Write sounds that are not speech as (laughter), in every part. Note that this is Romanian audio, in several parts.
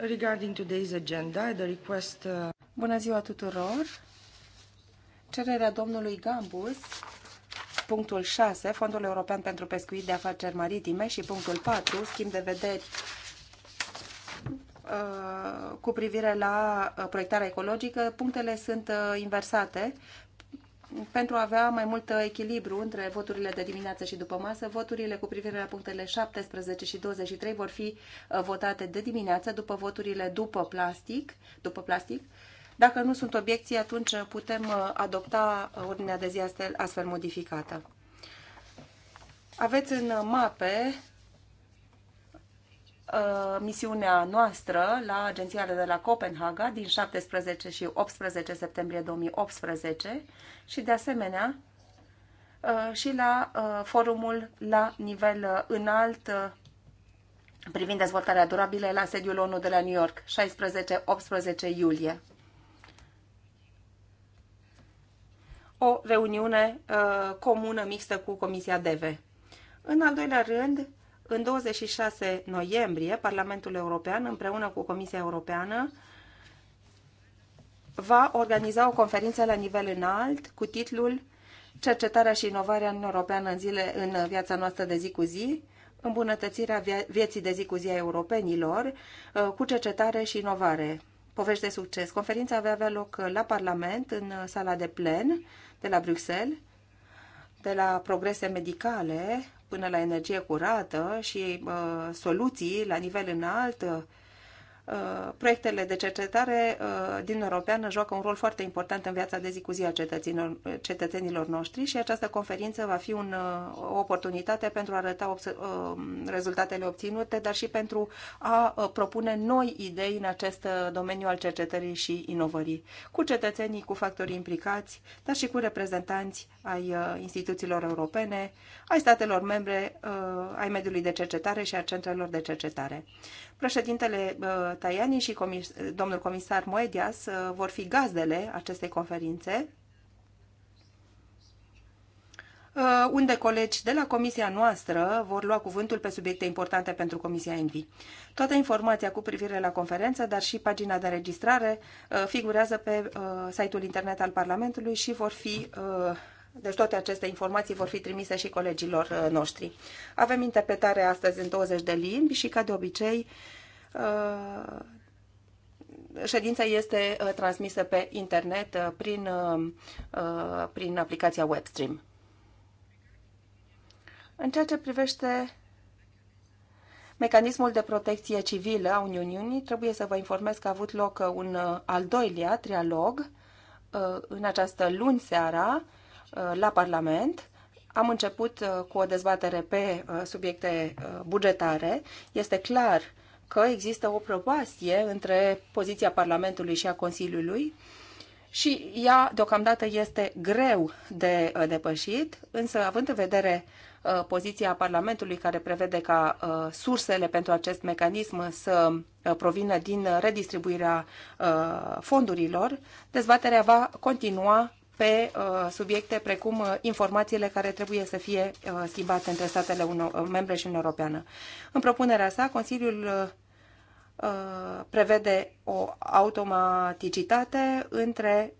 Regarding today's agenda, the request... Uh... Bună ziua tuturor! Cererea domnului Gambus, punctul 6, Fondul European pentru Pescuit de Afaceri Maritime și punctul 4, schimb de vederi uh, cu privire la uh, proiectarea ecologică, punctele sunt uh, inversate pentru a avea mai mult echilibru între voturile de dimineață și după masă, voturile cu privire la punctele 17 și 23 vor fi uh, votate de dimineață după voturile după plastic, după plastic. Dacă nu sunt obiecții, atunci putem uh, adopta uh, ordinea de zi astfel, modificată. Aveți în mape Uh, misiunea noastră la agenția de la Copenhaga din 17 și 18 septembrie 2018 și de asemenea uh, și la uh, forumul la nivel înalt privind dezvoltarea durabilă la sediul ONU de la New York, 16-18 iulie. O reuniune comună mixtă cu Comisia DEVE. În al doilea rând, în 26 noiembrie, Parlamentul European, împreună cu Comisia Europeană, va organiza o conferință la nivel înalt cu titlul Cercetarea și inovarea în europeană în, zile, în viața noastră de zi cu zi, îmbunătățirea vieții de zi cu zi a europenilor uh, cu cercetare și inovare. Povești de succes. Conferința va avea loc uh, la Parlament, în uh, sala de plen de la Bruxelles, de la progrese medicale, până la energie curată și uh, soluții la nivel înalt uh, Uh, proiectele de cercetare uh, din Europeană joacă un rol foarte important în viața de zi cu zi a cetățenilor noștri și această conferință va fi un, uh, o oportunitate pentru a arăta rezultatele obținute, dar și pentru a propune noi idei în acest domeniu al cercetării și inovării, cu cetățenii, cu factorii implicați, dar și cu reprezentanți ai instituțiilor europene, ai statelor membre, ai mediului de cercetare și a centrelor de cercetare. Președintele uh, Tajani și comis domnul comisar Moedias uh, vor fi gazdele acestei conferințe, uh, unde colegi de la comisia noastră vor lua cuvântul pe subiecte importante pentru comisia ENVI. Toată informația cu privire la conferință, dar și pagina de înregistrare figurează pe site-ul internet al Parlamentului și vor fi deci toate aceste informații vor fi trimise și colegilor uh, noștri. Avem interpretare astăzi în 20 de limbi și, ca de obicei, uh, ședința este uh, transmisă pe internet prin, prin aplicația WebStream. În ceea ce privește mecanismul de protecție civilă a Uniunii, trebuie să vă informez că a avut loc un al doilea trialog în această luni seara, Uh, la Parlament. Am început uh, cu o dezbatere pe uh, subiecte bugetare. Este clar că există o propastie între poziția Parlamentului și a Consiliului și ea deocamdată este greu de depășit, însă având în vedere poziția Parlamentului care prevede ca sursele pentru acest mecanism să provină din redistribuirea fondurilor, dezbaterea va continua pe uh, subiecte precum uh, informațiile care trebuie să fie uh, schimbate între statele membre și Uniunea Europeană. În propunerea sa, Consiliul prevede o automaticitate între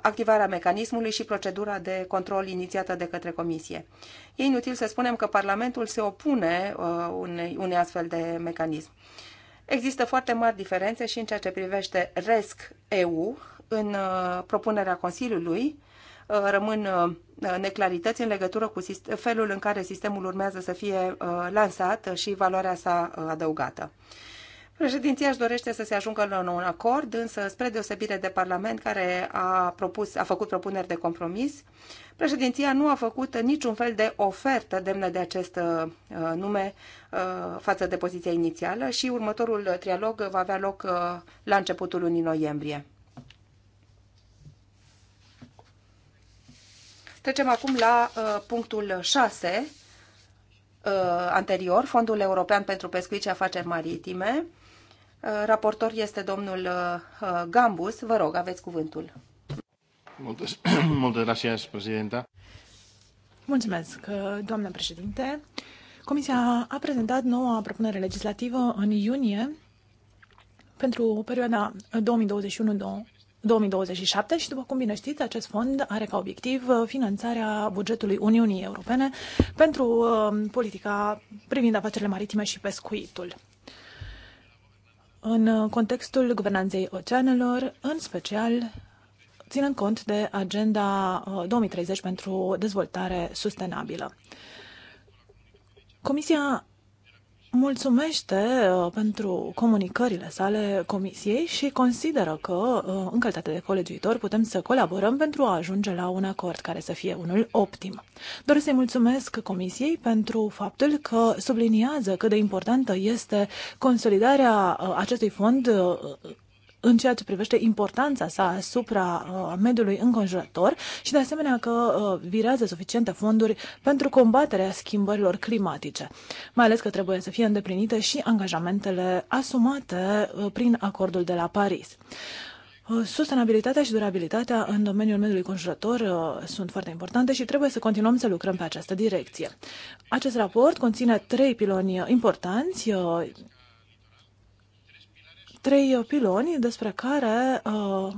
activarea mecanismului și procedura de control inițiată de către Comisie. E inutil să spunem că Parlamentul se opune unei, unei astfel de mecanism. Există foarte mari diferențe și în ceea ce privește RESC EU, în uh, propunerea Consiliului uh, rămân uh, neclarități în legătură cu felul în care sistemul urmează să fie lansat și valoarea sa adăugată. Președinția își dorește să se ajungă la un acord, însă spre deosebire de Parlament care a, propus, a făcut propuneri de compromis, președinția nu a făcut niciun fel de ofertă demnă de acest uh, nume uh, față de poziția inițială și următorul trialog va avea loc uh, la începutul lunii noiembrie. Trecem acum la uh, punctul 6 uh, anterior, Fondul European pentru Pescuit și Afaceri Maritime. Uh, raportor este domnul uh, uh Gambus. Vă rog, aveți cuvântul. (clears throat) Mulțumesc, mulțumesc, uh, președinta. Mulțumesc, doamnă președinte. Comisia a prezentat noua propunere legislativă în iunie pentru perioada 2021 2027 și, după cum bine știți, acest fond are ca obiectiv uh, finanțarea bugetului Uniunii Europene pentru uh, politica privind afacerile maritime și pescuitul. În uh, contextul guvernanței oceanelor, în special ținând cont de Agenda 2030 pentru dezvoltare sustenabilă. Comisia mulțumește uh, pentru comunicările sale comisiei și consideră că, uh, în calitate de colegiuitor, putem să colaborăm pentru a ajunge la un acord care să fie unul optim. Doresc să-i mulțumesc comisiei pentru faptul că subliniază cât de importantă este consolidarea uh, acestui fond în ceea ce privește importanța sa asupra uh, mediului înconjurător și de asemenea că uh, virează suficiente fonduri pentru combaterea schimbărilor climatice, mai ales că trebuie să fie îndeplinite și angajamentele asumate uh, prin acordul de la Paris. Sustenabilitatea și durabilitatea în domeniul mediului conjurător sunt foarte importante și trebuie să continuăm să lucrăm pe această direcție. Acest raport conține trei piloni importanți, trei piloni despre care uh,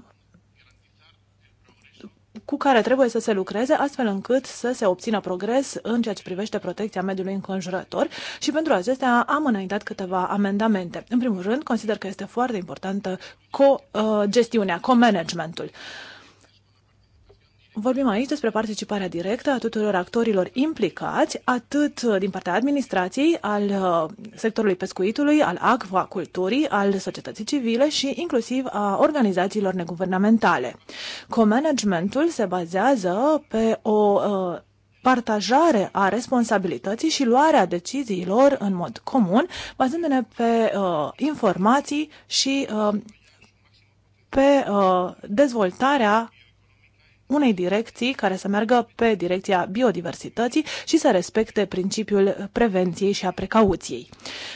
cu care trebuie să se lucreze astfel încât să se obțină progres în ceea ce privește protecția mediului înconjurător și pentru acestea am înaintat câteva amendamente. În primul rând, consider că este foarte importantă co-gestiunea, uh, co-managementul. Uh, Vorbim aici despre participarea directă a tuturor actorilor implicați, atât uh, din partea administrației, al uh, sectorului pescuitului, al acvaculturii, al societății civile și inclusiv a organizațiilor neguvernamentale. Co-managementul se bazează pe o uh, partajare a responsabilității și luarea deciziilor în mod comun, bazându-ne pe uh, informații și uh, pe uh, dezvoltarea unei direcții care să meargă pe direcția biodiversității și să respecte principiul prevenției și a precauției.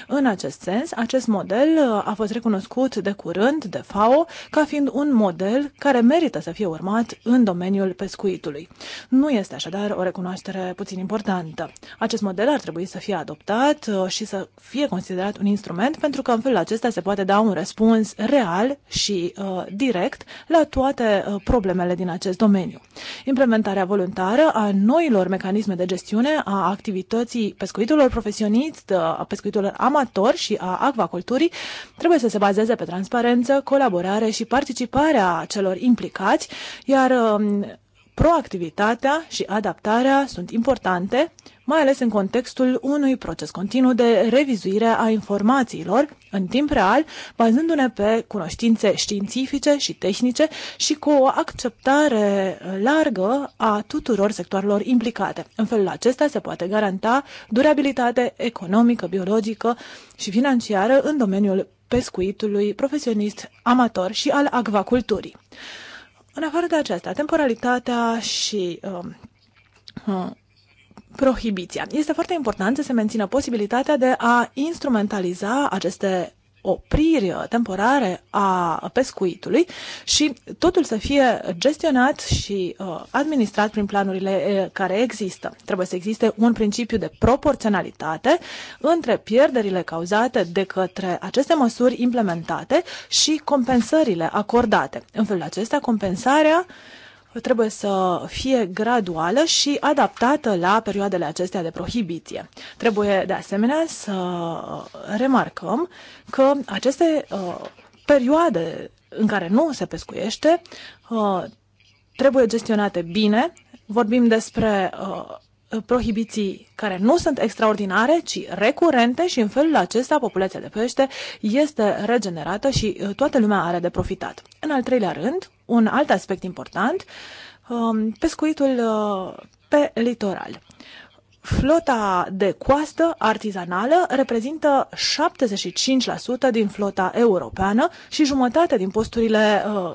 În acest sens, acest model uh, a fost recunoscut de curând de FAO ca fiind un model care merită să fie urmat în domeniul pescuitului. Nu este așadar o recunoaștere puțin importantă. Acest model ar trebui să fie adoptat uh, și să fie considerat un instrument pentru că în felul acesta se poate da un răspuns real și uh, direct la toate uh, problemele din acest domeniu domeniu. Implementarea voluntară a noilor mecanisme de gestiune a activității pescuiturilor profesionist, a pescuiturilor amatori și a acvaculturii trebuie să se bazeze pe transparență, colaborare și participarea celor implicați, iar um, Proactivitatea și adaptarea sunt importante, mai ales în contextul unui proces continuu de revizuire a informațiilor în timp real, bazându-ne pe cunoștințe științifice și tehnice și cu o acceptare largă a tuturor sectoarelor implicate. În felul acesta se poate garanta durabilitate economică, biologică și financiară în domeniul pescuitului profesionist, amator și al acvaculturii. În afară de aceasta, temporalitatea și uh, uh, prohibiția. Este foarte important să se mențină posibilitatea de a instrumentaliza aceste opriri temporare a pescuitului și totul să fie gestionat și uh, administrat prin planurile uh, care există. Trebuie să existe un principiu de proporționalitate între pierderile cauzate de către aceste măsuri implementate și compensările acordate. În felul acesta, compensarea trebuie să fie graduală și adaptată la perioadele acestea de prohibiție. Trebuie de asemenea să remarcăm că aceste uh, perioade în care nu se pescuiește uh, trebuie gestionate bine. Vorbim despre uh, prohibiții care nu sunt extraordinare, ci recurente și în felul acesta populația de pește este regenerată și toată lumea are de profitat. În al treilea rând, un alt aspect important, um, pescuitul uh, pe litoral. Flota de coastă artizanală reprezintă 75% din flota europeană și jumătate din posturile, uh,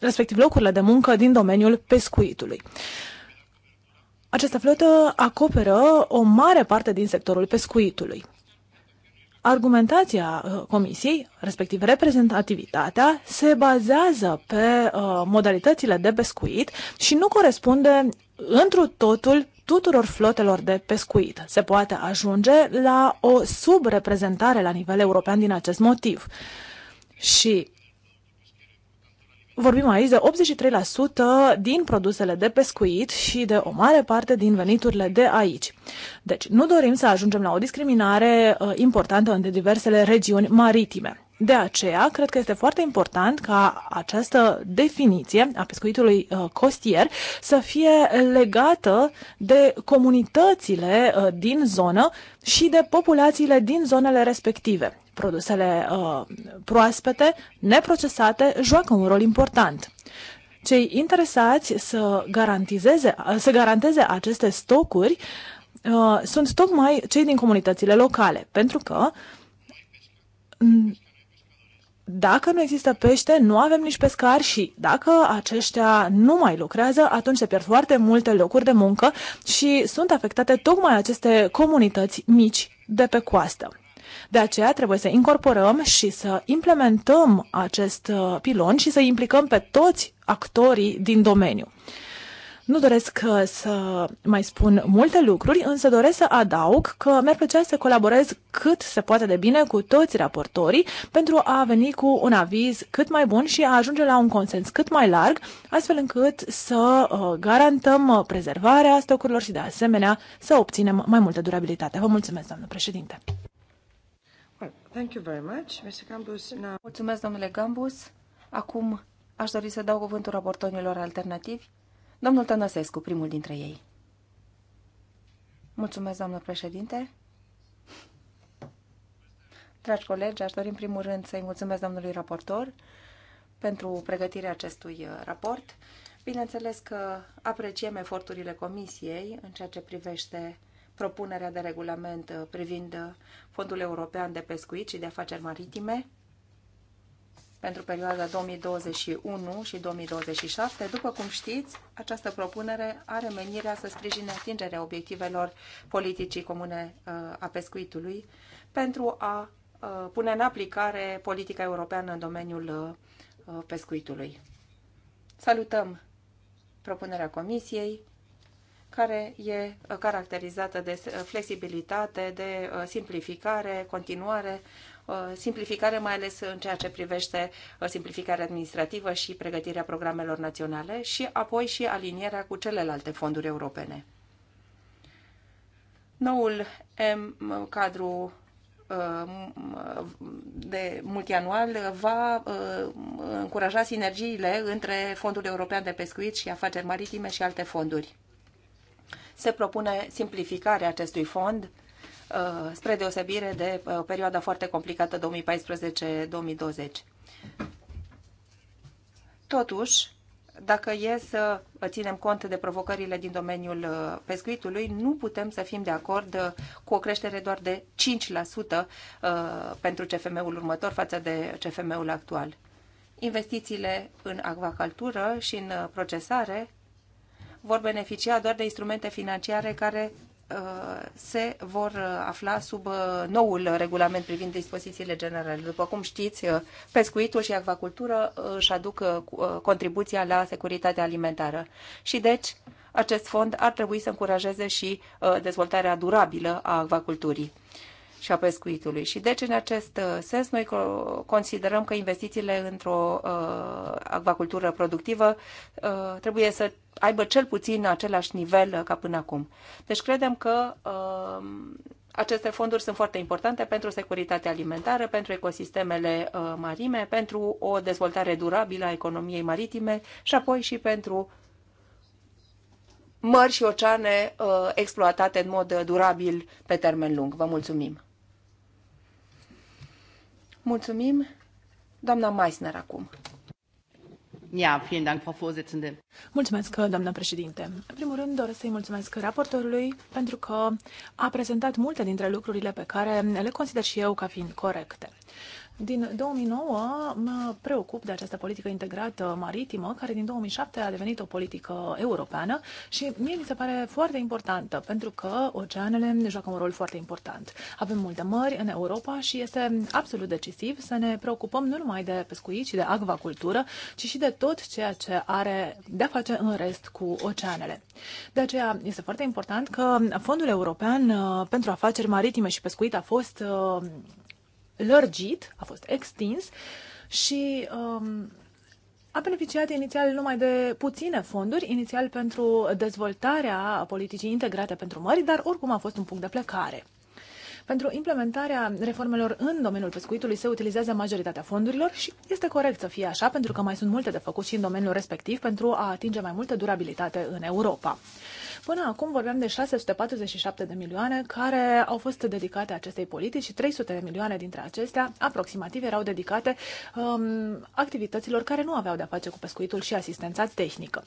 respectiv locurile de muncă din domeniul pescuitului. Această flotă acoperă o mare parte din sectorul pescuitului argumentația uh, comisiei, respectiv reprezentativitatea, se bazează pe uh, modalitățile de pescuit și nu corespunde întru totul tuturor flotelor de pescuit. Se poate ajunge la o subreprezentare la nivel european din acest motiv. Și Vorbim aici de 83% din produsele de pescuit și de o mare parte din veniturile de aici. Deci, nu dorim să ajungem la o discriminare uh, importantă între diversele regiuni maritime. De aceea, cred că este foarte important ca această definiție a pescuitului uh, costier să fie legată de comunitățile uh, din zonă și de populațiile din zonele respective produsele uh, proaspete, neprocesate, joacă un rol important. Cei interesați să, garantizeze, să garanteze aceste stocuri uh, sunt tocmai cei din comunitățile locale, pentru că dacă nu există pește, nu avem nici pescari și dacă aceștia nu mai lucrează, atunci se pierd foarte multe locuri de muncă și sunt afectate tocmai aceste comunități mici de pe coastă. De aceea trebuie să incorporăm și să implementăm acest uh, pilon și să implicăm pe toți actorii din domeniu. Nu doresc uh, să mai spun multe lucruri, însă doresc să adaug că mi-ar plăcea să colaborez cât se poate de bine cu toți raportorii pentru a veni cu un aviz cât mai bun și a ajunge la un consens cât mai larg, astfel încât să uh, garantăm prezervarea stocurilor și de asemenea să obținem mai multă durabilitate. Vă mulțumesc, doamnă președinte! Thank you very much, Mr. Gambus. Now... Mulțumesc, domnule Gambus. Acum aș dori să dau cuvântul raportorilor alternativi. Domnul Tănăsescu, primul dintre ei. Mulțumesc, doamnă președinte. Dragi colegi, aș dori în primul rând să-i mulțumesc domnului raportor pentru pregătirea acestui uh, raport. Bineînțeles că apreciem eforturile comisiei în ceea ce privește propunerea de regulament uh, privind uh, Fondul European de Pescuit și de Afaceri Maritime pentru perioada 2021 și 2027. După cum știți, această propunere are menirea să sprijine atingerea obiectivelor politicii comune uh, a pescuitului pentru a pune în aplicare politica europeană în domeniul pescuitului. Salutăm propunerea Comisiei care e uh, caracterizată de uh, flexibilitate, de uh, simplificare, continuare, simplificare mai ales în ceea ce privește simplificarea administrativă și pregătirea programelor naționale și apoi și alinierea cu celelalte fonduri europene. Noul M, cadru de multianual va încuraja sinergiile între Fondul European de Pescuit și Afaceri Maritime și alte fonduri se propune simplificarea acestui fond uh, spre deosebire de o uh, perioadă foarte complicată 2014-2020. Totuși, dacă e să ținem cont de provocările din domeniul uh, pescuitului, nu putem să fim de acord cu o creștere doar de 5% pentru CFM-ul următor față de CFM-ul actual. Investițiile în acvacultură și în procesare vor beneficia doar de instrumente financiare care uh, se vor uh, afla sub uh, noul regulament privind dispozițiile generale. După cum știți, pescuitul și acvacultură își aduc contribuția la securitatea alimentară. Și deci, acest fond ar trebui să încurajeze și dezvoltarea durabilă a acvaculturii și a pescuitului. Și deci, în acest uh, sens, noi considerăm că investițiile într-o uh, acvacultură productivă uh, trebuie să aibă cel puțin același nivel ca până acum. Deci credem că uh, aceste fonduri sunt foarte importante pentru securitatea alimentară, pentru ecosistemele uh, marime, pentru o dezvoltare durabilă a economiei maritime și apoi și pentru mări și oceane uh, exploatate în mod durabil pe termen lung. Vă mulțumim! Mulțumim. Doamna Meissner acum. Ja, vielen Dank, Frau Vorsitzende. Mulțumesc, doamnă președinte. În primul rând, doresc să-i mulțumesc raportorului pentru că a prezentat multe dintre lucrurile pe care le consider și eu ca fiind corecte. Din 2009 mă preocup de această politică integrată maritimă, care din 2007 a devenit o politică europeană și mie mi se pare foarte importantă, pentru că oceanele joacă un rol foarte important. Avem multe mări în Europa și este absolut decisiv să ne preocupăm nu numai de pescuit și de acvacultură, ci și de tot ceea ce are de-a face în rest cu oceanele. De aceea este foarte important că Fondul European uh, pentru Afaceri Maritime și Pescuit a fost uh, lărgit, a fost extins și um, a beneficiat inițial numai de puține fonduri, inițial pentru dezvoltarea politicii integrate pentru mări, dar oricum a fost un punct de plecare. Pentru implementarea reformelor în domeniul pescuitului se utilizează majoritatea fondurilor și este corect să fie așa, pentru că mai sunt multe de făcut și în domeniul respectiv pentru a atinge mai multă durabilitate în Europa. Până acum vorbeam de 647 de milioane care au fost dedicate acestei politici și 300 de milioane dintre acestea aproximativ erau dedicate um, activităților care nu aveau de-a face cu pescuitul și asistența tehnică.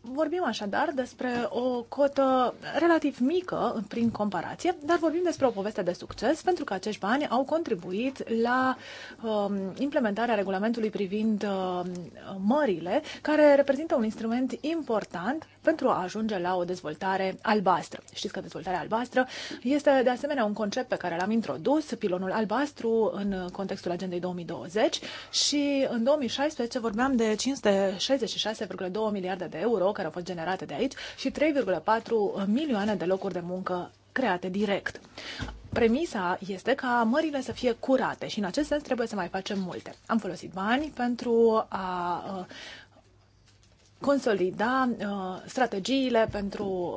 Vorbim așadar despre o cotă relativ mică prin comparație, dar vorbim despre o poveste de succes pentru că acești bani au contribuit la um, implementarea regulamentului privind uh, mările, care reprezintă un instrument important pentru a ajunge la o dezvoltare albastră. Știți că dezvoltarea albastră este de asemenea un concept pe care l-am introdus, pilonul albastru, în contextul agendei 2020 și în 2016 vorbeam de 566,2 miliarde de euro care au fost generate de aici și 3,4 milioane de locuri de muncă create direct. Premisa este ca mările să fie curate și în acest sens trebuie să mai facem multe. Am folosit bani pentru a consolida uh, strategiile pentru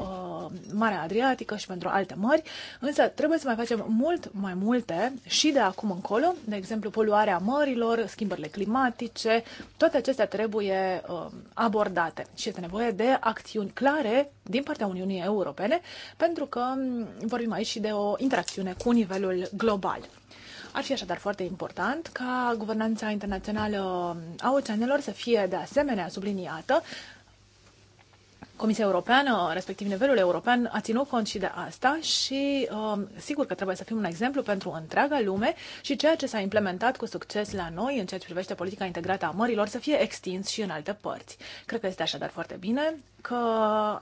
uh, Marea Adriatică și pentru alte mări, însă trebuie să mai facem mult mai multe și de acum încolo, de exemplu poluarea mărilor, schimbările climatice, toate acestea trebuie uh, abordate și este nevoie de acțiuni clare din partea Uniunii Europene, pentru că mm, vorbim aici și de o interacțiune cu nivelul global. Ar fi așadar foarte important ca guvernanța internațională a oceanelor să fie de asemenea subliniată. Comisia Europeană, respectiv nivelul european, a ținut cont și de asta și um, sigur că trebuie să fim un exemplu pentru întreaga lume și ceea ce s-a implementat cu succes la noi în ceea ce privește politica integrată a mărilor să fie extins și în alte părți. Cred că este așadar foarte bine că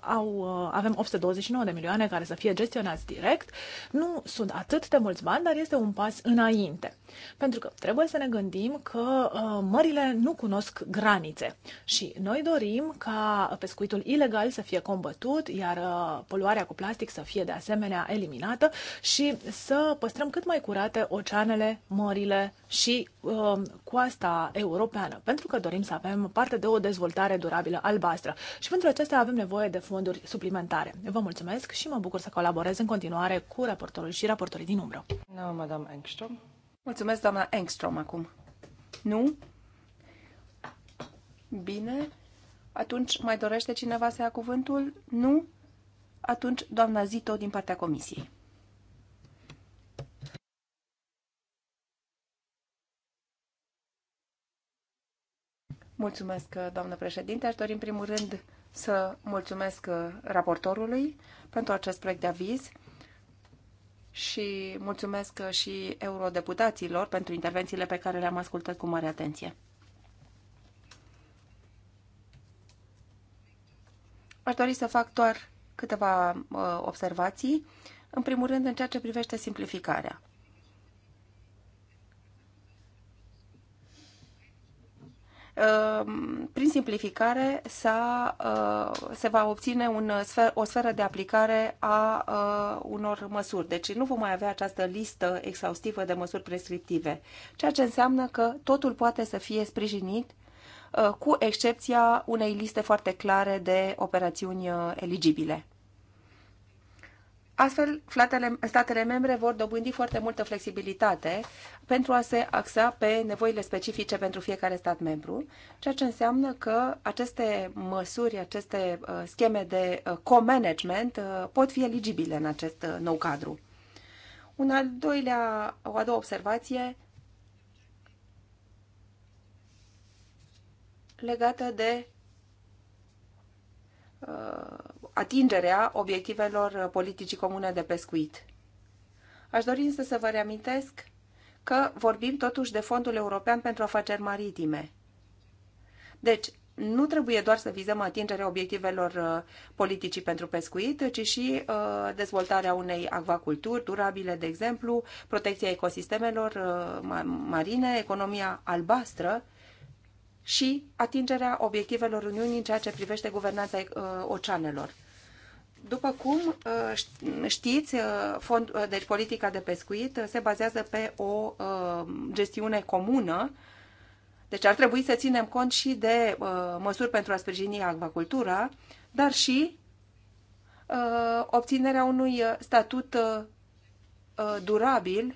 au, uh, avem 829 de milioane care să fie gestionați direct. Nu sunt atât de mulți bani, dar este un pas înainte. Pentru că trebuie să ne gândim că uh, mările nu cunosc granițe și noi dorim ca pescuitul ilegal să fie combătut, iar uh, poluarea cu plastic să fie de asemenea eliminată și să păstrăm cât mai curate oceanele, mările și uh, coasta europeană, pentru că dorim să avem parte de o dezvoltare durabilă albastră. Și pentru acest acestea avem nevoie de fonduri suplimentare. Vă mulțumesc și mă bucur să colaborez în continuare cu raportorul și raportorii din umbră. No, Madame Engstrom. Mulțumesc, doamna Engstrom, acum. Nu? Bine. Atunci mai dorește cineva să ia cuvântul? Nu? Atunci doamna Zito din partea comisiei. Mulțumesc, doamnă președinte. Aș dori în primul rând să mulțumesc uh, raportorului pentru acest proiect de aviz și mulțumesc uh, și eurodeputaților pentru intervențiile pe care le-am ascultat cu mare atenție. Aș dori să fac doar câteva uh, observații. În primul rând, în ceea ce privește simplificarea. Ehm, prin simplificare s-a, ehm, se va obține un sfer, o sferă de aplicare a ehm, unor măsuri. Deci nu vom mai avea această listă exhaustivă de măsuri prescriptive, ceea ce înseamnă că totul poate să fie sprijinit cu excepția unei liste foarte clare de operațiuni eligibile. Astfel, statele membre vor dobândi foarte multă flexibilitate pentru a se axa pe nevoile specifice pentru fiecare stat membru, ceea ce înseamnă că aceste măsuri, aceste uh, scheme de uh, co-management uh, pot fi eligibile în acest nou cadru. Un al doilea, o a doua observație legată de atingerea obiectivelor politicii comune de pescuit. Aș dori însă să vă reamintesc că vorbim totuși de Fondul European pentru Afaceri Maritime. Deci, nu trebuie doar să vizăm atingerea obiectivelor uh, politicii pentru pescuit, ci și uh, dezvoltarea unei acvaculturi durabile, de exemplu, protecția ecosistemelor uh, marine, economia albastră și atingerea obiectivelor Uniunii în ceea ce privește guvernanța oceanelor. După cum uh, știți, uh, fond, uh, deci politica de pescuit se bazează pe o gestiune comună, deci ar trebui să ținem cont și de măsuri pentru a sprijini acvacultura, dar și obținerea unui statut durabil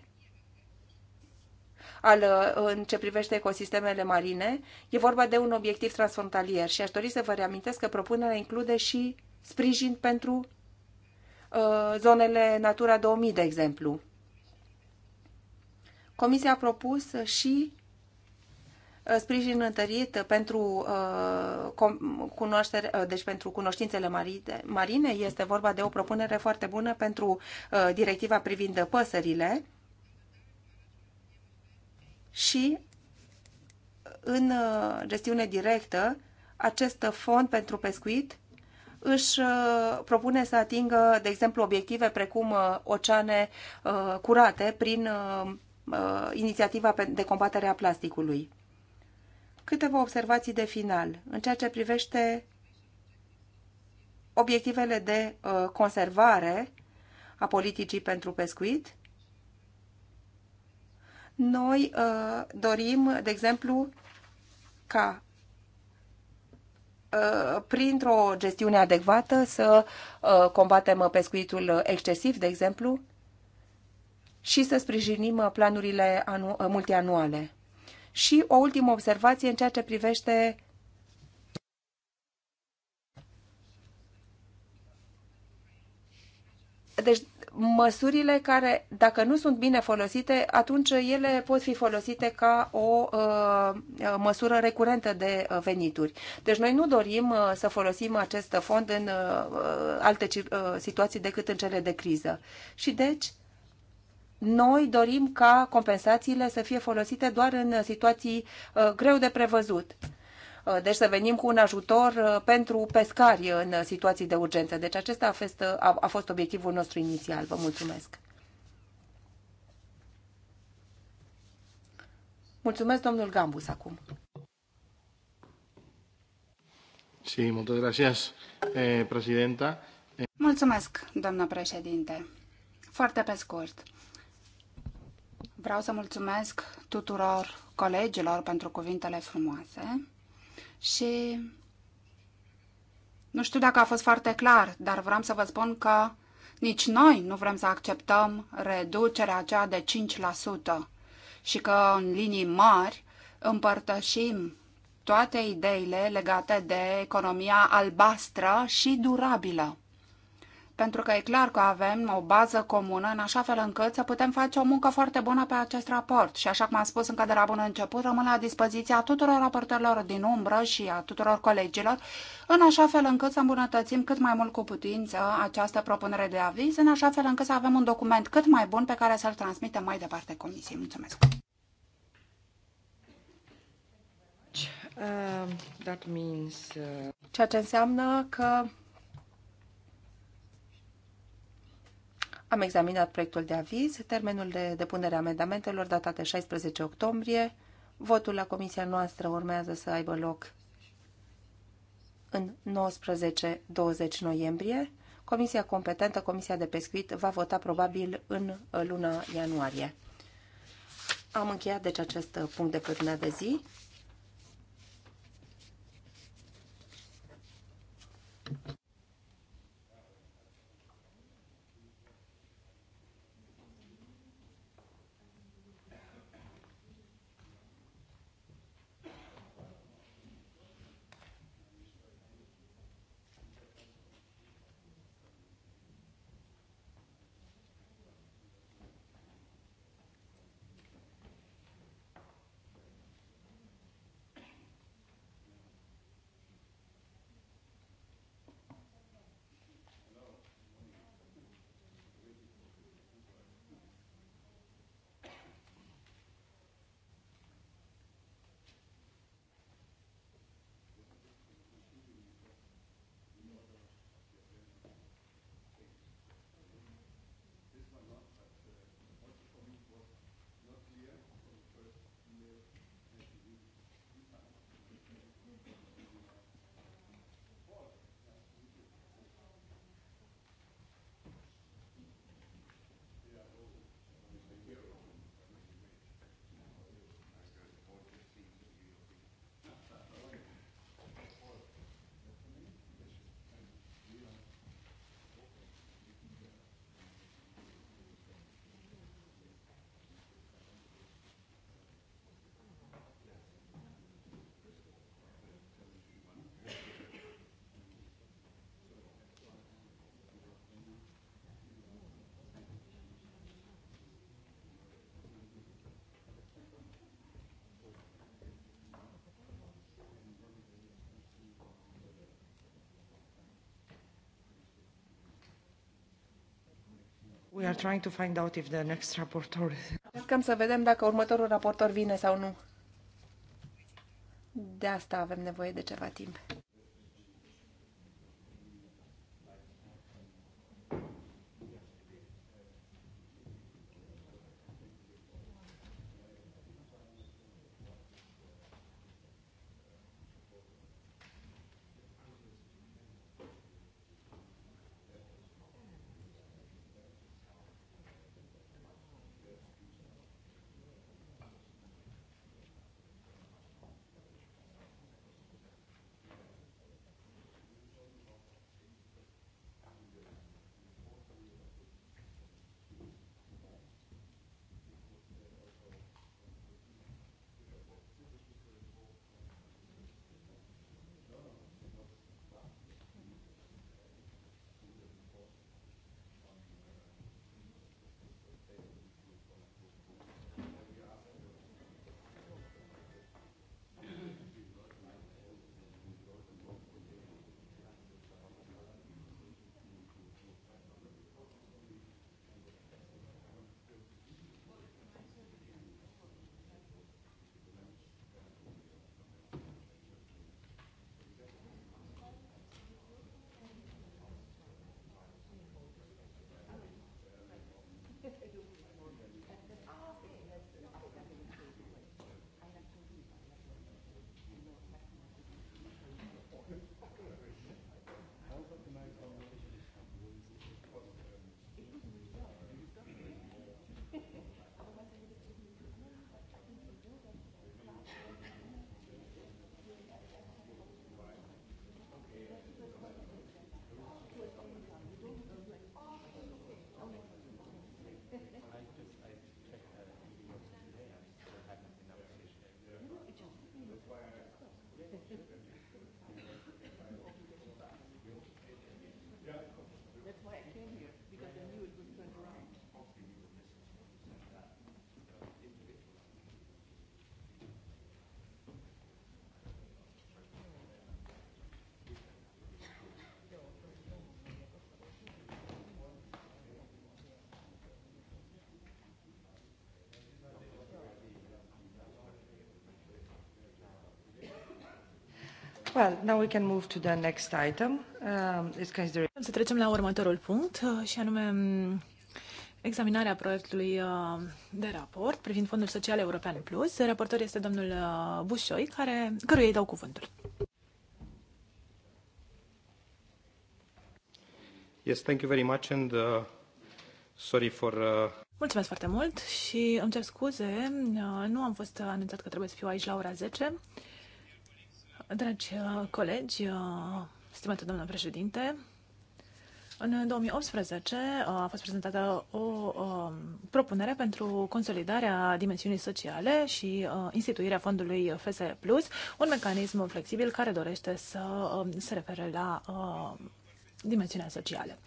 al, în ce privește ecosistemele marine. E vorba de un obiectiv transfrontalier și aș dori să vă reamintesc că propunerea include și sprijin pentru uh, zonele Natura 2000, de exemplu. Comisia a propus și uh, sprijin întărit pentru, uh, cunoaștere, uh, deci pentru cunoștințele marine. Este vorba de o propunere foarte bună pentru directiva privind păsările și în gestiune directă acest fond pentru pescuit își uh, propune să atingă, de exemplu, obiective precum uh, oceane uh, curate prin inițiativa de combatere a plasticului. Câteva observații de final în ceea ce privește obiectivele de conservare a politicii pentru pescuit. Noi dorim, de exemplu, ca Uh, printr-o gestiune adecvată să uh, combatem pescuitul excesiv, de exemplu, și să sprijinim planurile uh, multianuale. Și o ultimă observație în ceea ce privește Deci măsurile care, dacă nu sunt bine folosite, atunci ele pot fi folosite ca o uh, uh măsură recurentă de uh, venituri. Deci noi nu dorim uh, să folosim acest fond în uh, uh alte situații decât în cele de criză. Și deci, noi dorim ca compensațiile să fie folosite doar în situații greu de prevăzut Uh, deci să venim cu un ajutor uh, pentru pescari în situații de urgență. Deci acesta a fost, uh, a, fost obiectivul nostru inițial. Vă mulțumesc! Mulțumesc, domnul Gambus, acum. Sí, muchas gracias, eh, presidenta. Mulțumesc, doamnă președinte. Foarte pe scurt. Vreau să mulțumesc tuturor colegilor pentru cuvintele frumoase și nu știu dacă a fost foarte clar, dar vreau să vă spun că nici noi nu vrem să acceptăm reducerea aceea de 5% și că în linii mari împărtășim toate ideile legate de economia albastră și durabilă pentru că e clar că avem o bază comună în așa fel încât să putem face o muncă foarte bună pe acest raport. Și așa cum am spus încă de la bun început, rămân la dispoziția tuturor raportărilor din umbră și a tuturor colegilor, în așa fel încât să îmbunătățim cât mai mult cu putință această propunere de aviz, în așa fel încât să avem un document cât mai bun pe care să-l transmitem mai departe Comisiei. Mulțumesc! Deci, uh, uh, Ceea ce înseamnă că Am examinat proiectul de aviz, termenul de depunere a amendamentelor datat de 16 octombrie. Votul la comisia noastră urmează să aibă loc în 19-20 noiembrie. Comisia competentă, Comisia de Pescuit, va vota probabil în uh, luna ianuarie. Am încheiat deci acest uh, punct de pe de zi. We are trying to find out if the next raportor... Încercăm să vedem dacă următorul raportor vine sau nu. De asta avem nevoie de ceva timp. Well, now we can move to the next item. Um, să trecem la următorul punct uh, și anume mm, examinarea proiectului uh, de raport privind Fondul Social European Plus. Raportor este domnul uh, Bușoi, care, căruia îi dau cuvântul. Yes, thank you very much and uh, sorry for uh... Mulțumesc foarte mult și îmi cer scuze, nu am fost anunțat că trebuie să fiu aici la ora 10. Dragi uh, colegi, uh, stimată doamnă președinte, în 2018 uh, a fost prezentată o, um, propunere pentru consolidarea dimensiunii sociale și instituirea fondului FSE Plus, un mecanism flexibil care dorește să um, se refere la dimensiunea socială.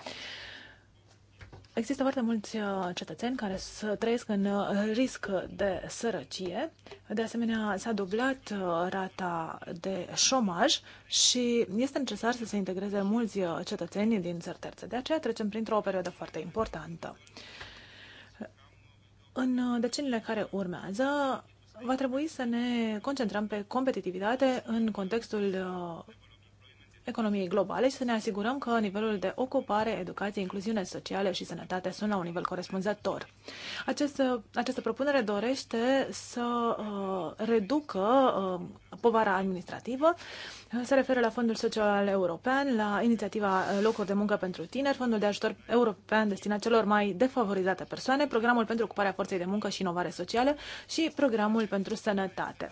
Există foarte mulți uh, cetățeni care să trăiesc în uh, risc de sărăcie. De asemenea, s-a dublat uh, rata de șomaj și este necesar să se integreze mulți cetățeni din țări terțe. De aceea trecem printr-o perioadă foarte importantă. În deceniile care urmează, va trebui să ne concentrăm pe competitivitate în contextul economiei globale și să ne asigurăm că nivelul de ocupare, educație, incluziune socială și sănătate sunt la un nivel corespunzător. Această, această propunere dorește să uh, reducă uh, povara administrativă, uh, se referă la Fondul Social European, la inițiativa Locuri de Muncă pentru Tineri, Fondul de Ajutor European destinat celor mai defavorizate persoane, Programul pentru Ocuparea Forței de Muncă și Inovare Socială și Programul pentru Sănătate.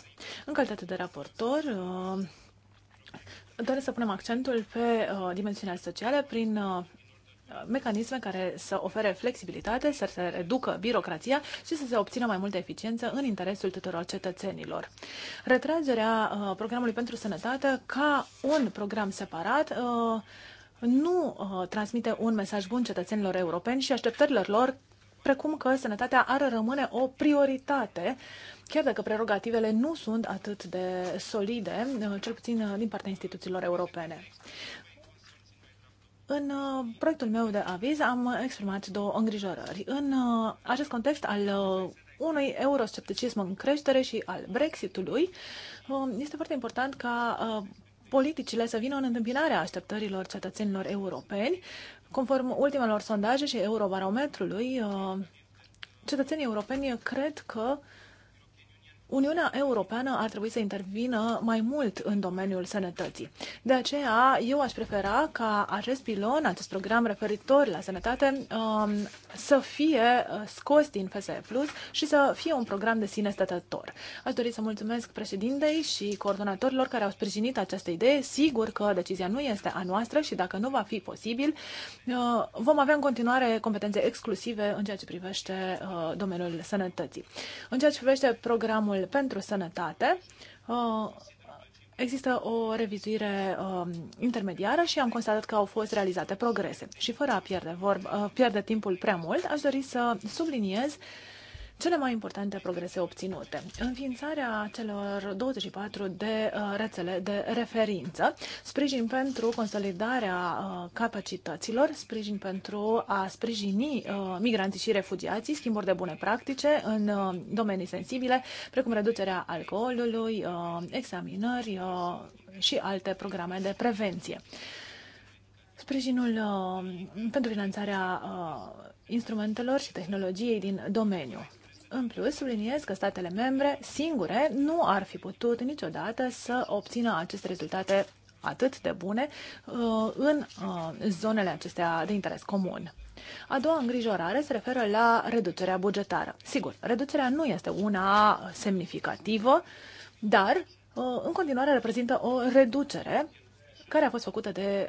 În calitate de raportor, uh, doresc să punem accentul pe uh, dimensiunea socială prin uh, mecanisme care să ofere flexibilitate, să se reducă birocrația și să se obțină mai multă eficiență în interesul tuturor cetățenilor. Retragerea uh, programului pentru sănătate ca un program separat uh, nu uh, transmite un mesaj bun cetățenilor europeni și așteptărilor lor, precum că sănătatea ar rămâne o prioritate uh, chiar dacă prerogativele nu sunt atât de solide, uh, cel puțin uh, din partea instituțiilor europene. În uh, proiectul meu de aviz am exprimat două îngrijorări. În acest context al unui euroscepticism în creștere și al Brexitului, este foarte important ca politicile să vină în întâmpinarea așteptărilor cetățenilor europeni. Conform ultimelor sondaje și eurobarometrului, cetățenii europeni cred că uh, Uniunea Europeană ar trebui să intervină mai mult în domeniul sănătății. De aceea, eu aș prefera ca acest pilon, acest program referitor la sănătate, um, să fie uh, scos din FSE Plus și să fie un program de sine stătător. Aș dori să mulțumesc președintei și coordonatorilor care au sprijinit această idee. Sigur că decizia nu este a noastră și dacă nu va fi posibil, uh, vom avea în continuare competențe exclusive în ceea ce privește uh, domeniul sănătății. În ceea ce privește programul Fondul pentru Sănătate. Uh, există o revizuire um, intermediară și am constatat că au fost realizate progrese. Și fără a pierde, vorb, uh, pierde timpul prea mult, aș dori să subliniez cele mai importante progrese obținute. Înființarea celor 24 de uh, rețele de referință, sprijin pentru consolidarea uh, capacităților, sprijin pentru a sprijini uh, migranții și refugiații, schimburi de bune practice în domenii sensibile, precum reducerea alcoolului, examinări și alte programe de prevenție. Sprijinul pentru finanțarea instrumentelor și tehnologiei din domeniu. În plus, subliniez că statele membre singure nu ar fi putut niciodată să obțină aceste rezultate atât de bune uh, în uh, zonele acestea de interes comun. A doua îngrijorare se referă la reducerea bugetară. Sigur, reducerea nu este una semnificativă, dar uh, în continuare reprezintă o reducere care a fost făcută de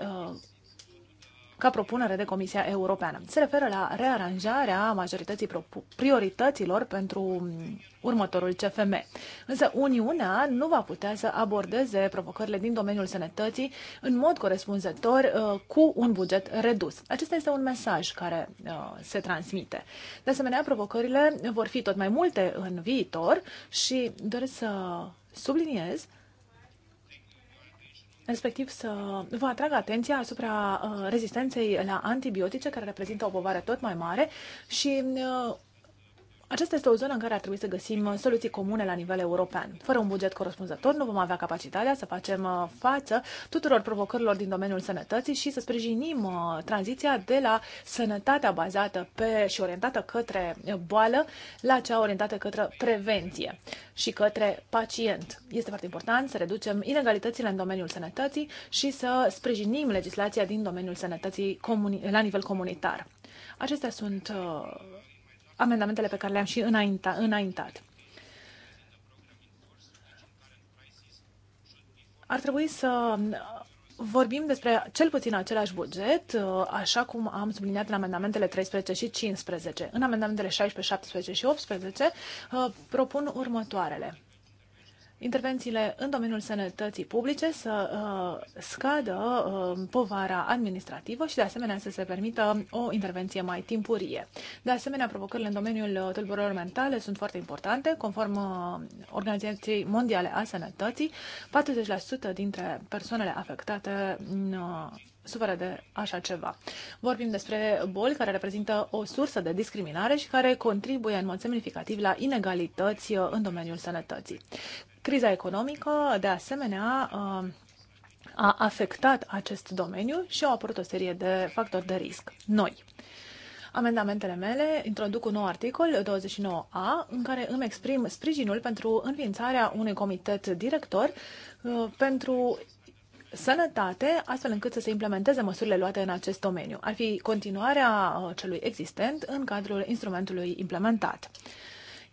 ca propunere de Comisia Europeană. Se referă la rearanjarea majorității priorităților pentru mm, următorul CFM. Însă Uniunea nu va putea să abordeze provocările din domeniul sănătății în mod corespunzător uh, cu un buget redus. Acesta este un mesaj care uh, se transmite. De asemenea, provocările vor fi tot mai multe în viitor și doresc să subliniez respectiv să vă atrag atenția asupra uh, rezistenței la antibiotice, care reprezintă o povară tot mai mare și uh, aceasta este o zonă în care ar trebui să găsim uh, soluții comune la nivel european. Fără un buget corespunzător nu vom avea capacitatea să facem uh, față tuturor provocărilor din domeniul sănătății și să sprijinim uh, tranziția de la sănătatea bazată pe și orientată către boală la cea orientată către prevenție și către pacient. Este foarte important să reducem inegalitățile în domeniul sănătății și să sprijinim legislația din domeniul sănătății la nivel comunitar. Acestea sunt amendamentele pe care le-am și înainta, înaintat. Ar trebui să vorbim despre cel puțin același buget, așa cum am subliniat în amendamentele 13 și 15. În amendamentele 16, 17 și 18 uh, propun următoarele intervențiile în domeniul sănătății publice să uh, scadă uh, povara administrativă și de asemenea să se permită o intervenție mai timpurie. De asemenea, provocările în domeniul uh, tulburărilor mentale sunt foarte importante. Conform uh, Organizației Mondiale a Sănătății, 40% dintre persoanele afectate mm, uh, suferă de așa ceva. Vorbim despre boli care reprezintă o sursă de discriminare și care contribuie în mod semnificativ la inegalități uh, în domeniul sănătății. Criza economică, de asemenea, um, a afectat acest domeniu și au apărut o serie de factori de risc noi. Amendamentele mele introduc un nou articol 29a în care îmi exprim sprijinul pentru înființarea unui comitet director uh, pentru sănătate, astfel încât să se implementeze măsurile luate în acest domeniu. Ar fi continuarea uh, celui existent în cadrul instrumentului implementat.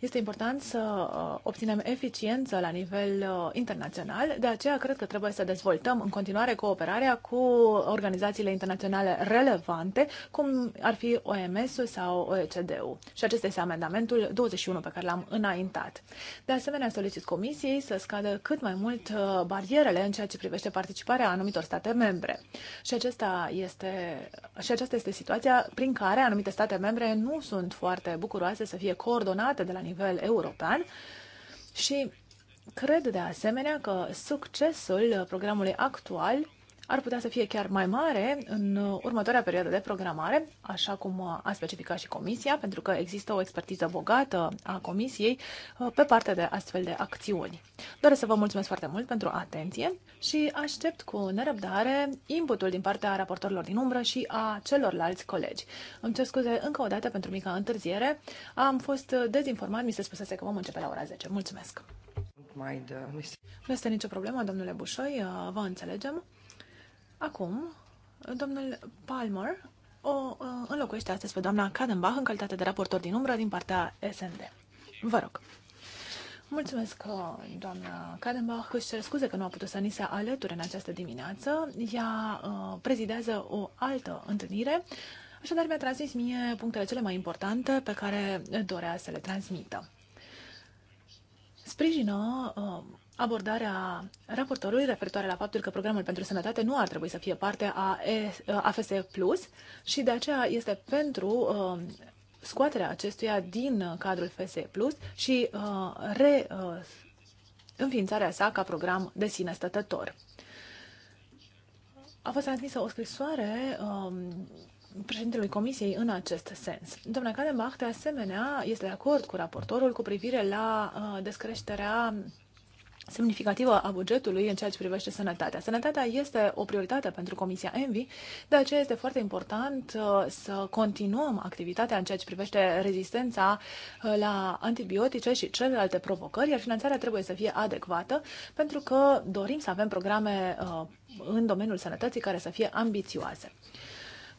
Este important să uh, obținem eficiență la nivel uh, internațional, de aceea cred că trebuie să dezvoltăm în continuare cooperarea cu organizațiile internaționale relevante, cum ar fi OMS-ul sau OECD-ul. Și acesta este amendamentul 21 pe care l-am înaintat. De asemenea, solicit Comisiei să scadă cât mai mult uh, barierele în ceea ce privește participarea anumitor state membre. Și, acesta este, și aceasta este situația prin care anumite state membre nu sunt foarte bucuroase să fie coordonate de la nivel nivel european și cred de asemenea că succesul programului actual ar putea să fie chiar mai mare în următoarea perioadă de programare, așa cum a specificat și Comisia, pentru că există o expertiză bogată a Comisiei uh, pe partea de astfel de acțiuni. Doresc să vă mulțumesc foarte mult pentru atenție și aștept cu nerăbdare inputul din partea raportorilor din umbră și a celorlalți colegi. Îmi cer scuze încă o dată pentru mica întârziere. Am fost dezinformat, mi se spusese că vom începe la ora 10. Mulțumesc! Nu este nicio problemă, domnule Bușoi, uh, vă înțelegem. Acum, domnul Palmer o uh, înlocuiește astăzi pe doamna Cadenbach în calitate de raportor din umbră din partea SND. Vă rog. Mulțumesc, uh, doamna Cadenbach. Își cer scuze că nu a putut să ni se alăture în această dimineață. Ea uh, prezidează o altă întâlnire, așadar mi-a transmis mie punctele cele mai importante pe care dorea să le transmită. Sprijină uh, abordarea raportorului referitoare la faptul că programul pentru sănătate nu ar trebui să fie parte a AFS Plus și de aceea este pentru uh, scoaterea acestuia din cadrul FS Plus și uh, reînființarea uh, sa ca program de sine stătător. A fost transmisă o scrisoare um, președintelui Comisiei în acest sens. Domnule Kadenbach, de asemenea, este de acord cu raportorul cu privire la uh, descreșterea semnificativă a bugetului în ceea ce privește sănătatea. Sănătatea este o prioritate pentru Comisia ENVI, de aceea este foarte important uh, să continuăm activitatea în ceea ce privește rezistența uh, la antibiotice și celelalte provocări, iar finanțarea trebuie să fie adecvată, pentru că dorim să avem programe uh, în domeniul sănătății care să fie ambițioase.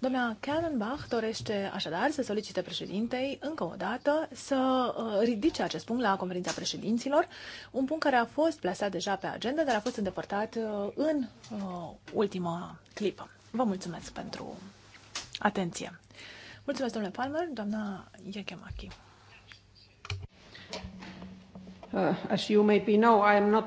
Doamna Kellenbach, dorește așadar să solicite președintei încă o dată să uh, ridice acest punct la conferința președinților, un punct care a fost plasat deja pe agenda, dar a fost îndepărtat uh, în uh, ultima clipă. Vă mulțumesc pentru atenție. Mulțumesc, domnule Palmer, doamna Iechemachi. Uh, as you may be know, I am not...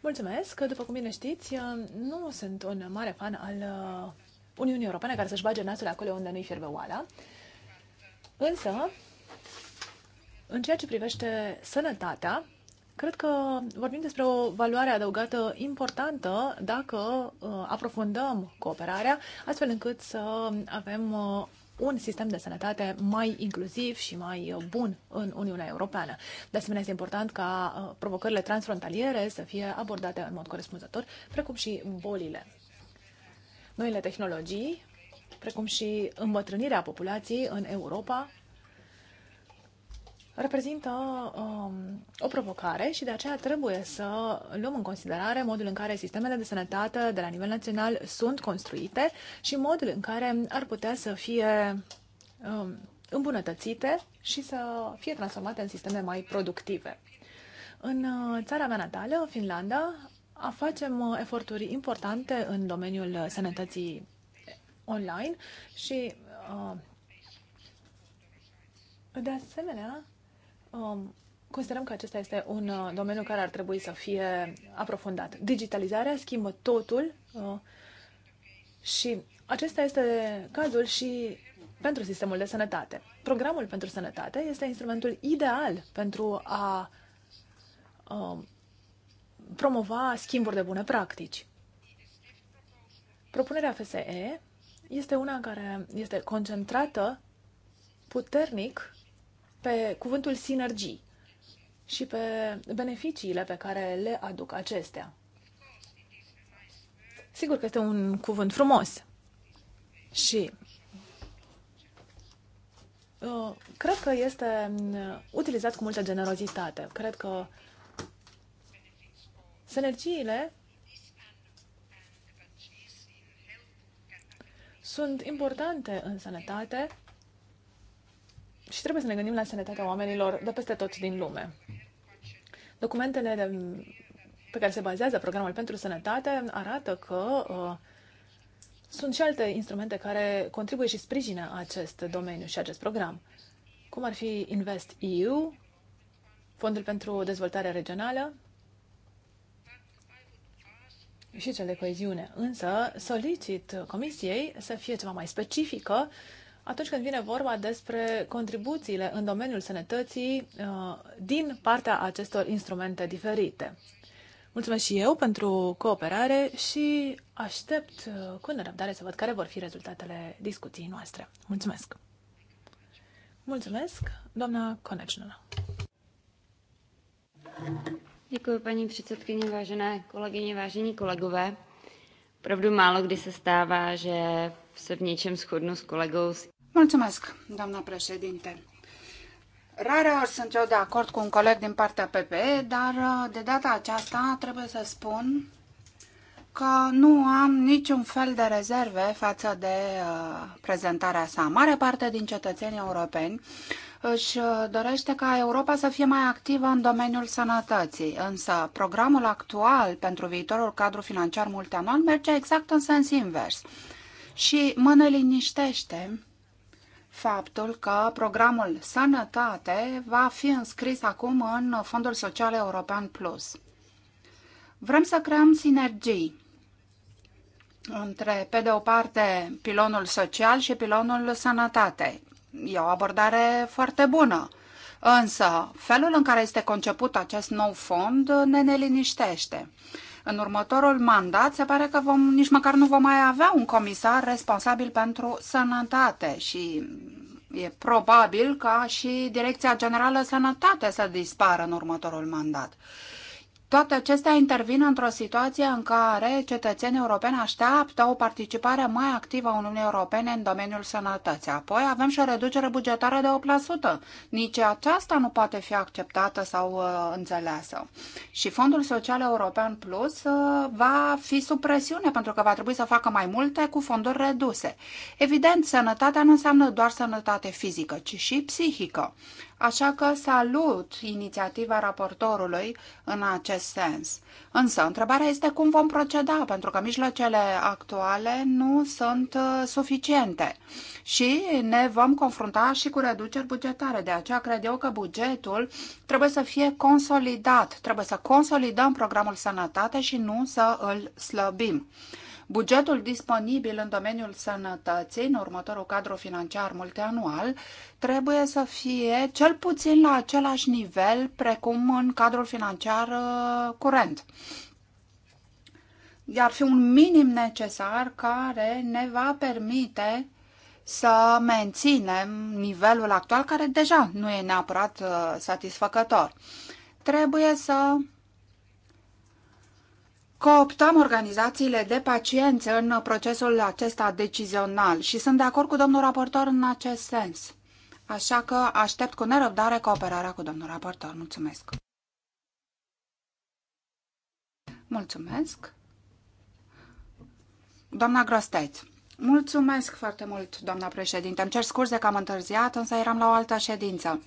Mulțumesc, după cum bine știți, nu sunt un mare fan al Uniunii Europene care să-și bage nasul acolo unde nu-i fierbe oala. Însă, în ceea ce privește sănătatea, cred că vorbim despre o valoare adăugată importantă dacă uh, aprofundăm cooperarea, astfel încât să avem uh, un sistem de sănătate mai inclusiv și mai uh, bun în Uniunea Europeană. De asemenea, este important ca provocările transfrontaliere să fie abordate în mod corespunzător, precum și bolile noile tehnologii, precum și îmbătrânirea populației în Europa, reprezintă um, o provocare și de aceea trebuie să luăm în considerare modul în care sistemele de sănătate de la nivel național sunt construite și modul în care ar putea să fie um, îmbunătățite și să fie transformate în sisteme mai productive. În uh, țara mea natală, Finlanda, facem uh, eforturi importante în domeniul sănătății online și uh, de asemenea um, considerăm că acesta este un uh, domeniu care ar trebui să fie aprofundat. Digitalizarea schimbă totul și acesta este cazul și pentru sistemul de sănătate. Programul pentru sănătate este instrumentul ideal pentru a um, promova schimburi de bune practici. Propunerea FSE este una care este concentrată puternic pe cuvântul sinergii și pe beneficiile pe care le aduc acestea. Sigur că este un cuvânt frumos și uh, cred că este uh, utilizat cu multă generozitate. Cred că Sinergiile sunt importante în sănătate și trebuie să ne gândim la sănătatea oamenilor de peste tot din lume. Documentele de, pe care se bazează programul pentru sănătate arată că uh, sunt și alte instrumente care contribuie și sprijină acest domeniu și acest program, cum ar fi Invest EU, Fondul pentru Dezvoltare Regională și cele coeziune. Însă solicit Comisiei să fie ceva mai specifică atunci când vine vorba despre contribuțiile în domeniul sănătății uh, din partea acestor instrumente diferite. Mulțumesc și eu pentru cooperare și aștept uh, cu nerăbdare să văd care vor fi rezultatele discuției noastre. Mulțumesc! Mulțumesc, doamna Conecțională! Thank you. Děkuji, paní předsedkyně, vážené kolegyně, vážení kolegové. Opravdu málo kdy se stává, že se v něčem shodnu s kolegou. Mulțumesc, doamna președinte. Rareori sunt eu de acord cu un coleg din partea PPE, dar de data aceasta trebuie să spun că nu am niciun fel de rezerve față de uh, prezentarea sa. Mare parte din cetățenii europeni uh, își uh, dorește ca Europa să fie mai activă în domeniul sănătății, însă programul actual pentru viitorul cadru financiar multianual merge exact în sens invers. Și mă ne liniștește faptul că programul Sănătate va fi înscris acum în Fondul Social European Plus. Vrem să creăm sinergii între, pe de o parte, pilonul social și pilonul sănătate. E o abordare foarte bună. Însă, felul în care este conceput acest nou fond ne neliniștește. În următorul mandat se pare că vom, nici măcar nu vom mai avea un comisar responsabil pentru sănătate și e probabil ca și Direcția Generală Sănătate să dispară în următorul mandat. Toate acestea intervin într-o situație în care cetățenii europeni așteaptă o participare mai activă a Uniunii Europene în domeniul sănătății. Apoi avem și o reducere bugetară de 8%. Nici aceasta nu poate fi acceptată sau uh, înțeleasă. Și Fondul Social European Plus uh, va fi sub presiune pentru că va trebui să facă mai multe cu fonduri reduse. Evident, sănătatea nu înseamnă doar sănătate fizică, ci și psihică așa că salut inițiativa raportorului în acest sens. Însă, întrebarea este cum vom proceda, pentru că mijloacele actuale nu sunt uh, suficiente și ne vom confrunta și cu reduceri bugetare. De aceea cred eu că bugetul trebuie să fie consolidat, trebuie să consolidăm programul sănătate și nu să îl slăbim. Bugetul disponibil în domeniul sănătății în următorul cadru financiar multianual trebuie să fie cel puțin la același nivel precum în cadrul financiar uh, curent ar fi un minim necesar care ne va permite să menținem nivelul actual, care deja nu e neapărat uh, satisfăcător. Trebuie să cooptăm organizațiile de pacienți în procesul acesta decizional și sunt de acord cu domnul raportor în acest sens. Așa că aștept cu nerăbdare cooperarea cu domnul raportor. Mulțumesc! Mulțumesc! Doamna Grosteț, mulțumesc foarte mult, doamna președinte. Îmi cer scuze că am întârziat, însă eram la o altă ședință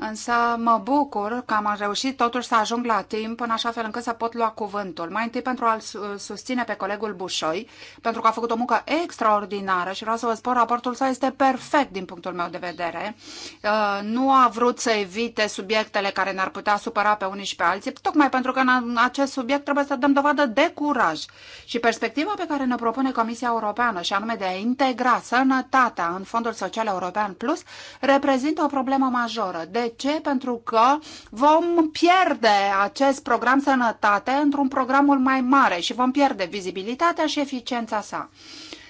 însă mă bucur că am reușit totuși să ajung la timp în așa fel încât să pot lua cuvântul. Mai întâi pentru a-l susține pe colegul Bușoi, pentru că a făcut o muncă extraordinară și vreau să vă spun, raportul său este perfect din punctul meu de vedere. Uh, nu a vrut să evite subiectele care ne-ar putea supăra pe unii și pe alții, tocmai pentru că în acest subiect trebuie să dăm dovadă de curaj. Și perspectiva pe care ne propune Comisia Europeană, și anume de a integra sănătatea în Fondul Social European Plus, reprezintă o problemă majoră. De ce? Pentru că vom pierde acest program sănătate într-un program mult mai mare și vom pierde vizibilitatea și eficiența sa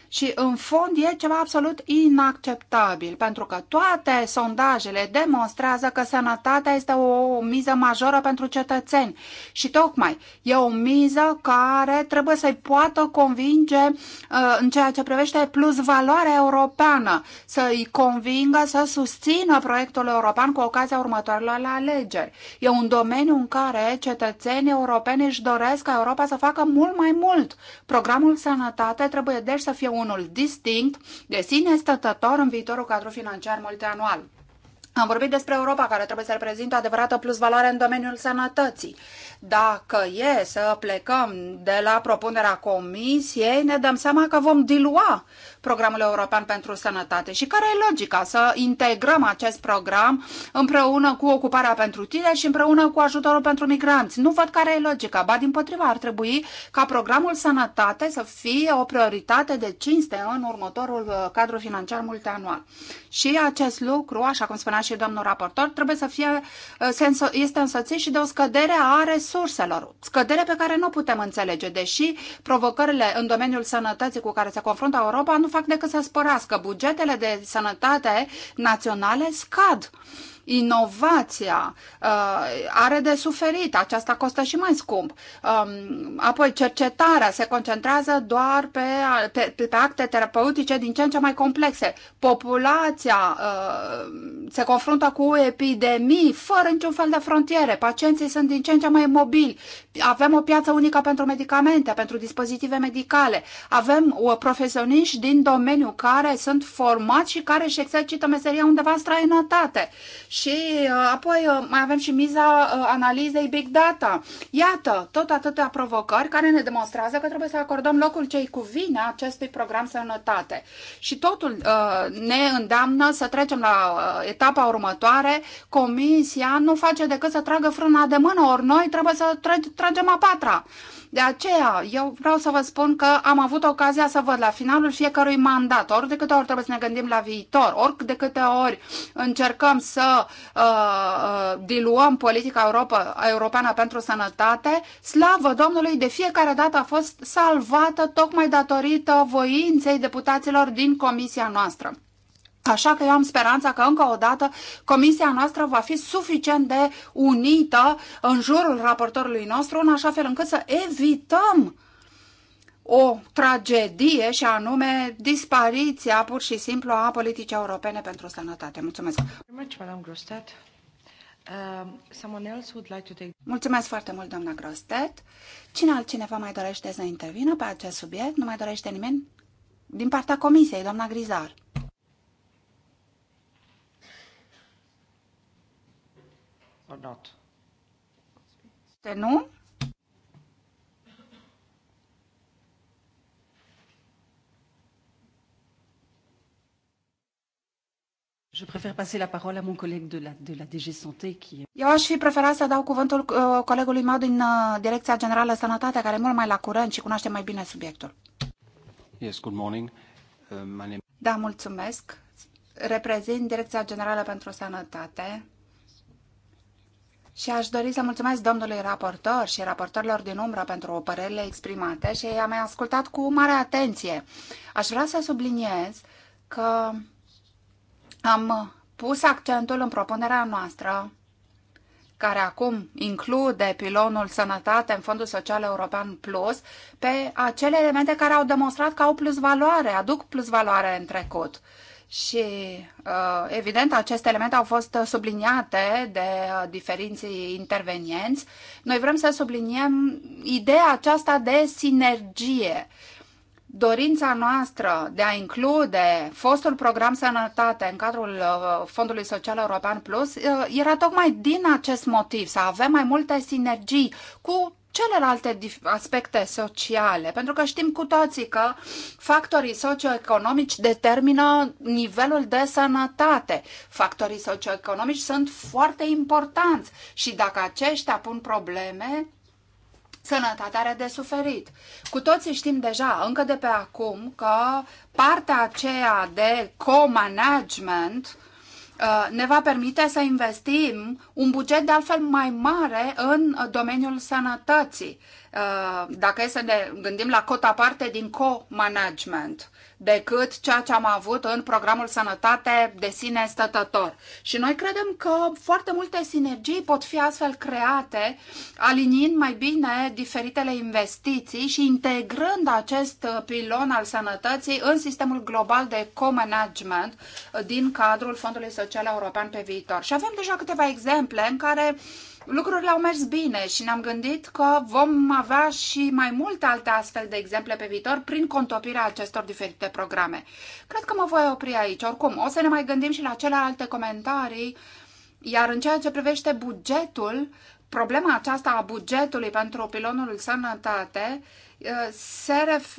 și în fond e ceva absolut inacceptabil, pentru că toate sondajele demonstrează că sănătatea este o miză majoră pentru cetățeni și tocmai e o miză care trebuie să-i poată convinge uh, în ceea ce privește plus valoarea europeană, să-i convingă să susțină proiectul european cu ocazia următoarelor alegeri. E un domeniu în care cetățenii europeni își doresc ca Europa să facă mult mai mult. Programul sănătate trebuie deci să fie un unul distinct de sine stătător în viitorul cadru financiar multianual. Am vorbit despre Europa, care trebuie să reprezinte adevărată adevărată plusvaloare în domeniul sănătății. Dacă e să plecăm de la propunerea comisiei, ne dăm seama că vom dilua programul european pentru sănătate. Și care e logica? Să integrăm acest program împreună cu ocuparea pentru tine și împreună cu ajutorul pentru migranți. Nu văd care e logica. Ba, din potriva, ar trebui ca programul sănătate să fie o prioritate de cinste în următorul uh, cadru financiar multianual. Și acest lucru, așa cum spunea și domnul raportor, trebuie să fie, uh, este însoțit și de o scădere a resurselor resurselor, scădere pe care nu putem înțelege, deși provocările în domeniul sănătății cu care se confruntă Europa nu fac decât să sporească. Bugetele de sănătate naționale scad. Inovația uh, are de suferit, aceasta costă și mai scump. Um, apoi, cercetarea se concentrează doar pe, pe, pe acte terapeutice din ce în ce mai complexe. Populația uh, se confruntă cu epidemii fără niciun fel de frontiere. Pacienții sunt din ce în ce mai mobili. Avem o piață unică pentru medicamente, pentru dispozitive medicale. Avem uh, profesioniști din domeniu care sunt formați și care își exercită meseria undeva în străinătate. Și uh, apoi uh, mai avem și miza uh, analizei big data. Iată, tot atâtea provocări care ne demonstrează că trebuie să acordăm locul ce-i cuvine acestui program sănătate. Și totul ne îndeamnă să trecem la etapa următoare. Comisia nu face decât să tragă frâna de mână, ori noi trebuie să tragem a patra. De aceea, eu vreau să vă spun că am avut ocazia să văd la finalul fiecărui mandat, ori de câte ori trebuie să ne gândim la viitor, ori de câte ori încercăm să uh, uh diluăm politica Europa, europeană pentru sănătate, slavă Domnului, de fiecare dată a fost salvată tocmai datorită voinței deputaților din comisia noastră. Așa că eu am speranța că încă o dată comisia noastră va fi suficient de unită în jurul raportorului nostru, în așa fel încât să evităm o tragedie și anume dispariția pur și simplu a politicii europene pentru sănătate. Mulțumesc! Mulțumesc foarte mult, doamna Grostet. Cine altcineva mai dorește să intervină pe acest subiect? Nu mai dorește nimeni? Din partea comisiei, doamna Grizar. or not? Este nu? Je préfère passer la parole à mon collègue de la, de la DG Santé qui... Eu aș fi preferat să dau cuvântul uh, colegului meu din uh, Direcția Generală Sănătate, care e mult mai la curent și cunoaște mai bine subiectul. Yes, good morning. Uh, my name... Da, mulțumesc. Reprezint Direcția Generală pentru Sănătate și aș dori să mulțumesc domnului raportor și raportorilor din umbră pentru părerile exprimate și am mai ascultat cu mare atenție. Aș vrea să subliniez că am pus accentul în propunerea noastră care acum include pilonul sănătate în Fondul Social European Plus, pe acele elemente care au demonstrat că au plus valoare, aduc plus valoare în trecut. Și, uh, evident, aceste elemente au fost subliniate de uh, diferiții intervenienți. Noi vrem să subliniem ideea aceasta de sinergie. Dorința noastră de a include fostul program Sănătate în cadrul uh, Fondului Social European Plus era tocmai din acest motiv, să avem mai multe sinergii cu celelalte aspecte sociale, pentru că știm cu toții că factorii socioeconomici determină nivelul de sănătate. Factorii socioeconomici sunt foarte importanți și dacă aceștia pun probleme, sănătatea are de suferit. Cu toții știm deja, încă de pe acum, că partea aceea de co-management uh, Uh, ne va permite să investim un buget de altfel mai mare în uh, domeniul sănătății, uh, dacă e să ne gândim la cota parte din co-management decât ceea ce am avut în programul Sănătate de sine stătător. Și noi credem că foarte multe sinergii pot fi astfel create, aliniind mai bine diferitele investiții și integrând acest pilon al sănătății în sistemul global de co-management din cadrul Fondului Social European pe viitor. Și avem deja câteva exemple în care uh, lucrurile au mers bine și ne-am gândit că vom avea și mai multe alte astfel de exemple pe viitor prin contopirea acestor diferite programe. Cred că mă voi opri aici. Oricum, o să ne mai gândim și la celelalte comentarii, iar în ceea ce privește bugetul, problema aceasta a bugetului pentru pilonul sănătate eh, se ref,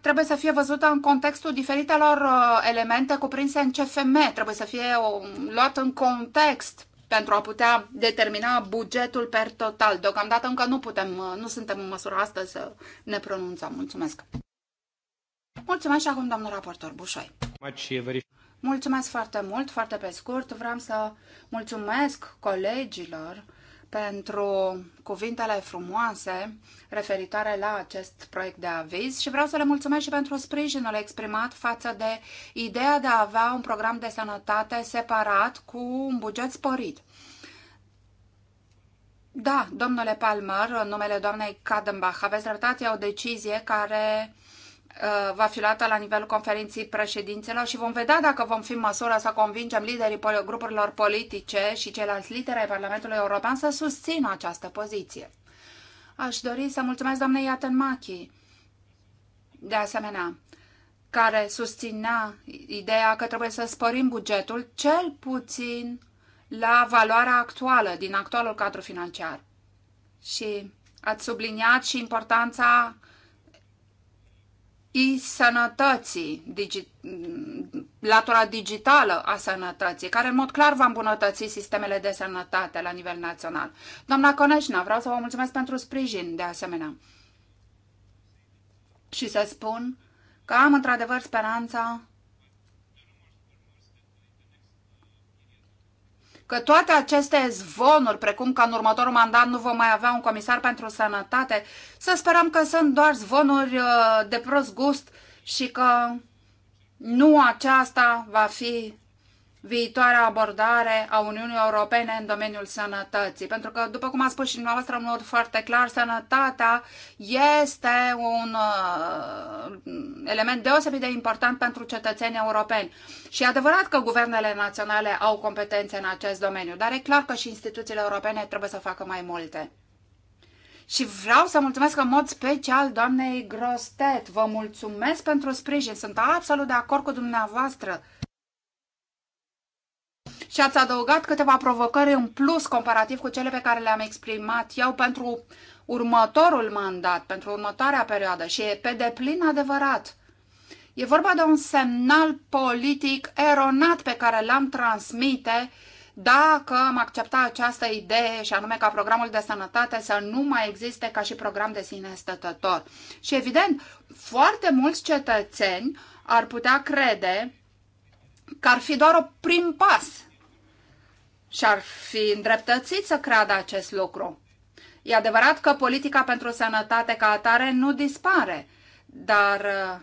trebuie să fie văzută în contextul diferitelor eh, elemente cuprinse în CFM, trebuie să fie um, luat în context pentru a putea determina bugetul per total. Deocamdată încă nu putem, nu suntem în măsură astăzi să ne pronunțăm. Mulțumesc! Mulțumesc și acum, domnul raportor Bușoi. Mulțumesc foarte mult, foarte pe scurt. Vreau să mulțumesc colegilor pentru cuvintele frumoase referitoare la acest proiect de aviz și vreau să le mulțumesc și pentru sprijinul exprimat față de ideea de a avea un program de sănătate separat cu un buget sporit. Da, domnule Palmer, în numele doamnei Kadenbach, aveți dreptate, e o decizie care uh, Uh, va fi luată la nivelul conferinței președinților și vom vedea dacă vom fi în măsură să convingem liderii grupurilor politice și ceilalți lideri ai Parlamentului European să susțină această poziție. Aș dori să mulțumesc doamnei Iatenmachi, de asemenea, care susținea ideea că trebuie să sporim bugetul cel puțin la valoarea actuală, din actualul cadru financiar. Și ați subliniat și importanța e-sănătății, digi, latura digitală a sănătății, care în mod clar va îmbunătăți sistemele de sănătate la nivel național. Doamna Coneșna, vreau să vă mulțumesc pentru sprijin de asemenea. Și să spun că am într-adevăr speranța că toate aceste zvonuri, precum că în următorul mandat nu vom mai avea un comisar pentru sănătate, să sperăm că sunt doar zvonuri uh, de prost gust și că nu aceasta va fi viitoarea abordare a Uniunii Europene în domeniul sănătății. Pentru că, după cum a spus și dumneavoastră în mod foarte clar, sănătatea este un uh, element deosebit de important pentru cetățenii europeni. Și e adevărat că guvernele naționale au competențe în acest domeniu, dar e clar că și instituțiile europene trebuie să facă mai multe. Și vreau să mulțumesc în mod special doamnei Grostet. Vă mulțumesc pentru sprijin. Sunt absolut de acord cu dumneavoastră. Uh, și ați adăugat câteva provocări în plus comparativ cu cele pe care le-am exprimat eu pentru următorul mandat, pentru următoarea perioadă și e pe deplin adevărat. E vorba de un semnal politic eronat pe care l-am transmite dacă am acceptat această idee și anume ca programul de sănătate să nu mai existe ca și program de sine stătător. Și evident, foarte mulți cetățeni ar putea crede că ar fi doar o prim pas și ar fi îndreptățit să creadă acest lucru. E adevărat că politica pentru sănătate ca atare nu dispare, dar uh,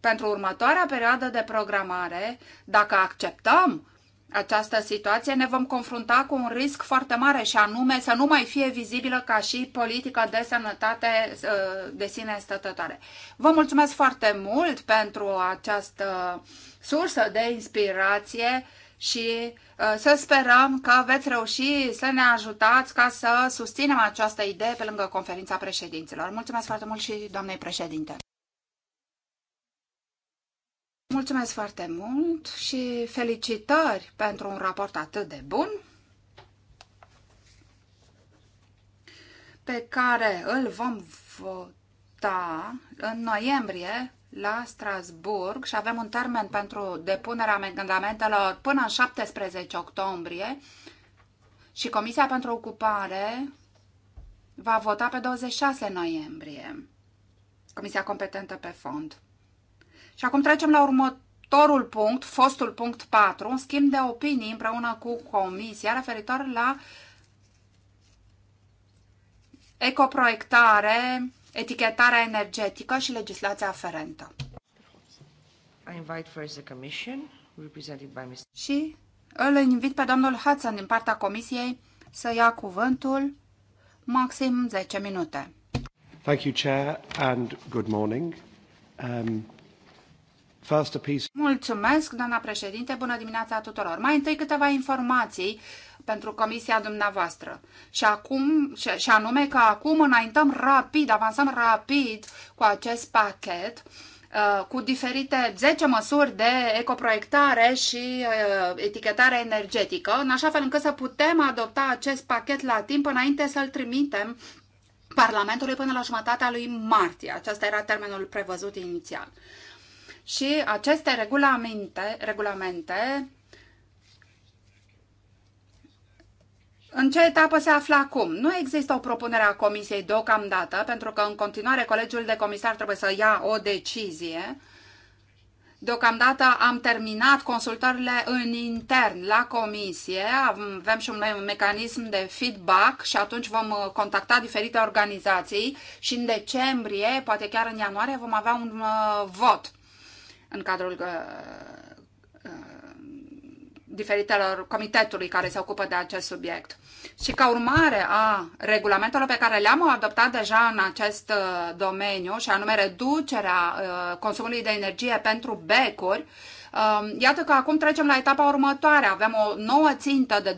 pentru următoarea perioadă de programare, dacă acceptăm această situație, ne vom confrunta cu un risc foarte mare și anume să nu mai fie vizibilă ca și politică de sănătate uh, de sine stătătoare. Vă mulțumesc foarte mult pentru această sursă de inspirație și uh, să sperăm că veți reuși să ne ajutați ca să susținem această idee pe lângă conferința președinților. Mulțumesc foarte mult și doamnei președinte. Mulțumesc foarte mult și felicitări pentru un raport atât de bun pe care îl vom vota în noiembrie la Strasburg și avem un termen pentru depunerea amendamentelor până în 17 octombrie și Comisia pentru Ocupare va vota pe 26 noiembrie. Comisia competentă pe fond. Și acum trecem la următorul punct, fostul punct 4, un schimb de opinii împreună cu Comisia referitor la ecoproiectare etichetarea energetică și legislația aferentă. I invite first the commission, represented by Mr. Și îl invit pe domnul Hudson din partea comisiei să ia cuvântul maxim 10 minute. Thank you, Chair, and good morning. Um, first a piece... Mulțumesc, doamna președinte, bună dimineața tuturor. Mai întâi câteva informații pentru comisia dumneavoastră. Și, acum, și, și anume că acum înaintăm rapid, avansăm rapid cu acest pachet uh, cu diferite 10 măsuri de ecoproiectare și uh, etichetare energetică, în așa fel încât să putem adopta acest pachet la timp înainte să-l trimitem Parlamentului până la jumătatea lui martie. Acesta era termenul prevăzut inițial. Și aceste regulamente, regulamente În ce etapă se află acum? Nu există o propunere a Comisiei deocamdată, pentru că în continuare Colegiul de Comisar trebuie să ia o decizie. Deocamdată am terminat consultările în intern la comisie, avem și un mecanism de feedback și atunci vom uh, contacta diferite organizații și în decembrie, poate chiar în ianuarie, vom avea un uh, vot în cadrul uh, diferitelor comitetului care se ocupă de acest subiect și ca urmare a regulamentelor pe care le-am adoptat deja în acest uh, domeniu, și anume reducerea uh, consumului de energie pentru becuri, um, Iată că acum trecem la etapa următoare. Avem o nouă țintă de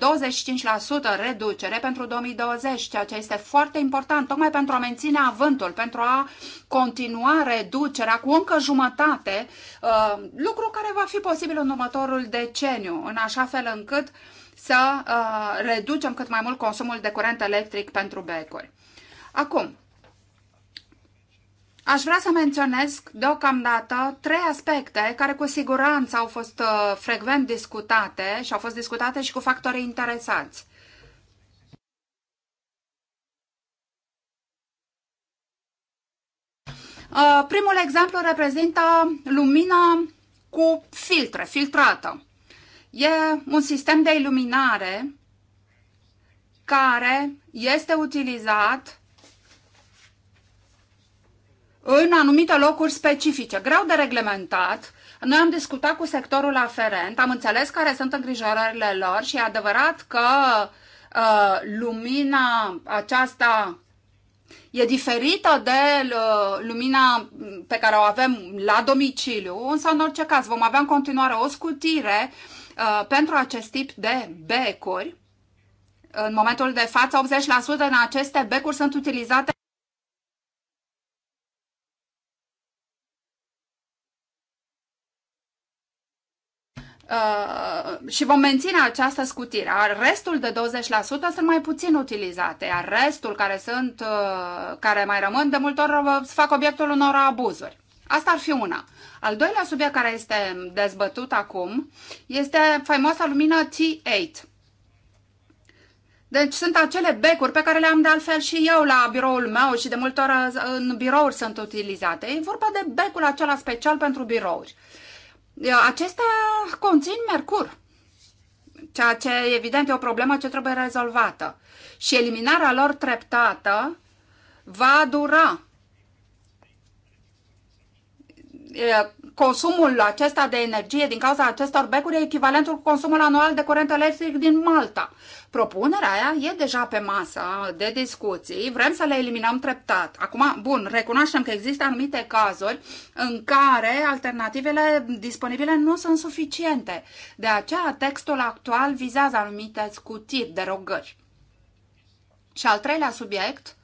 25% reducere pentru 2020, ceea ce este foarte important, tocmai pentru a menține avântul, pentru a continua reducerea cu încă jumătate, uh, lucru care va fi posibil în următorul deceniu, în așa fel încât uh, să uh, reducem cât mai mult consumul de curent electric pentru becuri. Acum, Aș vrea să menționez deocamdată trei aspecte care cu siguranță au fost uh, frecvent discutate și au fost discutate și cu factorii interesați. Uh, primul exemplu reprezintă lumina cu filtre, filtrată. E un sistem de iluminare care este utilizat în anumite locuri specifice, greu de reglementat. Noi am discutat cu sectorul aferent, am înțeles care sunt îngrijorările lor și e adevărat că uh, lumina aceasta e diferită de uh, lumina pe care o avem la domiciliu, însă în orice caz vom avea în continuare o scutire uh, Uh, pentru acest tip de becuri, în momentul de față, 80% din aceste becuri sunt utilizate Uh, și vom menține această scutire. Restul de 20% sunt mai puțin utilizate, iar restul care, sunt, uh, care mai rămân de multe ori uh, fac obiectul unor abuzuri. Asta ar fi una. Al doilea subiect care este dezbătut acum este faimoasa lumină T8. Deci sunt acele becuri pe care le-am de altfel și eu la biroul meu și de multe ori în birouri sunt utilizate. E vorba de becul acela special pentru birouri. Acestea conțin mercur, ceea ce evident e o problemă ce trebuie rezolvată. Și eliminarea lor treptată va dura consumul acesta de energie din cauza acestor becuri e echivalentul consumul anual de curent electric din Malta. Propunerea aia e deja pe masă de discuții, vrem să le eliminăm treptat. Acum, bun, recunoaștem că există anumite cazuri în care alternativele disponibile nu sunt suficiente. De aceea, textul actual vizează anumite scutiri, de rogări. Și al treilea subiect,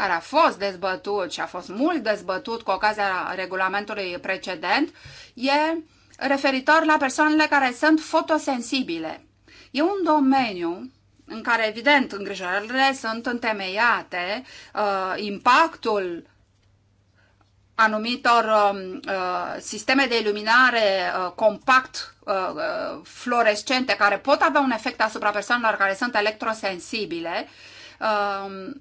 care a fost dezbătut și a fost mult dezbătut cu ocazia regulamentului precedent, e referitor la persoanele care sunt fotosensibile. E un domeniu în care, evident, îngrijorările sunt întemeiate, uh, impactul anumitor um, uh, sisteme de iluminare uh, compact fluorescente care pot avea un efect asupra persoanelor care sunt electrosensibile um,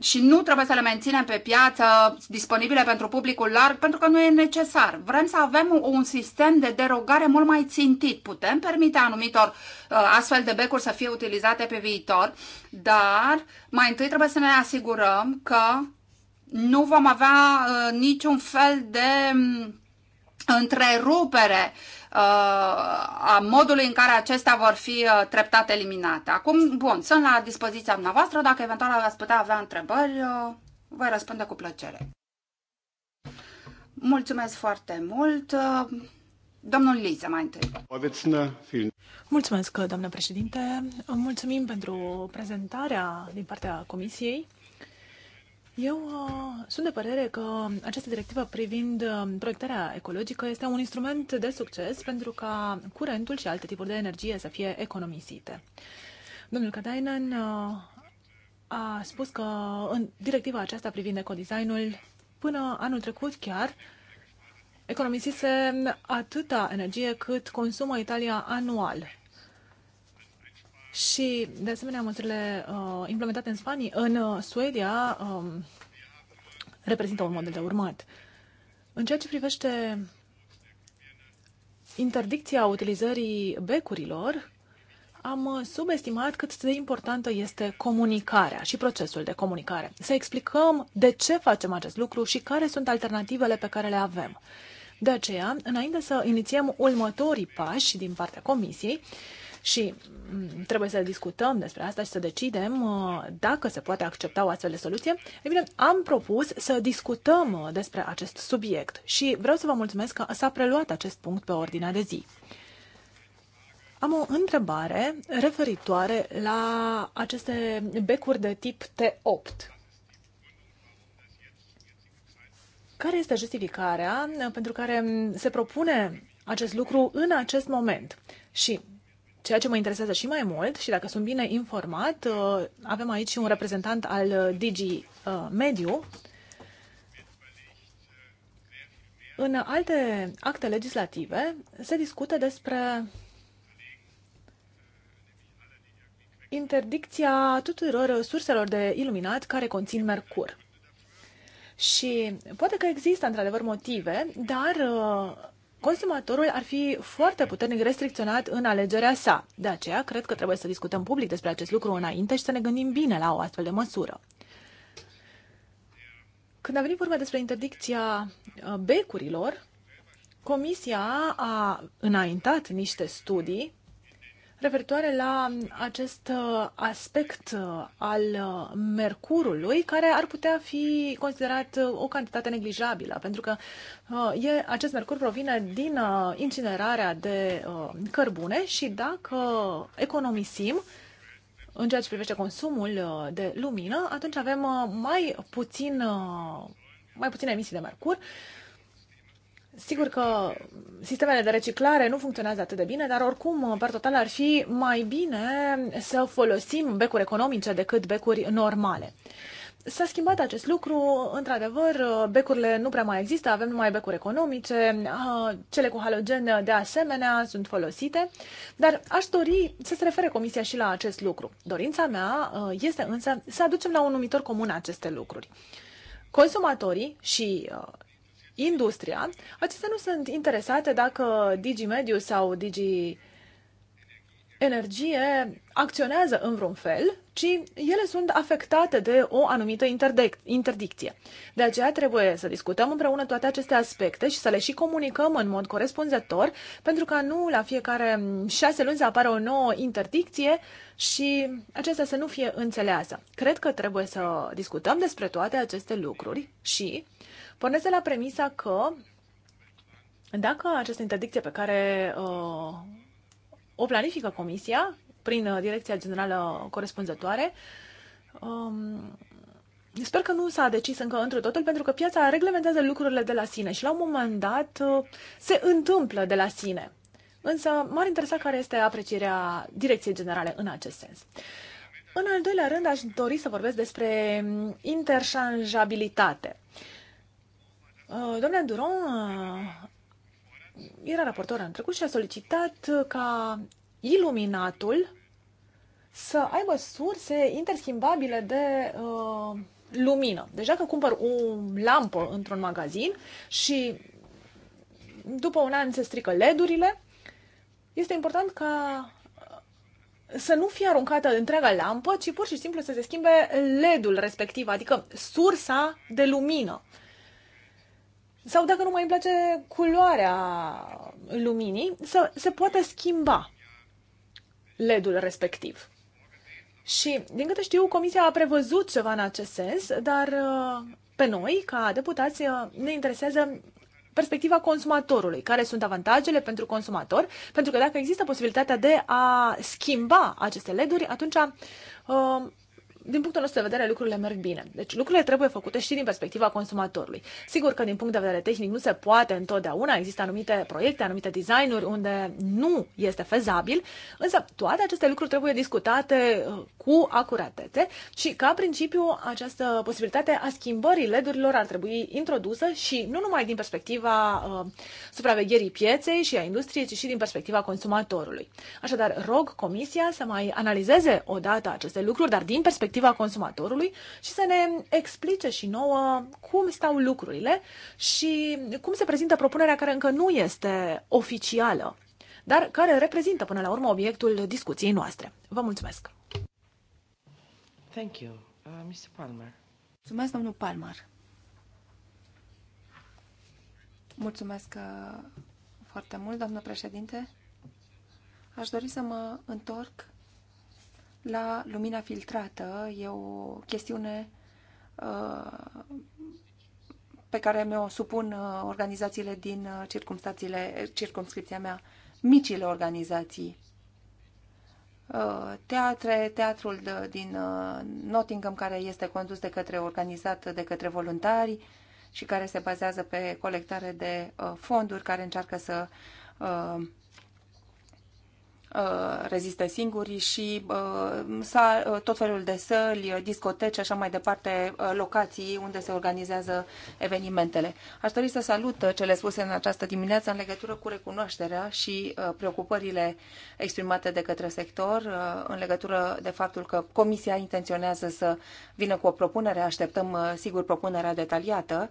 și nu trebuie să le menținem pe piață disponibile pentru publicul larg, pentru că nu e necesar. Vrem să avem un sistem de derogare mult mai țintit. Putem permite anumitor uh, astfel de becuri să fie utilizate pe viitor, dar mai întâi trebuie să ne asigurăm că nu vom avea uh, niciun fel de um, întrerupere Uh, a modului în care acestea vor fi uh, treptat eliminate. Acum, bun, sunt la dispoziția dumneavoastră. Dacă eventual ați putea avea întrebări, uh, voi răspunde cu plăcere. Mulțumesc foarte mult. Domnul Liza, mai întâi. Mulțumesc, doamnă președinte. Mulțumim pentru prezentarea din partea Comisiei. Eu uh, sunt de părere că această directivă privind uh, proiectarea ecologică este un instrument de succes pentru ca curentul și alte tipuri de energie să fie economisite. Domnul Katainen uh, a spus că în directiva aceasta privind ecodesignul, până anul trecut chiar, economisise atâta energie cât consumă Italia anual și, de asemenea, măsurile uh, implementate în Spania, în uh, Suedia, um, reprezintă un model de urmat. În ceea ce privește interdicția utilizării becurilor, am uh, subestimat cât de importantă este comunicarea și procesul de comunicare. Să explicăm de ce facem acest lucru și care sunt alternativele pe care le avem. De aceea, înainte să inițiem următorii pași din partea Comisiei, și mm, trebuie să discutăm despre asta și să decidem uh, dacă se poate accepta o astfel de soluție. E bine, am propus să discutăm uh, despre acest subiect și vreau să vă mulțumesc că s-a preluat acest punct pe ordinea de zi. Am o întrebare referitoare la aceste becuri de tip T8. Care este justificarea pentru care se propune acest lucru în acest moment? Și Ceea ce mă interesează și mai mult, și dacă sunt bine informat, uh, avem aici un reprezentant al uh, Digi uh, Mediu. În alte acte legislative se discută despre interdicția tuturor surselor de iluminat care conțin mercur. Și poate că există într-adevăr motive, dar consumatorul ar fi foarte puternic restricționat în alegerea sa. De aceea, cred că trebuie să discutăm public despre acest lucru înainte și să ne gândim bine la o astfel de măsură. Când a venit vorba despre interdicția uh, becurilor, Comisia a înaintat niște studii referitoare la acest uh, aspect uh, al uh, mercurului, care ar putea fi considerat o cantitate neglijabilă, pentru că e, acest mercur provine din incinerarea de cărbune și dacă economisim, în ceea ce privește consumul de lumină, atunci avem mai puțin mai puține emisii de mercur Sigur că sistemele de reciclare nu funcționează atât de bine, dar oricum, uh, per total, ar fi mai bine să folosim becuri economice decât becuri normale. S-a schimbat acest lucru, într-adevăr, uh, becurile nu prea mai există, avem numai becuri economice, uh, cele cu halogen de asemenea sunt folosite, dar aș dori să se refere Comisia și la acest lucru. Dorința mea este însă să aducem la un numitor comun aceste lucruri. Consumatorii și industria, acestea nu sunt interesate dacă Mediu sau Digi Energie acționează în vreun fel, ci ele sunt afectate de o anumită interdicție. De aceea trebuie să discutăm împreună toate aceste aspecte și să le și comunicăm în mod corespunzător, pentru că nu la fiecare șase luni să apară o nouă interdicție și acestea să nu fie înțeleasă. Cred că trebuie să discutăm despre toate aceste lucruri și Pornesc de la premisa că dacă această interdicție pe care uh, o planifică Comisia, prin uh, Direcția Generală corespunzătoare, um, Sper că nu s-a decis încă într totul, pentru că piața reglementează lucrurile de la sine și la un moment dat uh, se întâmplă de la sine. Însă m-ar interesa care este aprecierea Direcției Generale în acest sens. În al doilea rând, aș dori să vorbesc despre um, interșanjabilitate. Uh, Uh, domnule Duron uh, era raportor în trecut și a solicitat ca iluminatul să aibă surse interschimbabile de uh, lumină. Deci că cumpăr o lampă într-un magazin și după un an se strică ledurile, este important ca uh, să nu fie aruncată întreaga lampă, ci pur și simplu să se schimbe LED-ul respectiv, adică sursa de lumină. Uh, sau dacă nu mai îmi place culoarea luminii, să se poate schimba LED-ul respectiv. Și, din câte știu, Comisia a prevăzut ceva în acest sens, dar uh, pe noi, ca deputați, uh, ne interesează perspectiva consumatorului, care sunt avantajele pentru consumator, pentru că dacă există posibilitatea de a schimba aceste LED-uri, atunci uh, din punctul nostru de vedere, lucrurile merg bine. Deci lucrurile trebuie făcute și din perspectiva consumatorului. Sigur că din punct de vedere tehnic nu se poate întotdeauna, există anumite proiecte, anumite designuri unde nu este fezabil, însă toate aceste lucruri trebuie discutate uh, cu acuratețe și ca principiu această posibilitate a schimbării ledurilor ar trebui introdusă și nu numai din perspectiva uh, supravegherii pieței și a industriei, ci și din perspectiva consumatorului. Așadar, rog Comisia să mai analizeze odată aceste lucruri, dar din perspectiva perspectiva consumatorului și să ne explice și nouă cum stau lucrurile și cum se prezintă propunerea care încă nu este oficială, dar care reprezintă până la urmă obiectul discuției noastre. Vă mulțumesc! Thank you. Uh, Mr. Palmer. Mulțumesc, domnul Palmer. Mulțumesc uh, foarte mult, doamnă președinte. Aș dori să mă întorc la lumina filtrată. E o chestiune uh, pe care mi-o supun uh, organizațiile din uh, circumscripția mea, micile organizații teatre, teatrul de, din Nottingham care este condus de către organizat de către voluntari și care se bazează pe colectare de fonduri care încearcă să Uh, rezistă singuri și uh, uh, tot felul de săli, discoteci, așa mai departe, locații unde se organizează evenimentele. Aș dori să salut cele spuse în această dimineață în legătură cu recunoașterea și preocupările exprimate de către sector în legătură de faptul că Comisia intenționează să vină cu o propunere. Așteptăm, sigur, propunerea detaliată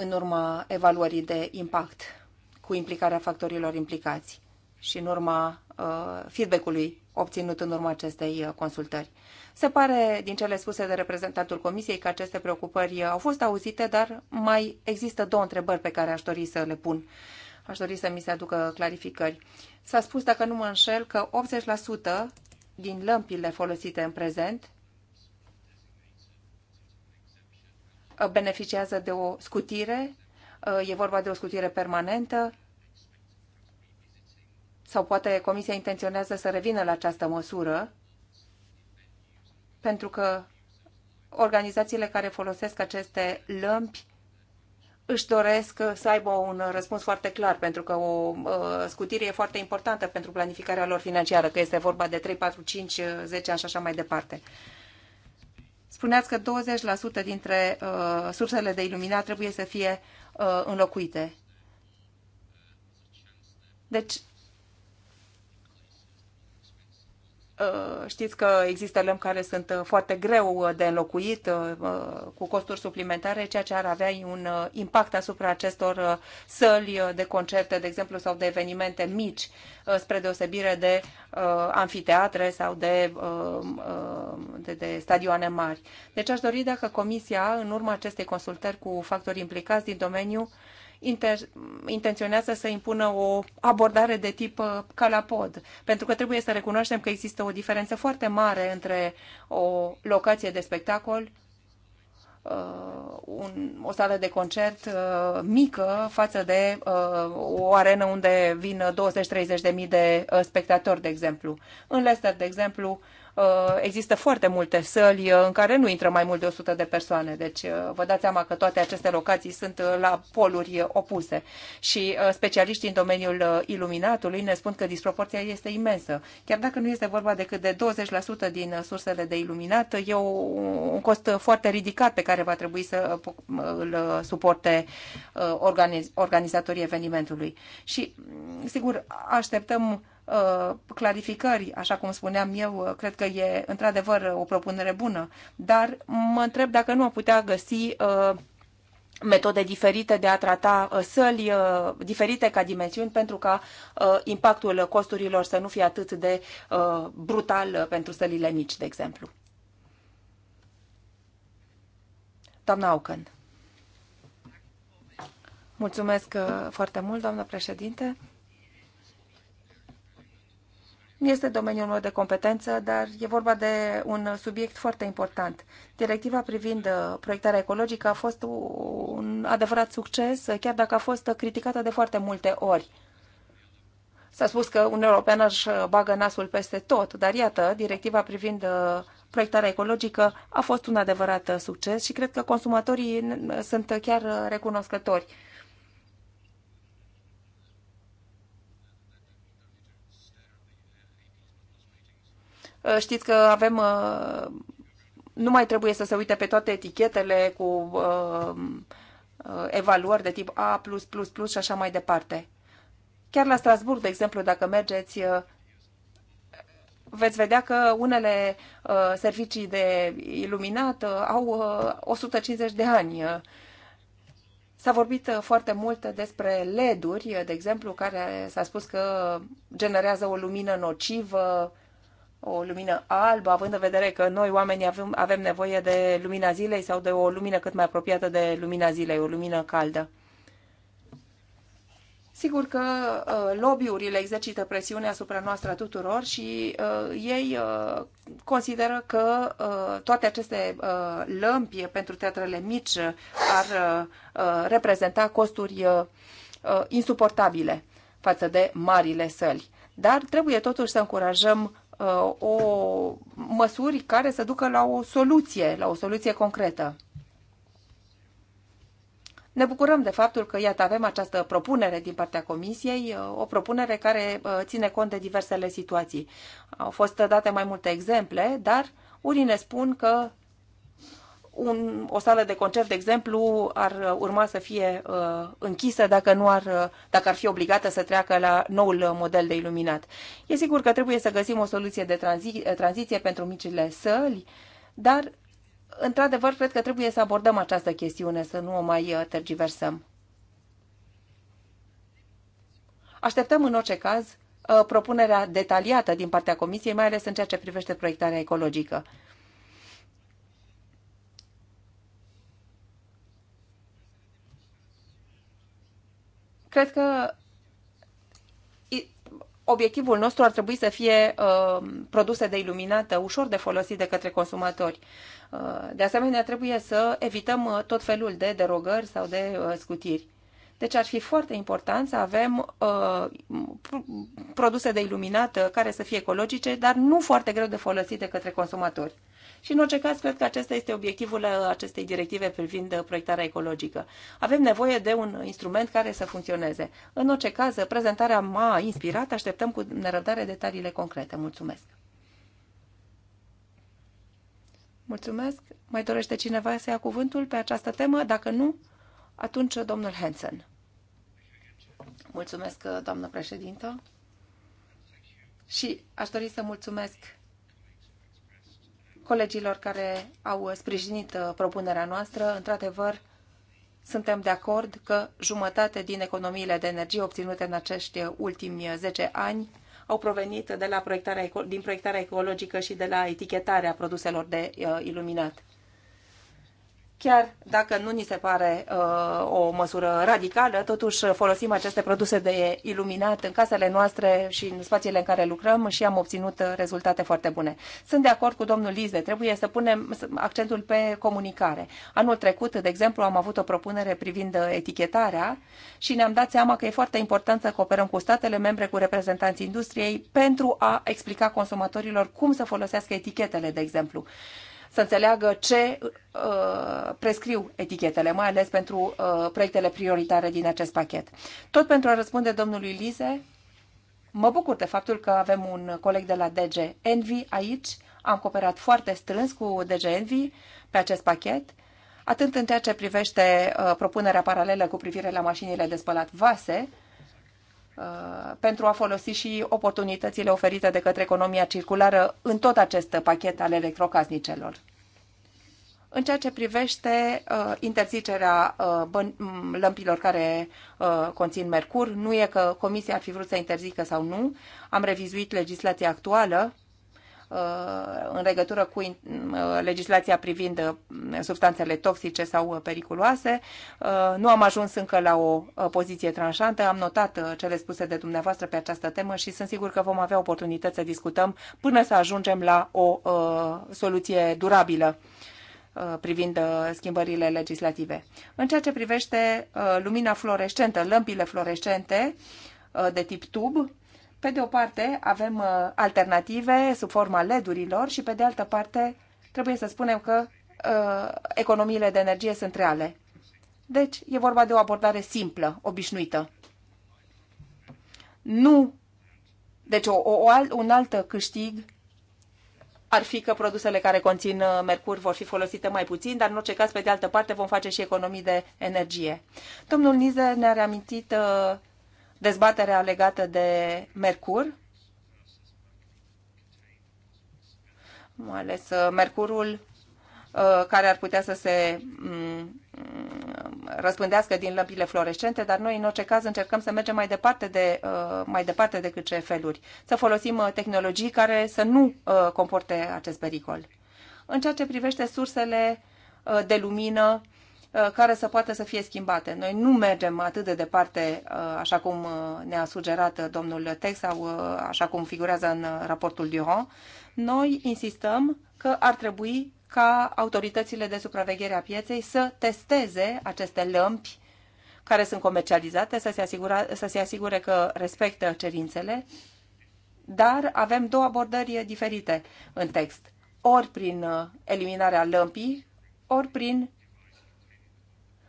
în urma evaluării de impact cu implicarea factorilor implicați și în urma uh, feedback-ului obținut în urma acestei uh, consultări. Se pare, din cele spuse de reprezentantul Comisiei, că aceste preocupări uh, au fost auzite, dar mai există două întrebări pe care aș dori să le pun. Aș dori să mi se aducă clarificări. S-a spus, dacă nu mă înșel, că 80% din lămpile folosite în prezent beneficiază de o scutire, e vorba de o scutire permanentă sau poate Comisia intenționează să revină la această măsură, pentru că organizațiile care folosesc aceste lămpi își doresc să aibă un răspuns foarte clar, pentru că o uh, scutire e foarte importantă pentru planificarea lor financiară, că este vorba de 3, 4, 5, 10 ani și așa mai departe. Spuneați că 20% dintre uh, sursele de iluminat trebuie să fie uh, înlocuite. Deci, Uh, știți că există lămpi care sunt uh, foarte greu uh, de înlocuit cu costuri suplimentare, ceea ce ar avea un impact asupra acestor săli de concerte, de exemplu, sau de evenimente mici, spre deosebire de anfiteatre sau de, de, de stadioane mari. Deci aș dori dacă Comisia, în urma acestei consultări cu factori implicați din domeniu, inter- intenționează să impună o abordare de tip uh, calapod, pentru că trebuie să recunoaștem că există o diferență foarte mare între o locație de spectacol, uh, un, o sală de concert uh, mică față de uh, o arenă unde vin 20-30 de mii de uh, spectatori, de exemplu. În Leicester, de exemplu, uh, Uh, există foarte multe săli uh, în care nu intră mai mult de 100 de persoane. Deci uh, vă dați seama că toate aceste locații sunt la poluri opuse. Și specialiștii în domeniul iluminatului ne spun că disproporția este imensă. Chiar dacă nu este vorba decât de 20% din sursele de iluminat, e un cost foarte ridicat pe care va trebui să îl suporte organizatorii evenimentului. Și, mm, sigur, așteptăm Uh, clarificări, așa cum spuneam eu, uh, cred că e într-adevăr o propunere bună, dar mă întreb dacă nu am putea găsi uh, metode diferite de a trata săli diferite ca dimensiuni pentru ca impactul costurilor să nu fie atât de brutal pentru sălile mici, de exemplu. Doamna Aucăn. Mulțumesc foarte mult, doamnă președinte. Nu este domeniul meu de competență, dar e vorba de un subiect foarte important. Directiva privind uh, proiectarea ecologică a fost un adevărat succes, uh, chiar dacă a fost uh, criticată de foarte multe ori. S-a spus că un european își bagă nasul peste tot, dar iată, directiva privind proiectarea ecologică a fost un adevărat succes și cred că consumatorii sunt chiar recunoscători Uh, știți că avem uh, nu mai trebuie să se uite pe toate etichetele cu uh, evaluări de tip A+++ și așa mai departe. Chiar la Strasburg, de exemplu, dacă mergeți, veți vedea că unele servicii de iluminat au 150 de ani. S-a vorbit foarte mult despre LED-uri, de exemplu, care s-a spus că generează o lumină nocivă, o lumină albă, având în vedere că noi oamenii avem, avem nevoie de lumina zilei sau de o lumină cât mai apropiată de lumina zilei, o lumină caldă. Sigur că uh, lobby-urile exercită presiune asupra noastră a tuturor și uh, ei uh, consideră că uh, toate aceste uh, lămpi pentru teatrele mici ar uh, uh reprezenta costuri uh, uh, insuportabile față de marile săli. Dar trebuie totuși să încurajăm Uh, o măsuri care să ducă la o soluție, la o soluție concretă. Ne bucurăm de faptul că, iată, avem această propunere din partea Comisiei, uh, o propunere care uh, ține cont de diversele situații. Au fost date mai multe exemple, dar unii ne spun că un, o sală de concert, de exemplu, ar urma să fie uh, închisă dacă, nu ar, uh, dacă ar fi obligată să treacă la noul model de iluminat. E sigur că trebuie să găsim o soluție de tranzi, eh, tranziție pentru micile săli, dar, într-adevăr, cred că trebuie să abordăm această chestiune, să nu o mai uh, tergiversăm. Așteptăm, în orice caz, uh, propunerea detaliată din partea Comisiei, mai ales în ceea ce privește proiectarea ecologică. Cred că obiectivul nostru ar trebui să fie uh, produse de iluminată, ușor de folosit de către consumatori. Uh, de asemenea, trebuie să evităm uh, tot felul de derogări sau de uh, scutiri. Deci ar fi foarte important să avem uh, produse de iluminată care să fie ecologice, dar nu foarte greu de folosit de către consumatori și, în orice caz, cred că acesta este obiectivul uh, acestei directive privind uh, proiectarea ecologică. Avem nevoie de un instrument care să funcționeze. În orice caz, uh, prezentarea m-a inspirat, așteptăm cu nerăbdare detaliile concrete. Mulțumesc! Mulțumesc! Mai dorește cineva să ia cuvântul pe această temă? Dacă nu, atunci domnul Hansen. Mulțumesc, doamnă președintă. Și aș dori să mulțumesc colegilor care au sprijinit uh, propunerea noastră. Într-adevăr, suntem de acord că jumătate din economiile de energie obținute în acești uh, ultimi 10 uh, ani au provenit de la proiectarea, din proiectarea ecologică și de la etichetarea produselor de iluminat. Chiar dacă nu ni se pare uh, o măsură radicală, totuși folosim aceste produse de iluminat în casele noastre și în spațiile în care lucrăm și am obținut rezultate foarte bune. Sunt de acord cu domnul Lize, trebuie să punem accentul pe comunicare. Anul trecut, de exemplu, am avut o propunere privind etichetarea și ne-am dat seama că e foarte important să cooperăm cu statele membre, cu reprezentanții industriei, pentru a explica consumatorilor cum să folosească etichetele, de exemplu. Uh, să înțeleagă ce uh, prescriu etichetele, mai ales pentru uh, proiectele prioritare din acest pachet. Tot pentru a răspunde domnului Lize, mă bucur de faptul că avem un coleg de la DG Envy aici. Am cooperat foarte strâns cu DG Envy pe acest pachet atât în ceea ce privește uh, propunerea paralelă cu privire la mașinile de spălat vase, Uh, pentru a folosi și oportunitățile oferite de către economia circulară în tot acest pachet al electrocasnicelor. În ceea ce privește uh, interzicerea uh, lămpilor care uh, conțin mercur, nu e că Comisia ar fi vrut să interzică sau nu. Am revizuit legislația actuală în legătură cu uh, legislația privind uh, substanțele toxice sau uh, periculoase. Nu am ajuns încă la o poziție tranșantă. Am notat cele spuse de dumneavoastră pe această temă și sunt sigur că vom avea oportunități să discutăm până să ajungem la o soluție durabilă privind schimbările legislative. În ceea ce privește lumina fluorescentă, lămpile fluorescente de tip tub, pe de o parte, avem uh, alternative sub forma LED-urilor și pe de altă parte, trebuie să spunem că uh, economiile de energie sunt reale. Deci, e vorba de o abordare simplă, obișnuită. Nu. Deci, o, o, un alt câștig ar fi că produsele care conțin uh, mercur vor fi folosite mai puțin, dar în orice caz, pe de altă parte, vom face și economii de energie. Domnul Nize ne-a reamintit dezbaterea legată de Mercur, mai ales uh, Mercurul uh, care ar putea să se mm, răspândească din lămpile fluorescente, dar noi în orice caz încercăm să mergem mai departe, de, uh, mai departe decât CFL-uri, să folosim tehnologii care să nu comporte acest pericol. În ceea ce privește sursele de lumină Uh, care să poată să fie schimbate. Noi nu mergem atât de departe, uh, așa cum uh, ne-a sugerat domnul Tex sau așa cum figurează în raportul Durand. Noi insistăm că ar trebui ca autoritățile de supraveghere a pieței să testeze aceste lămpi care sunt comercializate, să se, asigura, să se asigure că respectă cerințele, dar avem două abordări diferite în text. Ori prin eliminarea lămpii, ori prin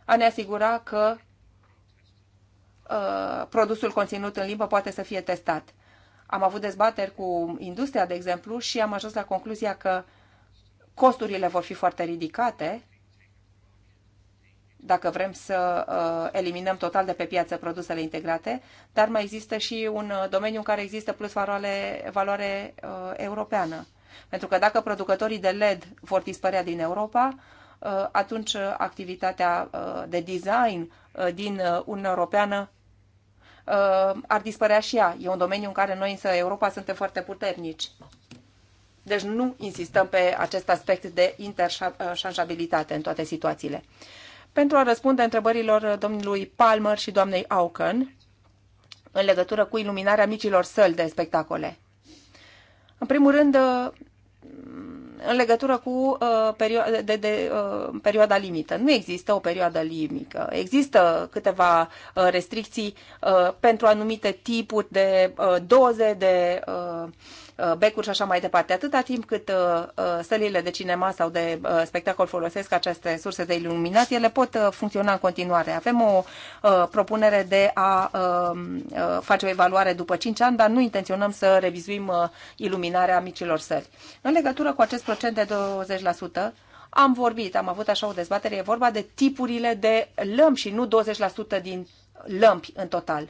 a ne asigura că uh, produsul conținut în limbă poate să fie testat. Am avut dezbateri cu industria, de exemplu, și am ajuns la concluzia că costurile vor fi foarte ridicate dacă vrem să uh, eliminăm total de pe piață produsele integrate, dar mai există și un uh, domeniu în care există plus valoare, valoare europeană. Pentru că dacă producătorii de LED vor dispărea din Europa, Uh, atunci uh, activitatea uh, de design din Uniunea Europeană ar dispărea și ea. E un domeniu în care noi, însă, Europa, suntem foarte puternici. Deci nu insistăm pe acest aspect de interșanjabilitate în toate situațiile. Pentru a răspunde întrebărilor domnului Palmer și doamnei Auken în legătură cu iluminarea micilor săli de spectacole. În primul rând, în legătură cu uh, perioada, de, de, uh, perioada limită. Nu există o perioadă limită. Există câteva uh, restricții uh, pentru anumite tipuri de uh, doze de uh, Uh, becuri și așa mai departe. Atâta timp cât uh, uh, sălile de cinema sau de spectacol folosesc aceste surse de iluminat, ele pot funcționa în continuare. Avem o propunere de a face o evaluare după 5 ani, dar nu intenționăm să revizuim iluminarea micilor săli. În legătură cu acest procent de 20%, am vorbit, am avut așa o dezbatere, e vorba de tipurile de lămpi și nu 20% din lămpi în total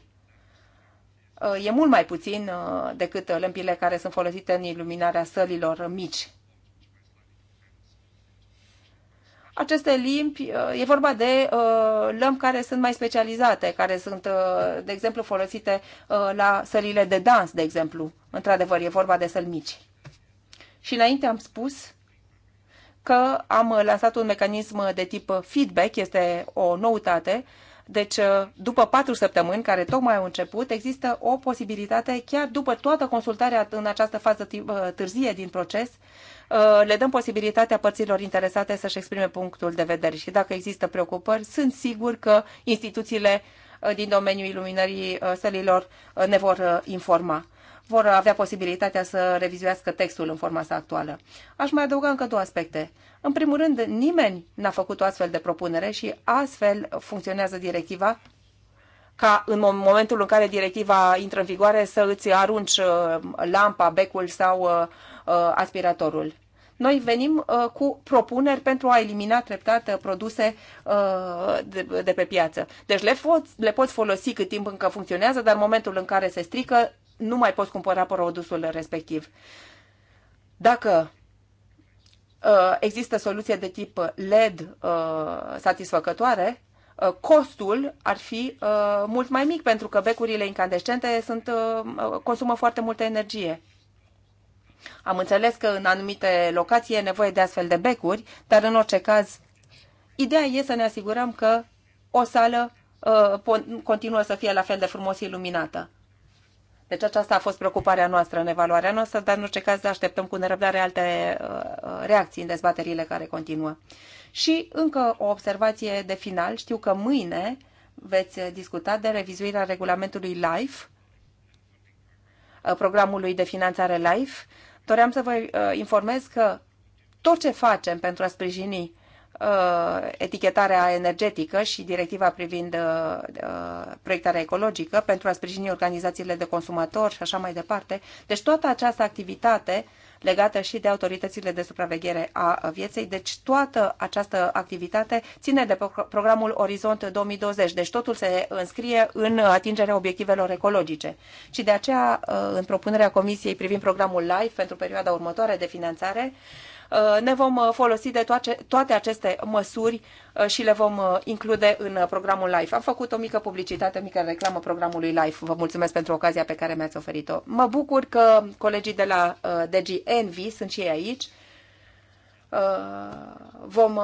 e mult mai puțin uh, decât uh, lămpile care sunt folosite în iluminarea sălilor mici. Aceste limpi, uh, e vorba de lămpi care sunt mai specializate, care sunt, de exemplu, folosite la sălile de dans, de exemplu. Într-adevăr, e vorba de săli mici. Și înainte am spus că am lansat un mecanism de tip feedback, este o noutate, deci, uh, după patru săptămâni, care tocmai au început, există o posibilitate, chiar după toată consultarea în această fază uh, târzie din proces, uh, le dăm posibilitatea părților interesate să-și exprime punctul de vedere și dacă există preocupări, sunt sigur că instituțiile din domeniul iluminării sălilor ne vor informa vor avea posibilitatea să revizuiască textul în forma sa actuală. Aș mai adăuga încă două aspecte. În primul rând, nimeni n-a făcut o astfel de propunere și astfel funcționează directiva ca în momentul în care directiva intră în vigoare să îți arunci uh, lampa, becul sau uh, uh, aspiratorul. Noi venim cu propuneri pentru a elimina treptat produse de, pe piață. Deci le poți, le poți folosi cât timp încă funcționează, dar în momentul în care se strică, nu mai poți cumpăra produsul respectiv. Dacă uh, există soluție de tip LED uh, satisfăcătoare, uh, costul ar fi mult mai mic pentru că becurile incandescente sunt, consumă foarte multă energie. Am înțeles că în anumite locații e nevoie de astfel de becuri, dar în orice caz, ideea e să ne asigurăm că o sală continuă să fie la fel de frumos iluminată. Deci aceasta a fost preocuparea noastră în evaluarea noastră, dar în orice caz așteptăm cu nerăbdare alte uh, uh, reacții în dezbaterile care continuă. Și încă o observație de final. Știu că mâine veți discuta de revizuirea regulamentului LIFE, uh, programului de finanțare LIFE. Doream să vă informez că tot ce facem pentru a sprijini Uh, etichetarea energetică și directiva privind uh, uh, proiectarea ecologică pentru a sprijini organizațiile de consumatori și așa mai departe. Deci toată această activitate legată și de autoritățile de supraveghere a vieței. Deci toată această activitate ține de programul Orizont 2020. Deci totul se înscrie în atingerea obiectivelor ecologice. Și de aceea, în propunerea Comisiei privind programul LIFE pentru perioada următoare de finanțare, Uh, ne vom uh, folosi de toate, toate aceste măsuri uh, și le vom include în programul LIFE. Am făcut o mică publicitate, o mică reclamă programului LIFE. Vă mulțumesc pentru ocazia pe care mi-ați oferit-o. Mă bucur că colegii de la DG Envy sunt și ei aici. Vom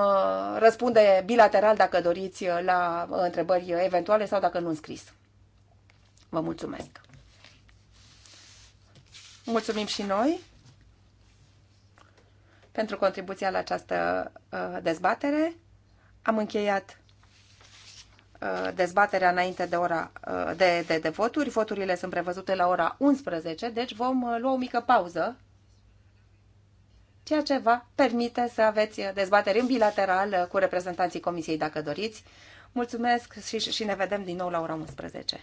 răspunde bilateral dacă doriți la întrebări eventuale sau dacă nu înscris. Vă mulțumesc! Mulțumim și noi! pentru contribuția la această uh, dezbatere. Am încheiat uh, dezbaterea înainte de, ora, uh, de, de, de voturi. Voturile sunt prevăzute la ora 11, deci vom lua o mică pauză, ceea ce va permite să aveți dezbateri în bilateral cu reprezentanții Comisiei dacă doriți. Mulțumesc și, și ne vedem din nou la ora 11.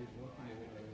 there is working every day.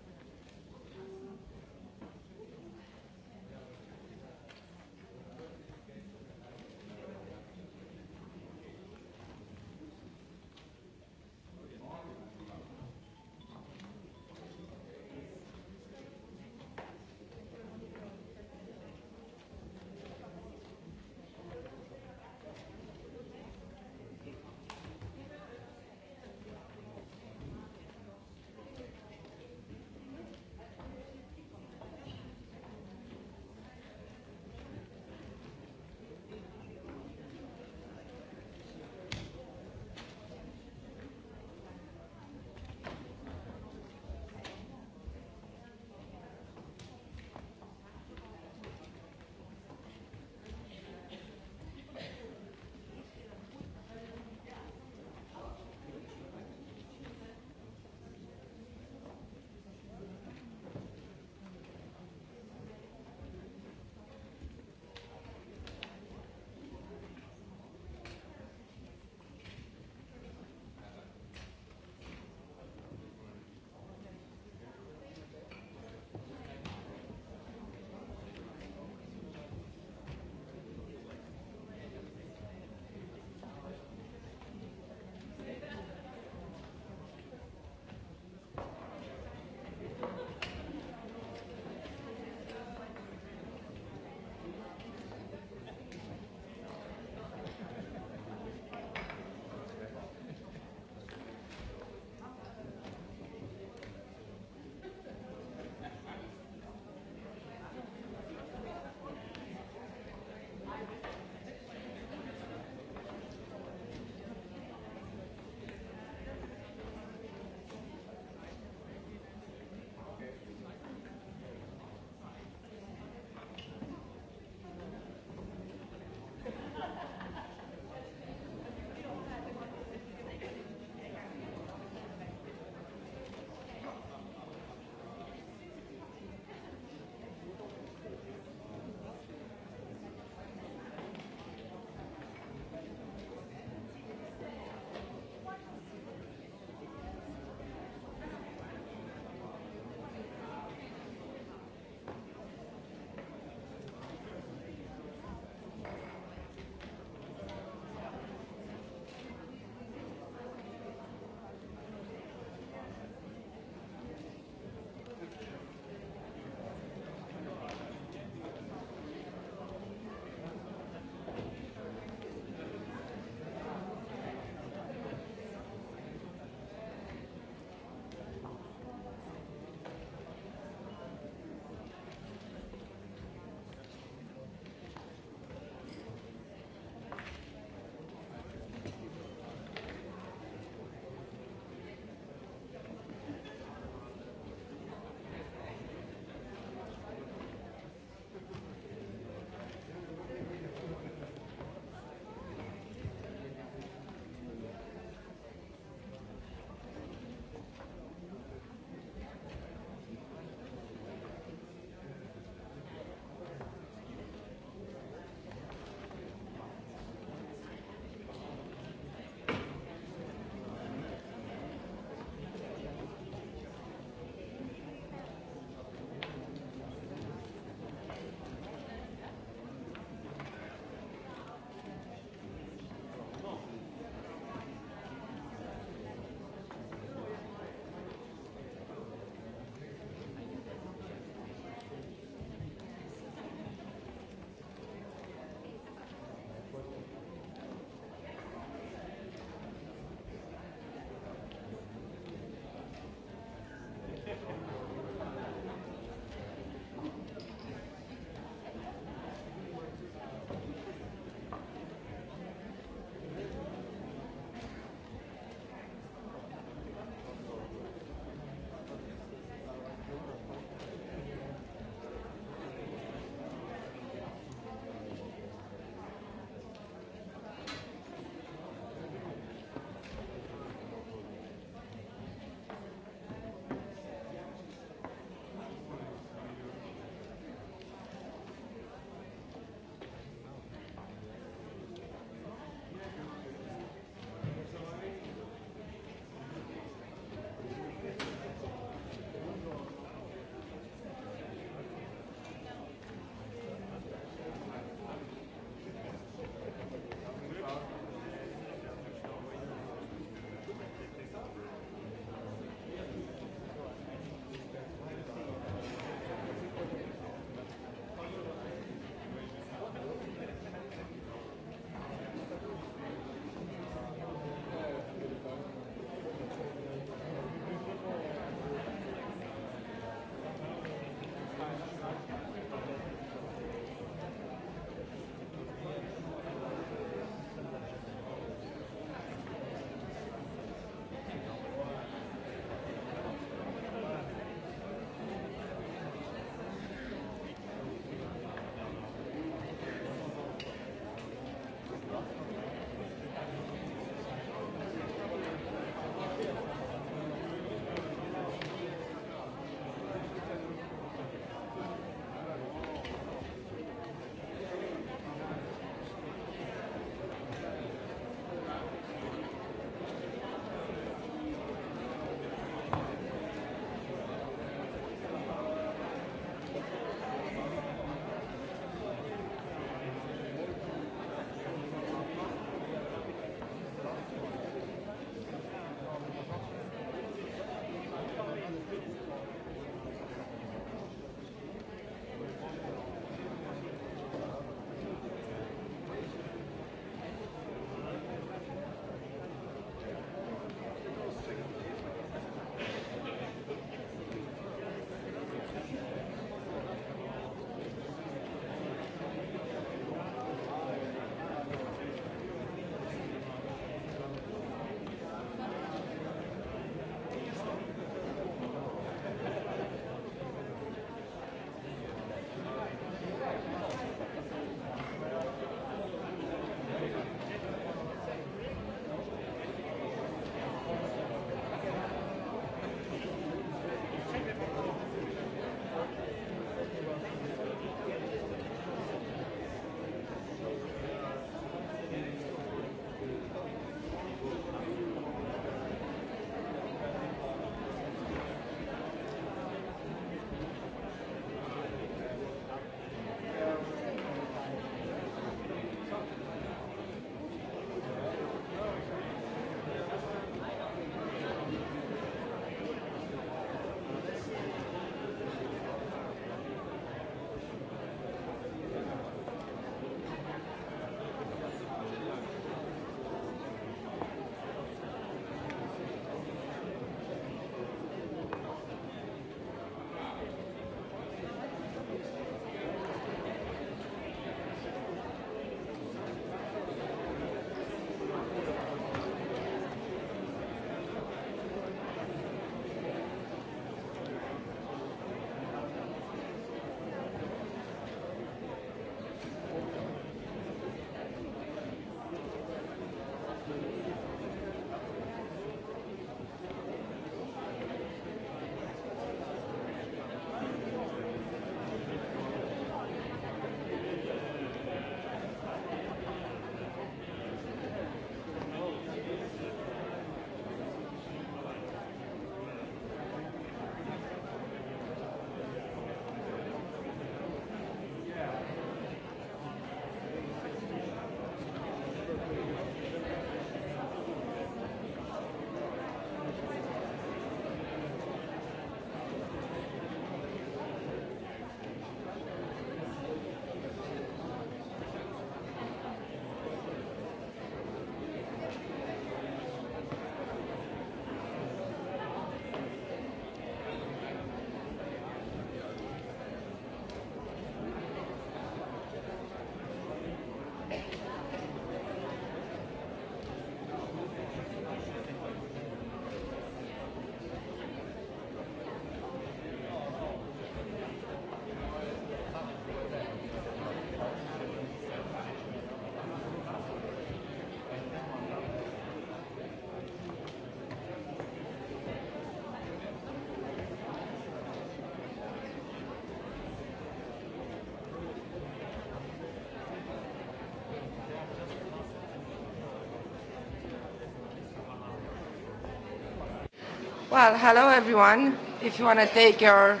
Well, hello everyone. If you want to take your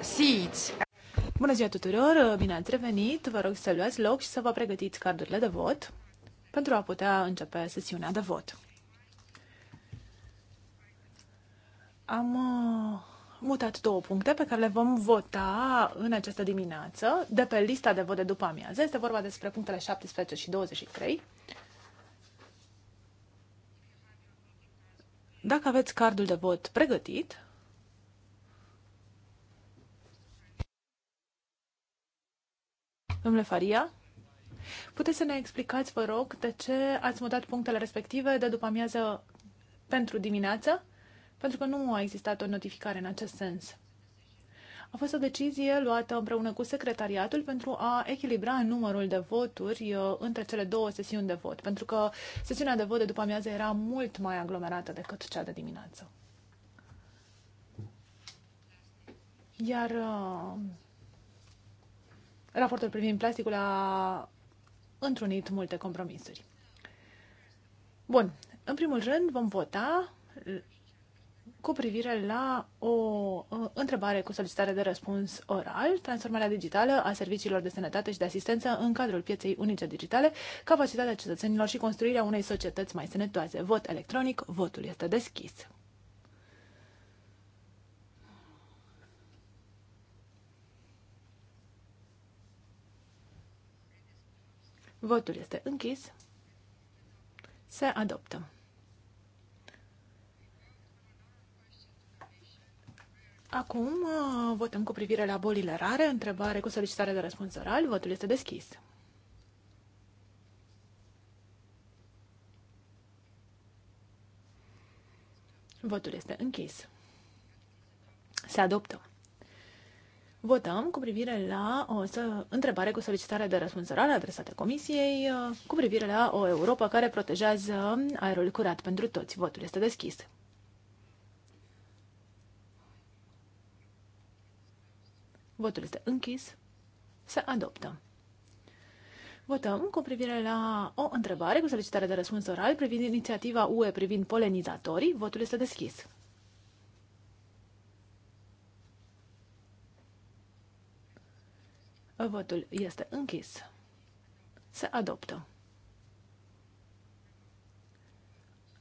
seats. Bună ziua tuturor, bine ați revenit. Vă rog să luați loc și să vă pregătiți cardurile de vot pentru a putea începe sesiunea de vot. Am uh, mutat două puncte pe care le vom vota în această dimineață de pe lista de vot de după amiază. Este vorba despre punctele 17 și 23 aveți cardul de vot pregătit, domnule Faria, puteți să ne explicați, vă rog, de ce ați mutat punctele respective de după amiază pentru dimineață? Pentru că nu a existat o notificare în acest sens. A fost o decizie luată împreună cu secretariatul pentru a echilibra numărul de voturi uh, între cele două sesiuni de vot, pentru că sesiunea de vot de după amiază era mult mai aglomerată decât cea de dimineață. Iar uh, raportul privind plasticul a întrunit multe compromisuri. Bun, în primul rând vom vota cu privire la o întrebare cu solicitare de răspuns oral, transformarea digitală a serviciilor de sănătate și de asistență în cadrul pieței unice digitale, capacitatea cetățenilor și construirea unei societăți mai sănătoase. Vot electronic, votul este deschis. Votul este închis. Se adoptă. Acum uh, votăm cu privire la bolile rare. Întrebare cu solicitare de răspuns oral. Votul este deschis. Votul este închis. Se adoptă. Votăm cu privire la o întrebare cu solicitare de răspuns oral adresată Comisiei uh, cu privire la o Europa care protejează aerul curat pentru toți. Votul este deschis. Votul este închis. Se adoptă. Votăm cu privire la o întrebare cu solicitare de răspuns oral privind inițiativa UE privind polenizatorii. Votul este deschis. Votul este închis. Se adoptă.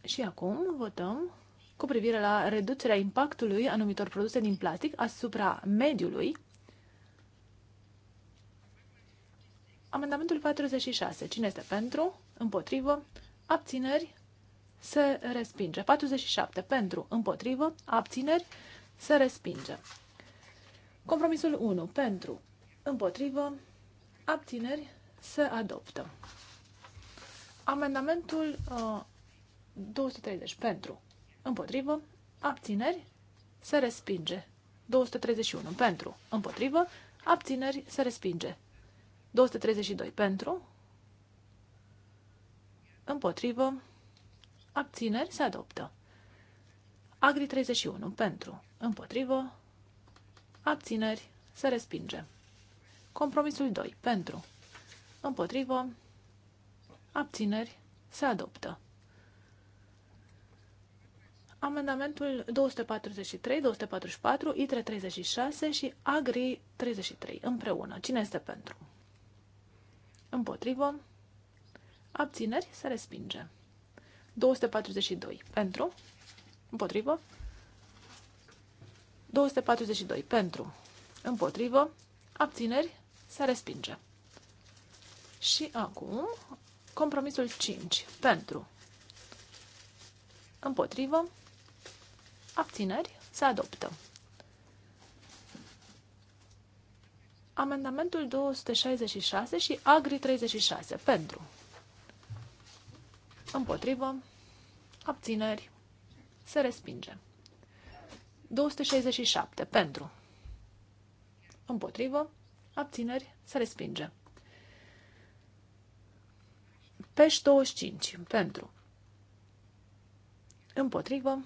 Și acum votăm cu privire la reducerea impactului anumitor produse din plastic asupra mediului, Amendamentul 46. Cine este pentru? Împotrivă. Abțineri. Se respinge. 47. Pentru. Împotrivă. Abțineri. Se respinge. Compromisul 1. Pentru. Împotrivă. Abțineri. Se adoptă. Amendamentul uh, 230. Pentru. Împotrivă. Abțineri. Se respinge. 231. Pentru. Împotrivă. Abțineri. Se respinge. 232 pentru, împotrivă, abțineri se adoptă. Agri 31 pentru, împotrivă, abțineri se respinge. Compromisul 2 pentru, împotrivă, abțineri se adoptă. Amendamentul 243, 244, ITRE 36 și AGRI 33 împreună. Cine este pentru? Împotrivă. Abțineri. Se respinge. 242. Pentru. Împotrivă. 242. Pentru. Împotrivă. Abțineri. Se respinge. Și acum, compromisul 5. Pentru. Împotrivă. Abțineri. Se adoptă. amendamentul 266 și Agri 36. Pentru. Împotrivă. Abțineri. Se respinge. 267. Pentru. Împotrivă. Abțineri. Se respinge. Peș 25. Pentru. Împotrivă.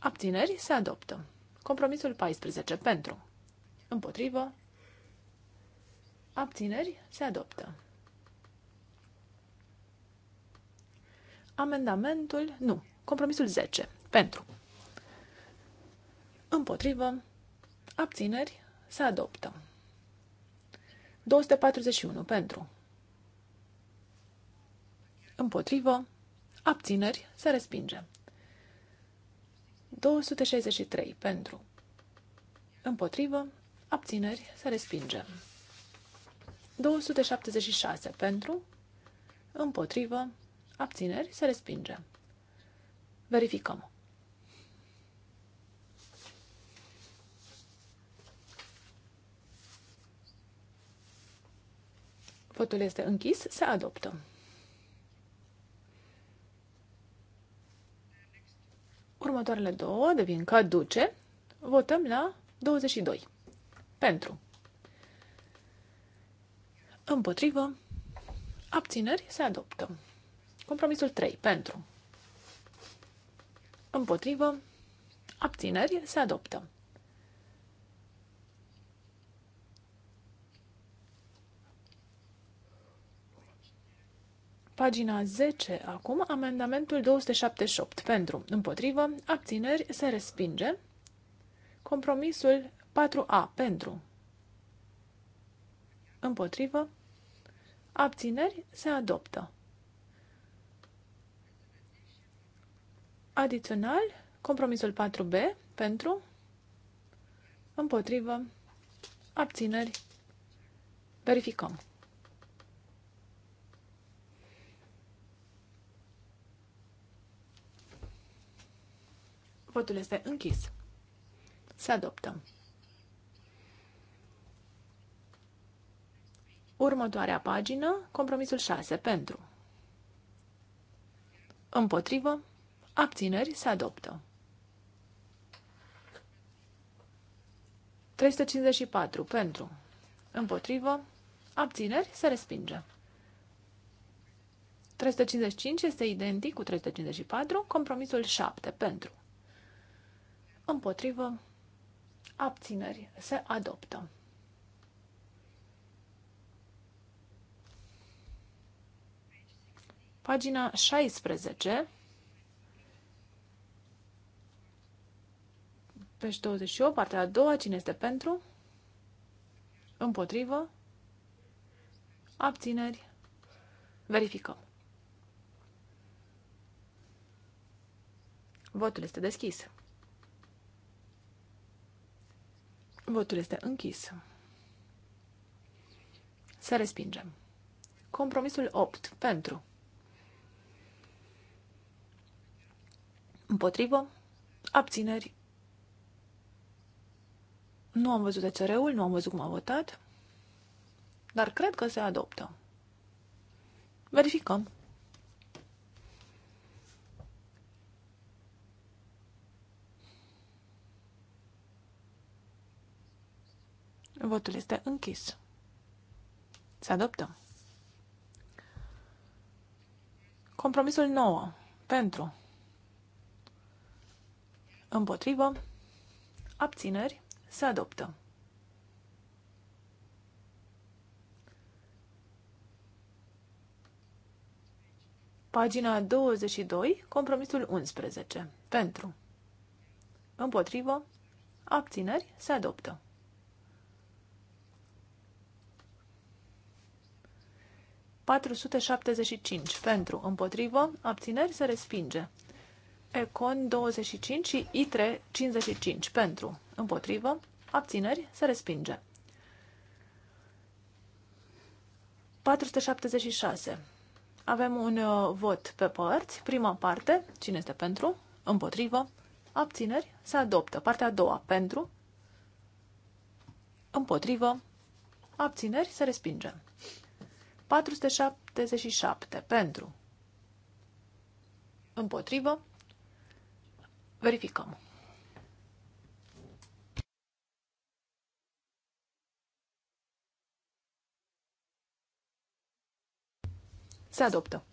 Abțineri. Se adoptă. Compromisul 14. Pentru. Împotrivă. Abțineri? Se adoptă. Amendamentul? Nu. Compromisul 10. Pentru. Împotrivă. Abțineri? Se adoptă. 241. Pentru. Împotrivă. Abțineri? Se respinge. 263. Pentru. Împotrivă. Abțineri? Se respinge. 276 pentru, împotrivă, abțineri, se respinge. Verificăm. Votul este închis, se adoptă. Următoarele două devin caduce. Votăm la 22. Pentru. Împotrivă. Abțineri se adoptă. Compromisul 3. Pentru. Împotrivă. Abțineri se adoptă. Pagina 10. Acum, amendamentul 278. Pentru, împotrivă, abțineri, se respinge. Compromisul 4A. Pentru, împotrivă, Abțineri se adoptă. Adițional, compromisul 4B pentru, împotrivă, abțineri, verificăm. Votul este închis. Se adoptă. Următoarea pagină, compromisul 6, pentru. Împotrivă, abțineri se adoptă. 354, pentru. Împotrivă, abțineri se respinge. 355 este identic cu 354, compromisul 7, pentru. Împotrivă, abțineri se adoptă. Pagina 16, pești 28, partea a doua, cine este pentru? Împotrivă? Abțineri? Verificăm. Votul este deschis. Votul este închis. Să respingem. Compromisul 8. Pentru. Împotrivă. Abțineri. Nu am văzut de ul nu am văzut cum a votat, dar cred că se adoptă. Verificăm. Votul este închis. Se adoptă. Compromisul 9. Pentru. Împotrivă. Abțineri. Se adoptă. Pagina 22, compromisul 11. Pentru. Împotrivă. Abțineri. Se adoptă. ...475 pentru, împotrivă, abțineri se respinge. Econ 25 și ITRE 55 pentru, împotrivă, abțineri, se respinge. 476. Avem un uh, vot pe părți. Prima parte, cine este pentru, împotrivă, abțineri, se adoptă. Partea a doua, pentru, împotrivă, abțineri, se respinge. 477. Pentru, împotrivă, Verificăm. Se adoptă.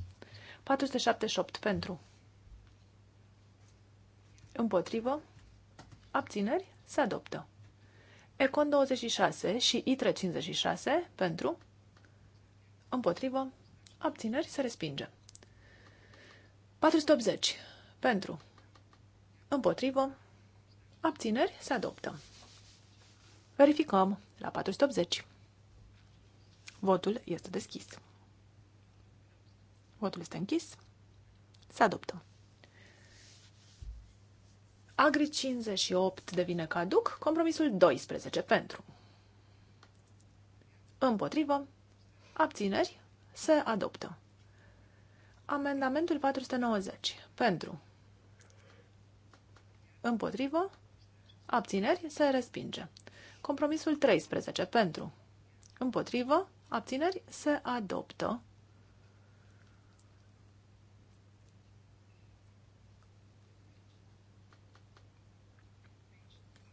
478 pentru. Împotrivă. Abțineri. Se adoptă. Econ 26 și ITRE 56 pentru. Împotrivă. Abțineri. Se respinge. 480 pentru. Împotrivă. Abțineri. Se adoptă. Verificăm la 480. Votul este deschis. Votul este închis. Se adoptă. Agri 58 devine caduc. Compromisul 12 pentru. Împotrivă. Abțineri. Se adoptă. Amendamentul 490. Pentru. Împotrivă. Abțineri. Se respinge. Compromisul 13. Pentru. Împotrivă. Abțineri. Se adoptă.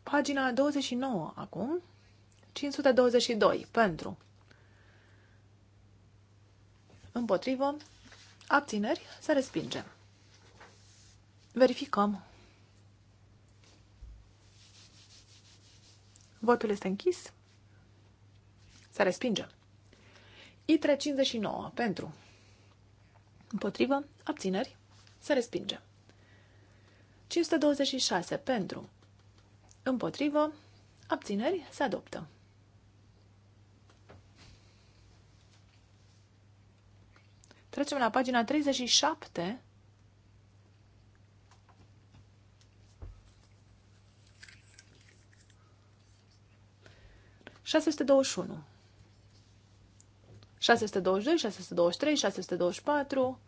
Pagina 29 acum. 522. Pentru. Împotrivă. Abțineri. Se respinge. Verificăm. Votul este închis. Se respinge. ITRE 59. Pentru. Împotrivă. Abțineri. Se respinge. 526. Pentru. Împotrivă. Abțineri. Se adoptă. Trecem la pagina 37 621. 622, 623, 624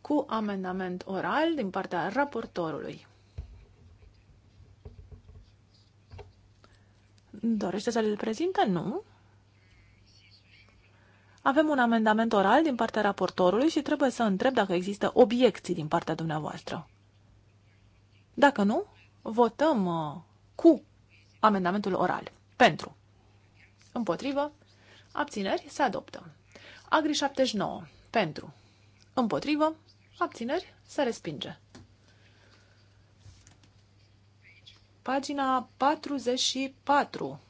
cu amendament oral din partea raportorului. Dorește să-l prezinte? Nu. Avem un amendament oral din partea raportorului și trebuie să întreb dacă există obiecții din partea dumneavoastră. Dacă nu, votăm uh, cu amendamentul oral. Pentru. Împotrivă. Abțineri. Se adoptă. Agri 79. Pentru. Împotrivă. Abțineri. Se respinge. Pagina 44.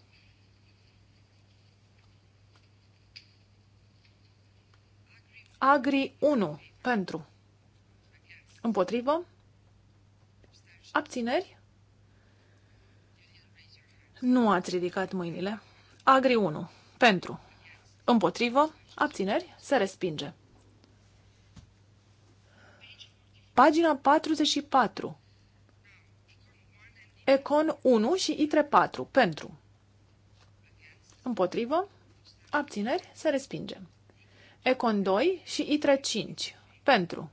Agri 1. Pentru. Împotrivă. Abțineri. Nu ați ridicat mâinile. Agri 1. Pentru. Împotrivă. Abțineri. Se respinge. Pagina 44. Econ 1 și ITRE 4. Pentru. Împotrivă. Abțineri. Se respinge. Econ 2 și ITRE 5. Pentru.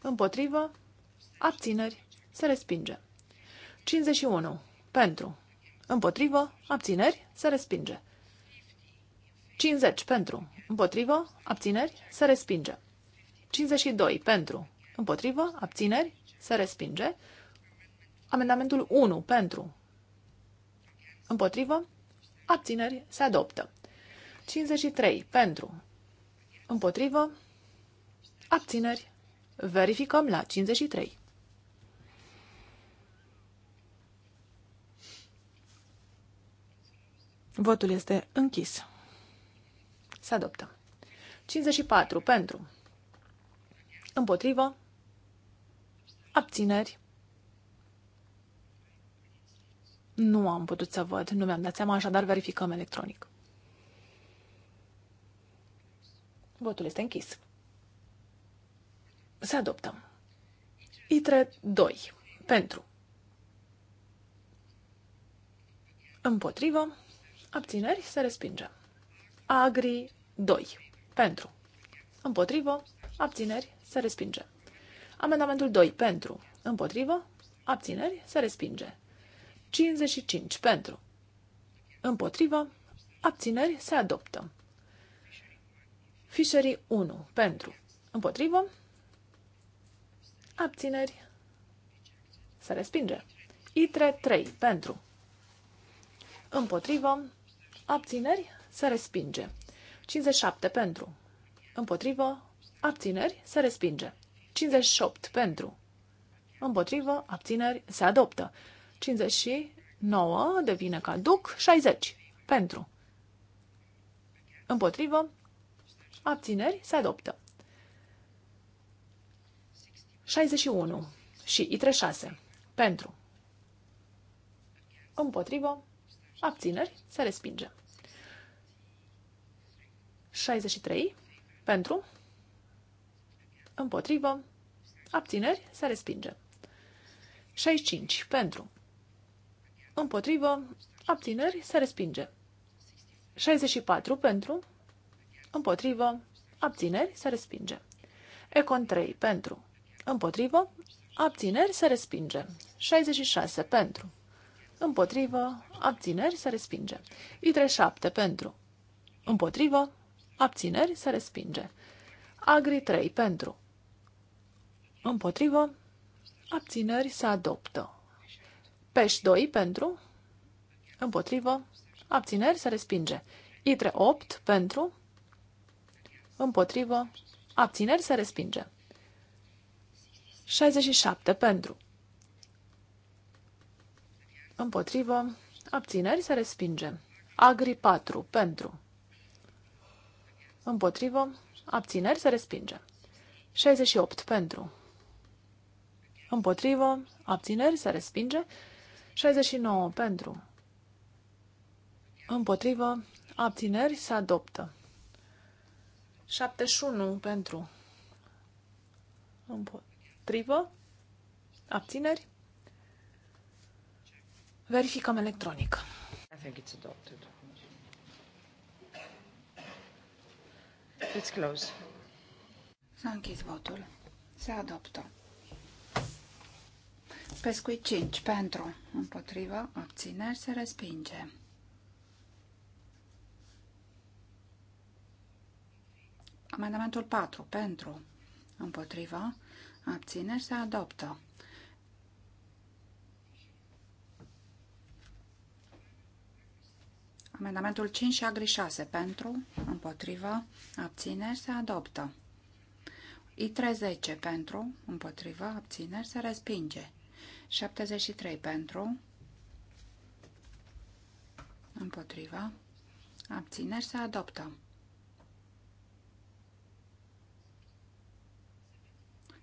Împotrivă. Abțineri. Se respinge. 51. Pentru. Împotrivă, abțineri, se respinge. 50 pentru. Împotrivă, abțineri, se respinge. 52 pentru. Împotrivă, abțineri, se respinge. Amendamentul 1 pentru. Împotrivă, abțineri, se adoptă. 53 pentru. Împotrivă, abțineri. Verificăm la 53. Votul este închis. Se adoptă. 54 pentru. Împotrivă. Abțineri. Nu am putut să văd, nu mi-am dat seama, așadar verificăm electronic. Votul este închis. Se adoptă. ITRE 2. Pentru. Împotrivă. Abțineri se respinge. Agri 2. Pentru. Împotrivă. Abțineri se respinge. Amendamentul 2. Pentru. Împotrivă. Abțineri se respinge. 55. Pentru. Împotrivă. Abțineri se adoptă. Fișerii 1. Pentru. Împotrivă. Abțineri se respinge. ITRE 3. Pentru. Împotrivă abțineri, se respinge. 57 pentru, împotrivă, abțineri, se respinge. 58 pentru, împotrivă, abțineri, se adoptă. 59 devine caduc, 60 pentru, împotrivă, abțineri, se adoptă. 61 și ITRE 6 pentru, împotrivă, abțineri, se respinge. 63 pentru, împotrivă, abțineri, se respinge. 65 pentru, împotrivă, abțineri, se respinge. 64 pentru, împotrivă, abțineri, se respinge. Econ 3 pentru, împotrivă, abțineri, se respinge. 66 pentru, împotrivă, abțineri, se respinge. ITRE 7 pentru, împotrivă, abțineri, se respinge. AGRI 3 pentru, împotrivă, abțineri, se adoptă. PEș 2 pentru, împotrivă, abțineri, se respinge. ITRE 8 pentru, împotrivă, abțineri, se respinge. 67 pentru, Împotrivă. Abțineri se respinge. Agri 4. Pentru. Împotrivă. Abțineri se respinge. 68. Pentru. Împotrivă. Abțineri se respinge. 69. Pentru. Împotrivă. Abțineri se adoptă. 71. Pentru. Împotrivă. Abțineri Verificăm electronic. I think it's adopted. It's close. S-a închis votul. Se adoptă. Pescui 5 pentru, împotrivă, obțineri, se respinge. Amendamentul 4 pentru, împotrivă, abțineri, se adoptă. Amendamentul 5 și agri 6 pentru, împotrivă, abțineri se adoptă. I30 pentru, împotrivă, abțineri se respinge. 73 pentru, împotrivă, abțineri se adoptă.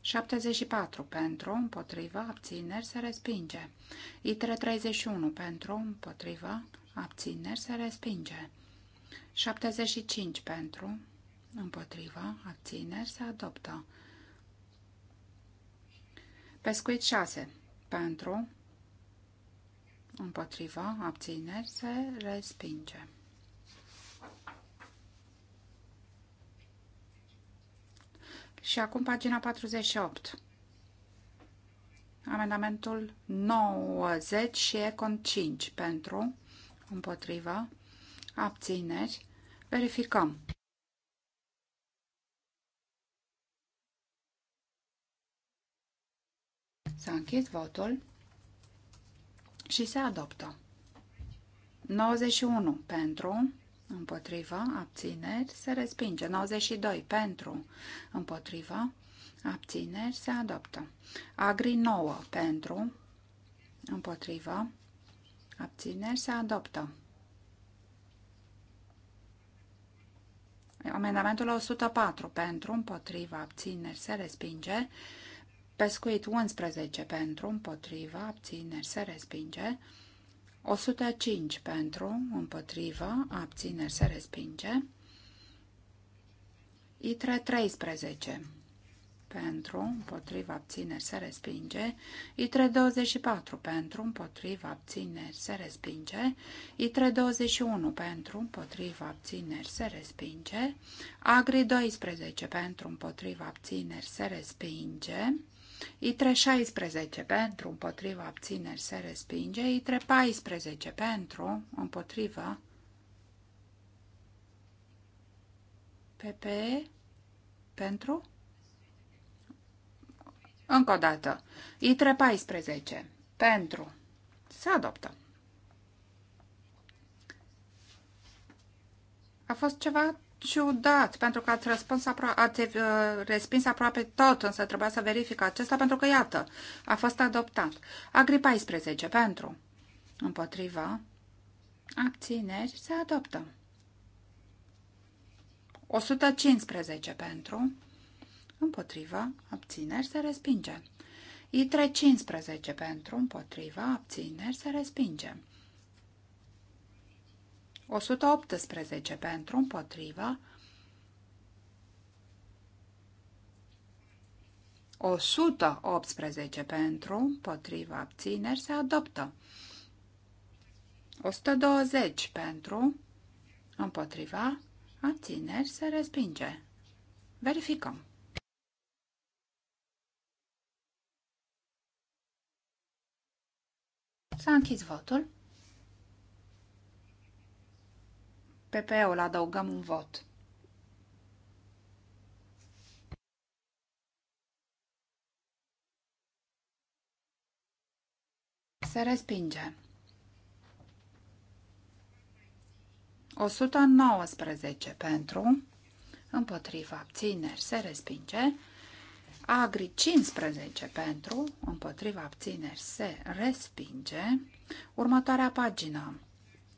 74 pentru, împotrivă, abțineri, se respinge. I331 pentru, împotriva, abțineri, se respinge. 75 pentru, împotriva, abțineri, se adoptă. Pescuit 6 pentru, împotriva, abțineri, se respinge. Și acum pagina 48. Amendamentul 90 și Econ 5 pentru, împotriva, abțineri, verificăm. S-a închis votul și se adoptă. 91 pentru, împotriva, abțineri, se respinge. 92 pentru, împotriva, abțineri, se adoptă. Agri 9 pentru, împotriva, abțineri, se adoptă. Amendamentul 104 pentru, împotriva, abțineri, se respinge. Pescuit 11 pentru, împotriva, abțineri, se respinge. 105 pentru, împotriva, abțineri, se respinge. ITRE 13 pentru, împotriva abțineri se respinge, I324 pentru, împotriva abțineri se respinge, I321 pentru, împotriva abțineri se respinge, Agri 12 pentru, împotriva abțineri se respinge, I316 pentru, împotriva abțineri se respinge, I314 pentru, împotriva PP pentru încă o dată. ITRE 14. Pentru. Se adoptă. A fost ceva ciudat, pentru că ați, răspuns apro- ați uh, respins aproape tot, însă trebuia să verific acesta, pentru că, iată, a fost adoptat. Agri 14. Pentru. Împotriva. Abțineri. Se adoptă. 115 pentru împotriva, abțineri, se respinge. I315 pentru, împotriva, abțineri, se respinge. 118 pentru, împotriva, 118 pentru, împotriva, abțineri, se adoptă. 120 pentru, împotriva, abțineri, se respinge. Verificăm. S-a închis votul. PP-ul adăugăm un vot. Se respinge. 119 pentru, împotriva abțineri se respinge, Agri 15 pentru, împotriva abțineri se respinge. Următoarea pagină.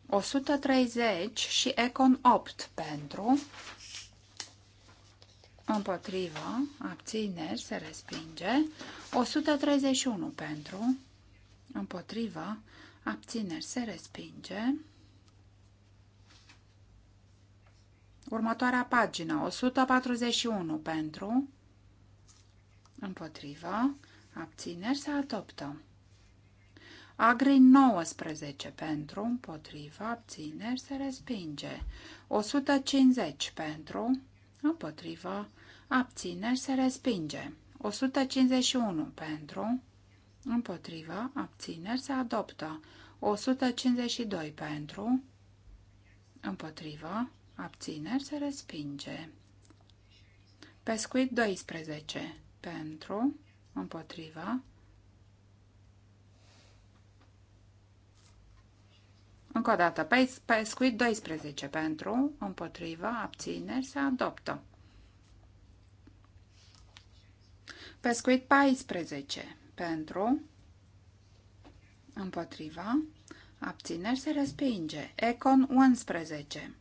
130 și Econ 8 pentru, împotriva, abțineri se respinge. 131 pentru, împotriva, abțineri se respinge. Următoarea pagină, 141 pentru, împotriva, abțineri se adoptă. Agri 19 pentru, împotriva, abțineri se respinge. 150 pentru, împotriva, abțineri se respinge. 151 pentru, împotriva, abțineri se adoptă. 152 pentru, împotriva, abțineri se respinge. Pescuit 12 pentru, împotriva. Încă o dată, pescuit 12 pentru, împotriva, abțineri, se adoptă. Pescuit 14 pentru, împotriva, abțineri, se respinge. Econ 11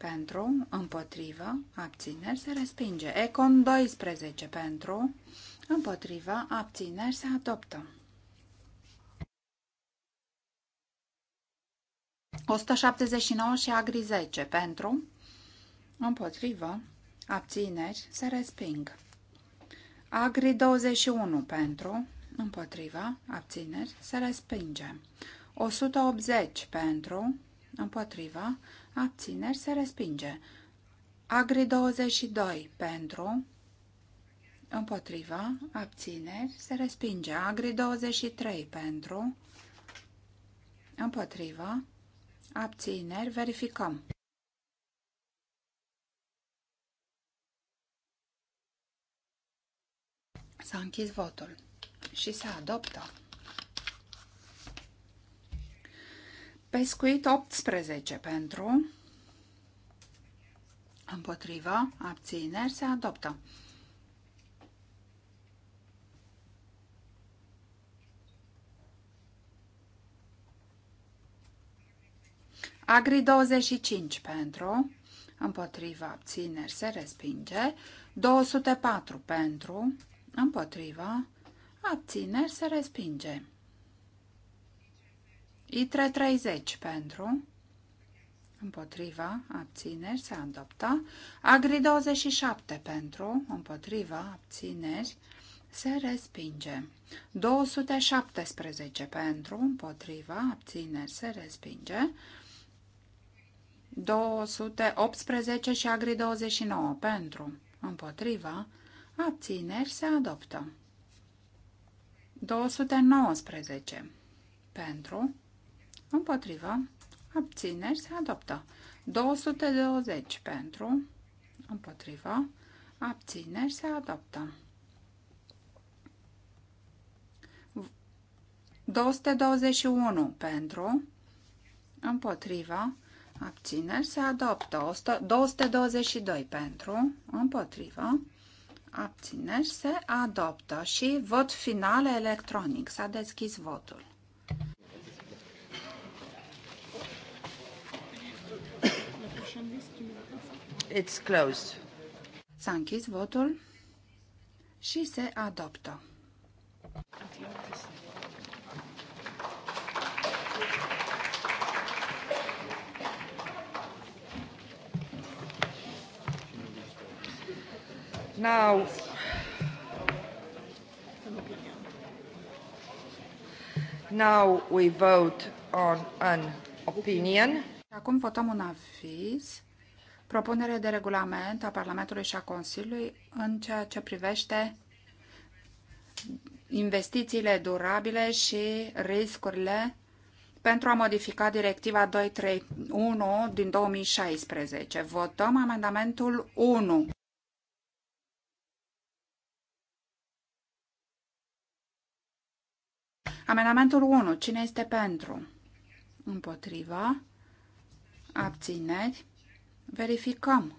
pentru, împotrivă, abțineri, se respinge. Econ 12 pentru, împotrivă, abțineri, se adoptă. 179 și agri 10 pentru, împotrivă, abțineri, se resping. Agri 21 pentru, împotrivă, abțineri, se respinge. 180 pentru, împotriva, abțineri, se respinge. Agri 22 pentru, împotriva, abțineri, se respinge. Agri 23 pentru, împotriva, abțineri, verificăm. S-a închis votul și se adoptă. Pescuit 18 pentru, împotriva, abțineri, se adoptă. Agri 25 pentru, împotriva, abțineri, se respinge. 204 pentru, împotriva, abțineri, se respinge. ITRE 30 pentru, împotriva, abțineri, se adoptă. AGRI 27 pentru, împotriva, abțineri, se respinge. 217 pentru, împotriva, abțineri, se respinge. 218 și Agri 29 pentru, împotriva, abțineri, se adoptă. 219 pentru, Împotriva, abțineri, se adoptă. 220 pentru, împotriva, abțineri, se adoptă. 221 pentru, împotriva, abțineri, se adoptă 222 pentru, împotriva, abțineri, se adoptă și vot final electronic. S-a deschis votul. It's closed. S-a închis votul și se adoptă. Now, now we vote on an opinion. Acum votăm un aviz propunere de regulament a Parlamentului și a Consiliului în ceea ce privește investițiile durabile și riscurile pentru a modifica directiva 231 din 2016. Votăm amendamentul 1. Amendamentul 1. Cine este pentru? Împotriva. Abțineri. Verificăm.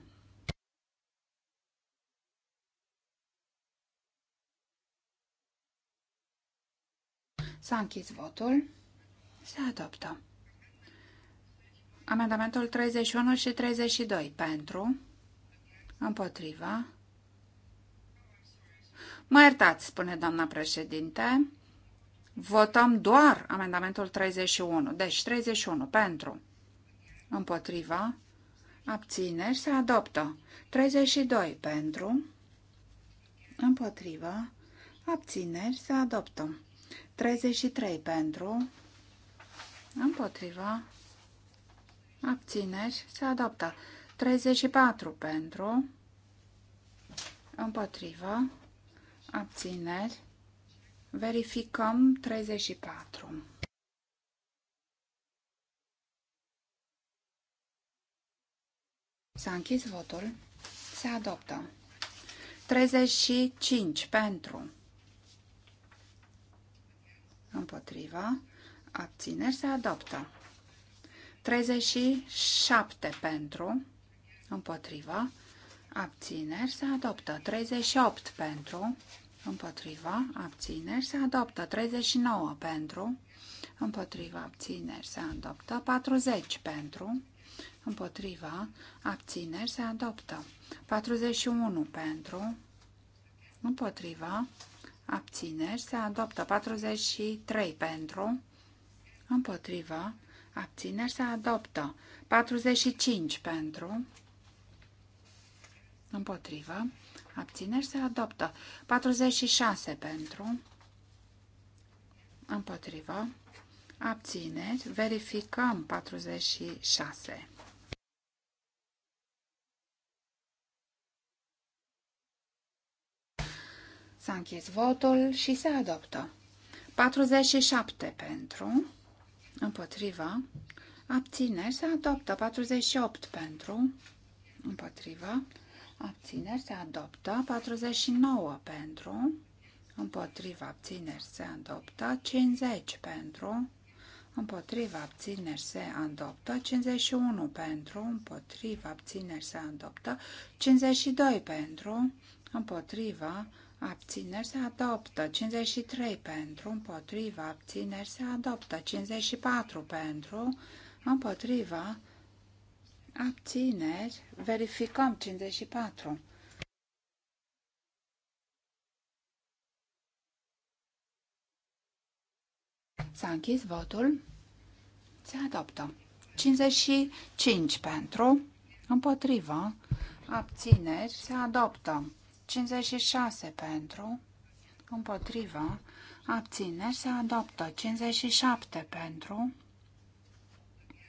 S-a închis votul. Se adoptă. Amendamentul 31 și 32 pentru, împotriva. Mă iertați, spune doamna președinte. Votăm doar amendamentul 31. Deci 31 pentru, împotriva, abțineri, se adoptă. 32 pentru, împotrivă, abțineri, se adoptă. 33 pentru, împotrivă, abțineri, se adoptă. 34 pentru, împotrivă, abțineri, verificăm 34. S-a închis votul. Se adoptă. 35 pentru. Împotriva. Abțineri se adoptă. 37 pentru. Împotriva. Abțineri se adoptă. 38 pentru. Împotriva. Abțineri se adoptă. 39 pentru. Împotriva. Abțineri se adoptă. 40 pentru împotriva, abțineri, se adoptă. 41 pentru, împotriva, abțineri, se adoptă. 43 pentru, împotriva, abțineri, se adoptă. 45 pentru, împotriva, abțineri, se adoptă. 46 pentru, împotriva, Abțineri, verificăm 46. S-a închis votul și se adoptă. 47 pentru, împotriva, abțineri se adoptă. 48 pentru, împotriva, abțineri se adoptă. 49 pentru, împotriva, abțineri se adoptă. 50 pentru, împotriva abțineri se adoptă, 51 pentru, împotriva abțineri se adoptă, 52 pentru, împotriva Abțineri se adoptă. 53 pentru, împotriva. Abțineri se adoptă. 54 pentru, împotriva. Abțineri. Verificăm 54. S-a închis votul. Se adoptă. 55 pentru, împotriva. Abțineri se adoptă. 56 pentru, împotrivă, abțineri se adoptă. 57 pentru,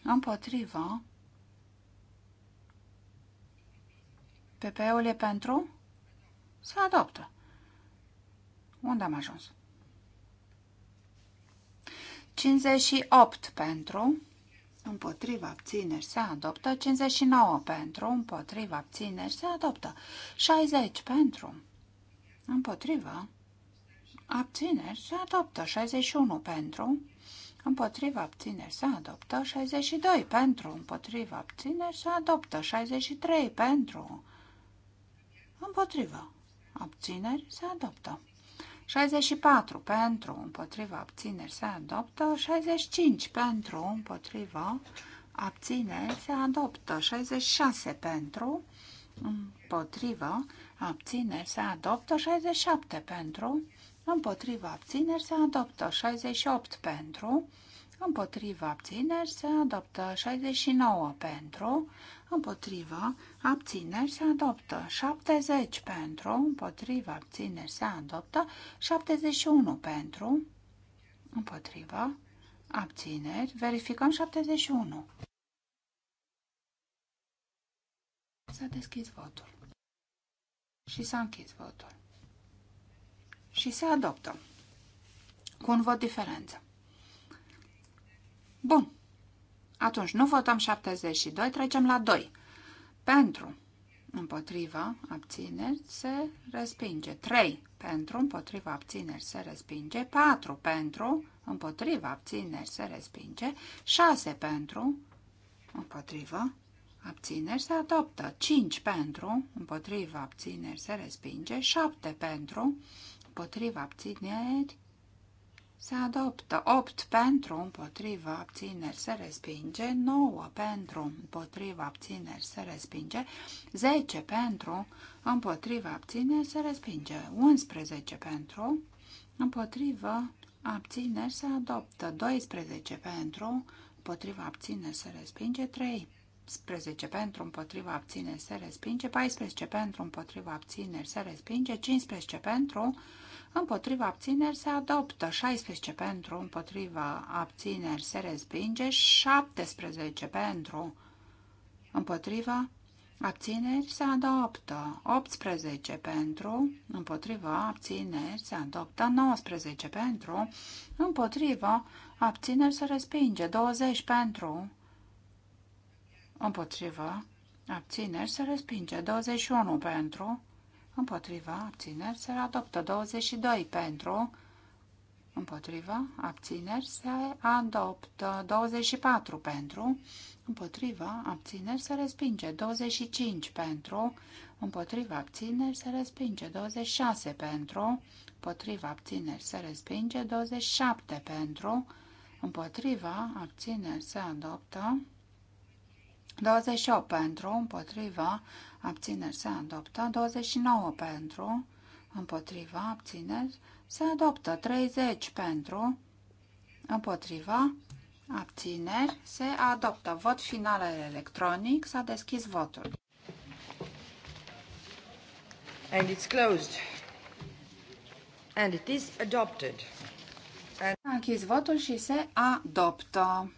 împotrivă, PP-ul e pentru, se adoptă. Unde am ajuns? 58 pentru, împotriva abțineri se adoptă, 59 pentru, împotriva abțineri se adoptă, 60 pentru, împotriva abțineri se adoptă, 61 pentru, împotriva abțineri se adoptă, 62 pentru, împotriva abțineri se adoptă, 63 pentru, împotriva abțineri se adoptă. 64 pentru, împotriva, abțineri se adoptă. 65 pentru, împotriva, abțineri se adoptă. 66 pentru, împotriva, abțineri se adoptă. 67 pentru, împotriva, abțineri se adoptă. 68 pentru, împotriva, abțineri se adoptă. 69 pentru, împotriva, abțineri se adoptă. 70 pentru, împotriva, abțineri se adoptă. 71 pentru, împotriva, abțineri. Verificăm 71. S-a deschis votul. Și s-a închis votul. Și se adoptă. Cu un vot diferență. Bun. Atunci nu votăm 72, trecem la 2. Pentru, împotriva, abțineri, se respinge. 3. Pentru, împotriva, abțineri, se respinge. 4. Pentru, împotriva, abțineri, se respinge. 6. Pentru, împotriva, abțineri, se adoptă. 5. Pentru, împotriva, abțineri, se respinge. 7. Pentru, împotriva, abțineri, se adoptă 8 pentru, împotriva, abțineri, se respinge, 9 pentru, împotriva, abțineri, se respinge, 10 pentru, împotriva, abțineri, se respinge, 11 pentru, împotriva, abțineri, se adoptă, 12 pentru, împotriva, abțineri, se respinge, 3 13 pentru împotriva abțineri se respinge, 14 pentru împotriva abțineri se respinge, 15 pentru împotriva abțineri se adoptă, 16 pentru, împotriva abțineri se respinge, 17 pentru, împotriva abțineri se adoptă, 18 pentru, împotriva abțineri se adoptă, 19 pentru, împotriva abțineri se respinge, 20 pentru, împotriva abțineri se respinge, 21 pentru, împotriva, abțineri, se adoptă. 22 pentru, împotriva, abțineri, se adoptă. 24 pentru, împotriva, abțineri, se respinge. 25 pentru, împotriva, abțineri, se respinge. 26 pentru, împotriva, abțineri, se respinge. 27 pentru, împotriva, abțineri, se adoptă. 28 pentru, împotriva, abțineri se adoptă. 29 pentru, împotriva, abțineri se adoptă. 30 pentru, împotriva, abțineri se adoptă. Vot final electronic, s-a deschis votul. And it's closed. And it is adopted. And... A închis votul și se adoptă.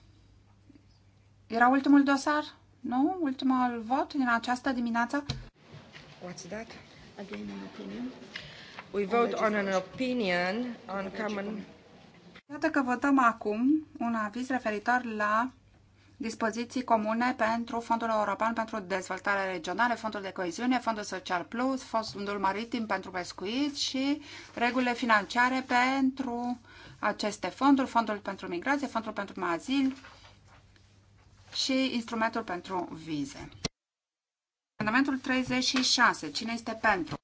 Era ultimul dosar? Nu? Ultimul vot din această dimineață? What's that? Again an opinion. We vote on an opinion on common... Iată că votăm acum un aviz referitor la dispoziții comune pentru Fondul European pentru Dezvoltare Regională, Fondul de Coeziune, Fondul Social Plus, Fondul Maritim pentru Pescuit și regulile financiare pentru aceste fonduri, Fondul pentru Migrație, Fondul pentru Mazil, și instrumentul pentru vize. Amendamentul 36. Cine este pentru?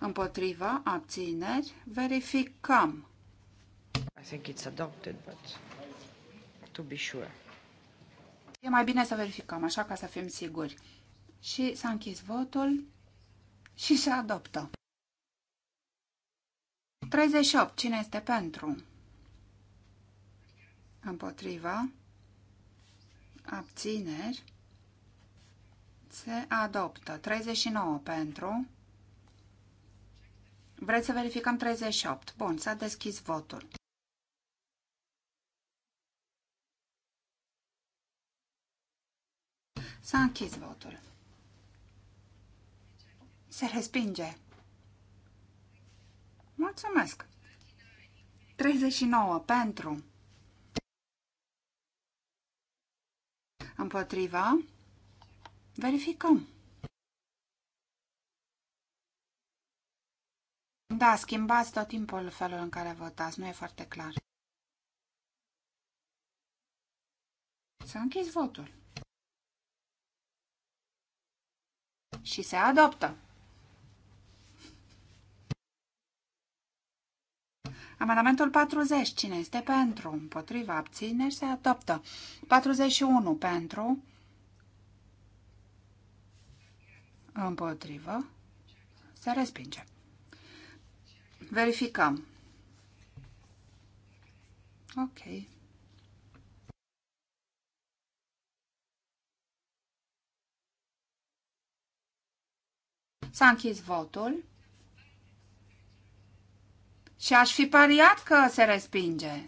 Împotrivă, abțineri, verificăm. I think it's adopted, but to be sure. E mai bine să verificăm, așa ca să fim siguri. Și s-a închis votul și se adoptă. 38. Cine este pentru? Împotriva abțineri, se adoptă. 39 pentru. Vreți să verificăm 38. Bun, s-a deschis votul. S-a închis votul. Se respinge. Mulțumesc. 39 pentru. Împotriva. Verificăm. Da, schimbați tot timpul felul în care votați, nu e foarte clar. S-a închis votul. Și se adoptă. Amendamentul 40. Cine este pentru? Împotriva abțineri se adoptă. 41 pentru. Împotrivă. Se respinge. Verificăm. Ok. S-a închis votul. Și aș fi pariat că se respinge.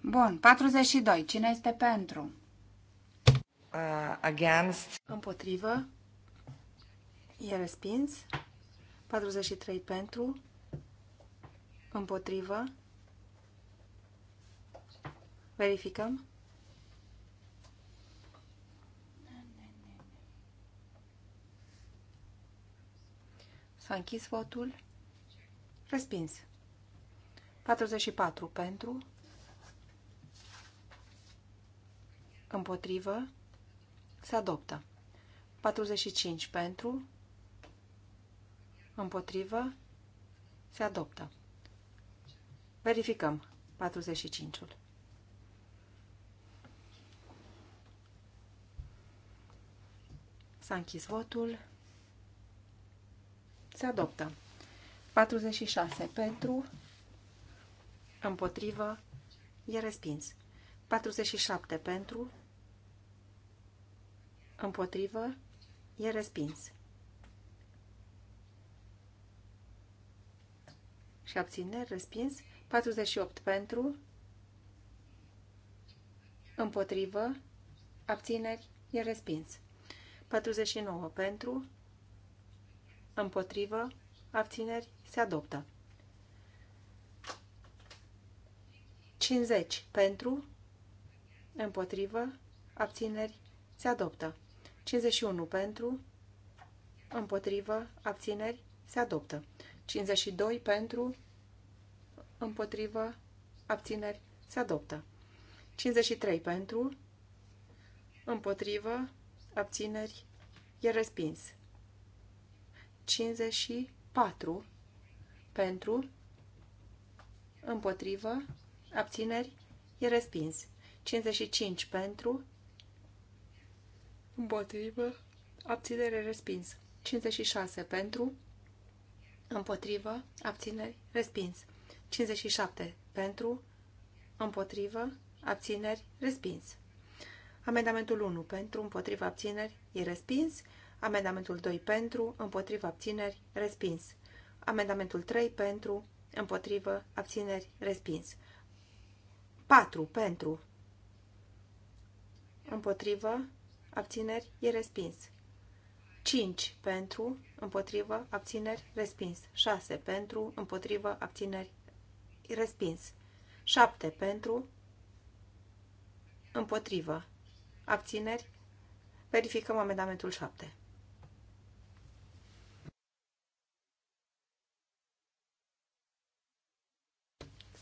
Bun, 42. Cine este pentru? Uh, against. Împotrivă. E respins. 43 pentru. Împotrivă. Verificăm. S-a închis votul. Respins. 44 pentru. Împotrivă. Se adoptă. 45 pentru. Împotrivă. Se adoptă. Verificăm 45-ul. S-a închis votul. Se adoptă. 46 pentru, împotrivă, e respins. 47 pentru, împotrivă, e respins. Și abțineri, respins. 48 pentru, împotrivă, abțineri, e respins. 49 pentru, împotrivă, abțineri, se adoptă. 50 pentru, împotrivă, abțineri, se adoptă. 51 pentru, împotrivă, abțineri, se adoptă. 52 pentru, împotrivă, abțineri, se adoptă. 53 pentru, împotrivă, abțineri, e respins. 50 4 pentru, împotrivă, abțineri, e respins. 55 pentru, împotrivă, abținere, respins. 56 pentru, împotrivă, abțineri, respins. 57 pentru, împotrivă, abțineri, respins. Amendamentul 1 pentru, împotrivă, abțineri, e respins. Amendamentul 2 pentru, împotrivă, abțineri, respins. Amendamentul 3 pentru, împotrivă, abțineri, respins. 4 pentru, împotrivă, abțineri, e respins. 5 pentru, împotrivă, abțineri, respins. 6 pentru, împotrivă, abțineri, respins. 7 pentru, împotrivă, abțineri, verificăm amendamentul 7.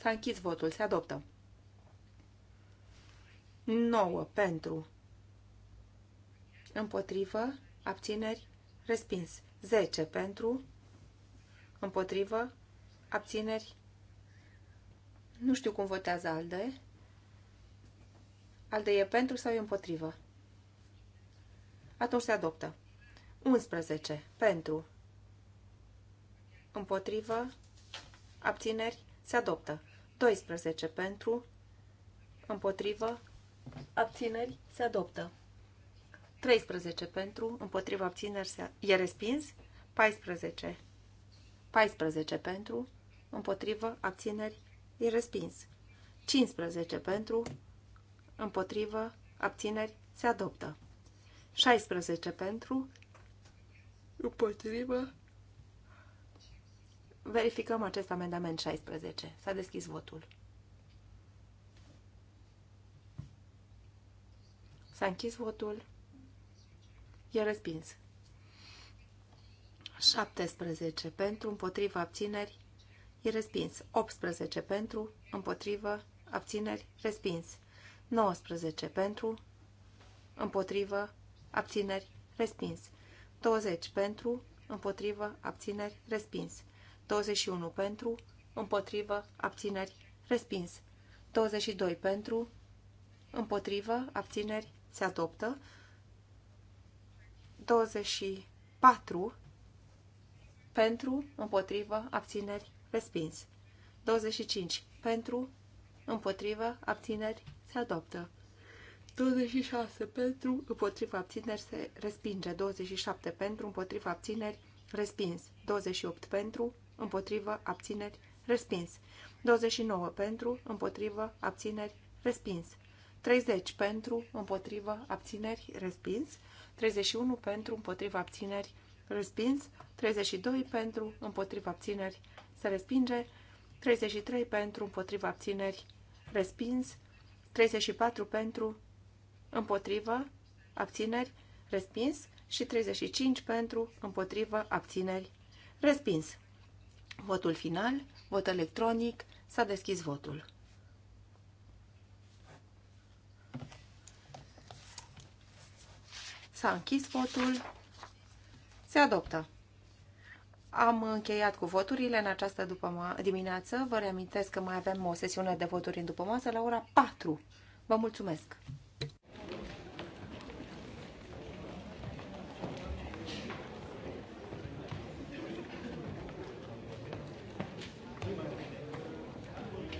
S-a închis votul. Se adoptă. 9 pentru. Împotrivă. Abțineri. Respins. 10 pentru. Împotrivă. Abțineri. Nu știu cum votează ALDE. ALDE e pentru sau e împotrivă? Atunci se adoptă. 11. Pentru. Împotrivă. Abțineri. Se adoptă. 12 pentru, împotrivă, abțineri, se adoptă. 13 pentru, împotrivă, abțineri, se e respins. 14. 14 pentru, împotrivă, abțineri, e respins. 15 pentru, împotrivă, abțineri, se adoptă. 16 pentru, împotrivă, Verificăm acest amendament 16. S-a deschis votul. S-a închis votul. E respins. 17 pentru, împotriva abțineri, e respins. 18 pentru, împotriva abțineri, respins. 19 pentru, împotrivă, abțineri, respins. 20 pentru, împotrivă, abțineri, respins. 21 pentru, împotrivă, abțineri, respins. 22 pentru, împotrivă, abțineri, se adoptă. 24 pentru, împotrivă, abțineri, respins. 25 pentru, împotrivă, abțineri, se adoptă. 26 pentru, împotriva abțineri se respinge. 27 pentru, împotriva abțineri, respins. 28 pentru, împotrivă, abțineri, respins. 29 pentru, împotrivă, abțineri, respins. 30 pentru, împotrivă, abțineri, respins. 31 pentru, împotrivă, abțineri, respins. 32 pentru, împotrivă, abțineri, se respinge. 33 pentru, împotrivă, abțineri, respins. 34 pentru, împotrivă, abțineri, respins și 35 pentru, împotrivă, abțineri, respins. Votul final, vot electronic, s-a deschis votul. S-a închis votul. Se adoptă. Am încheiat cu voturile în această după dimineață. Vă reamintesc că mai avem o sesiune de voturi în după masă la ora 4. Vă mulțumesc!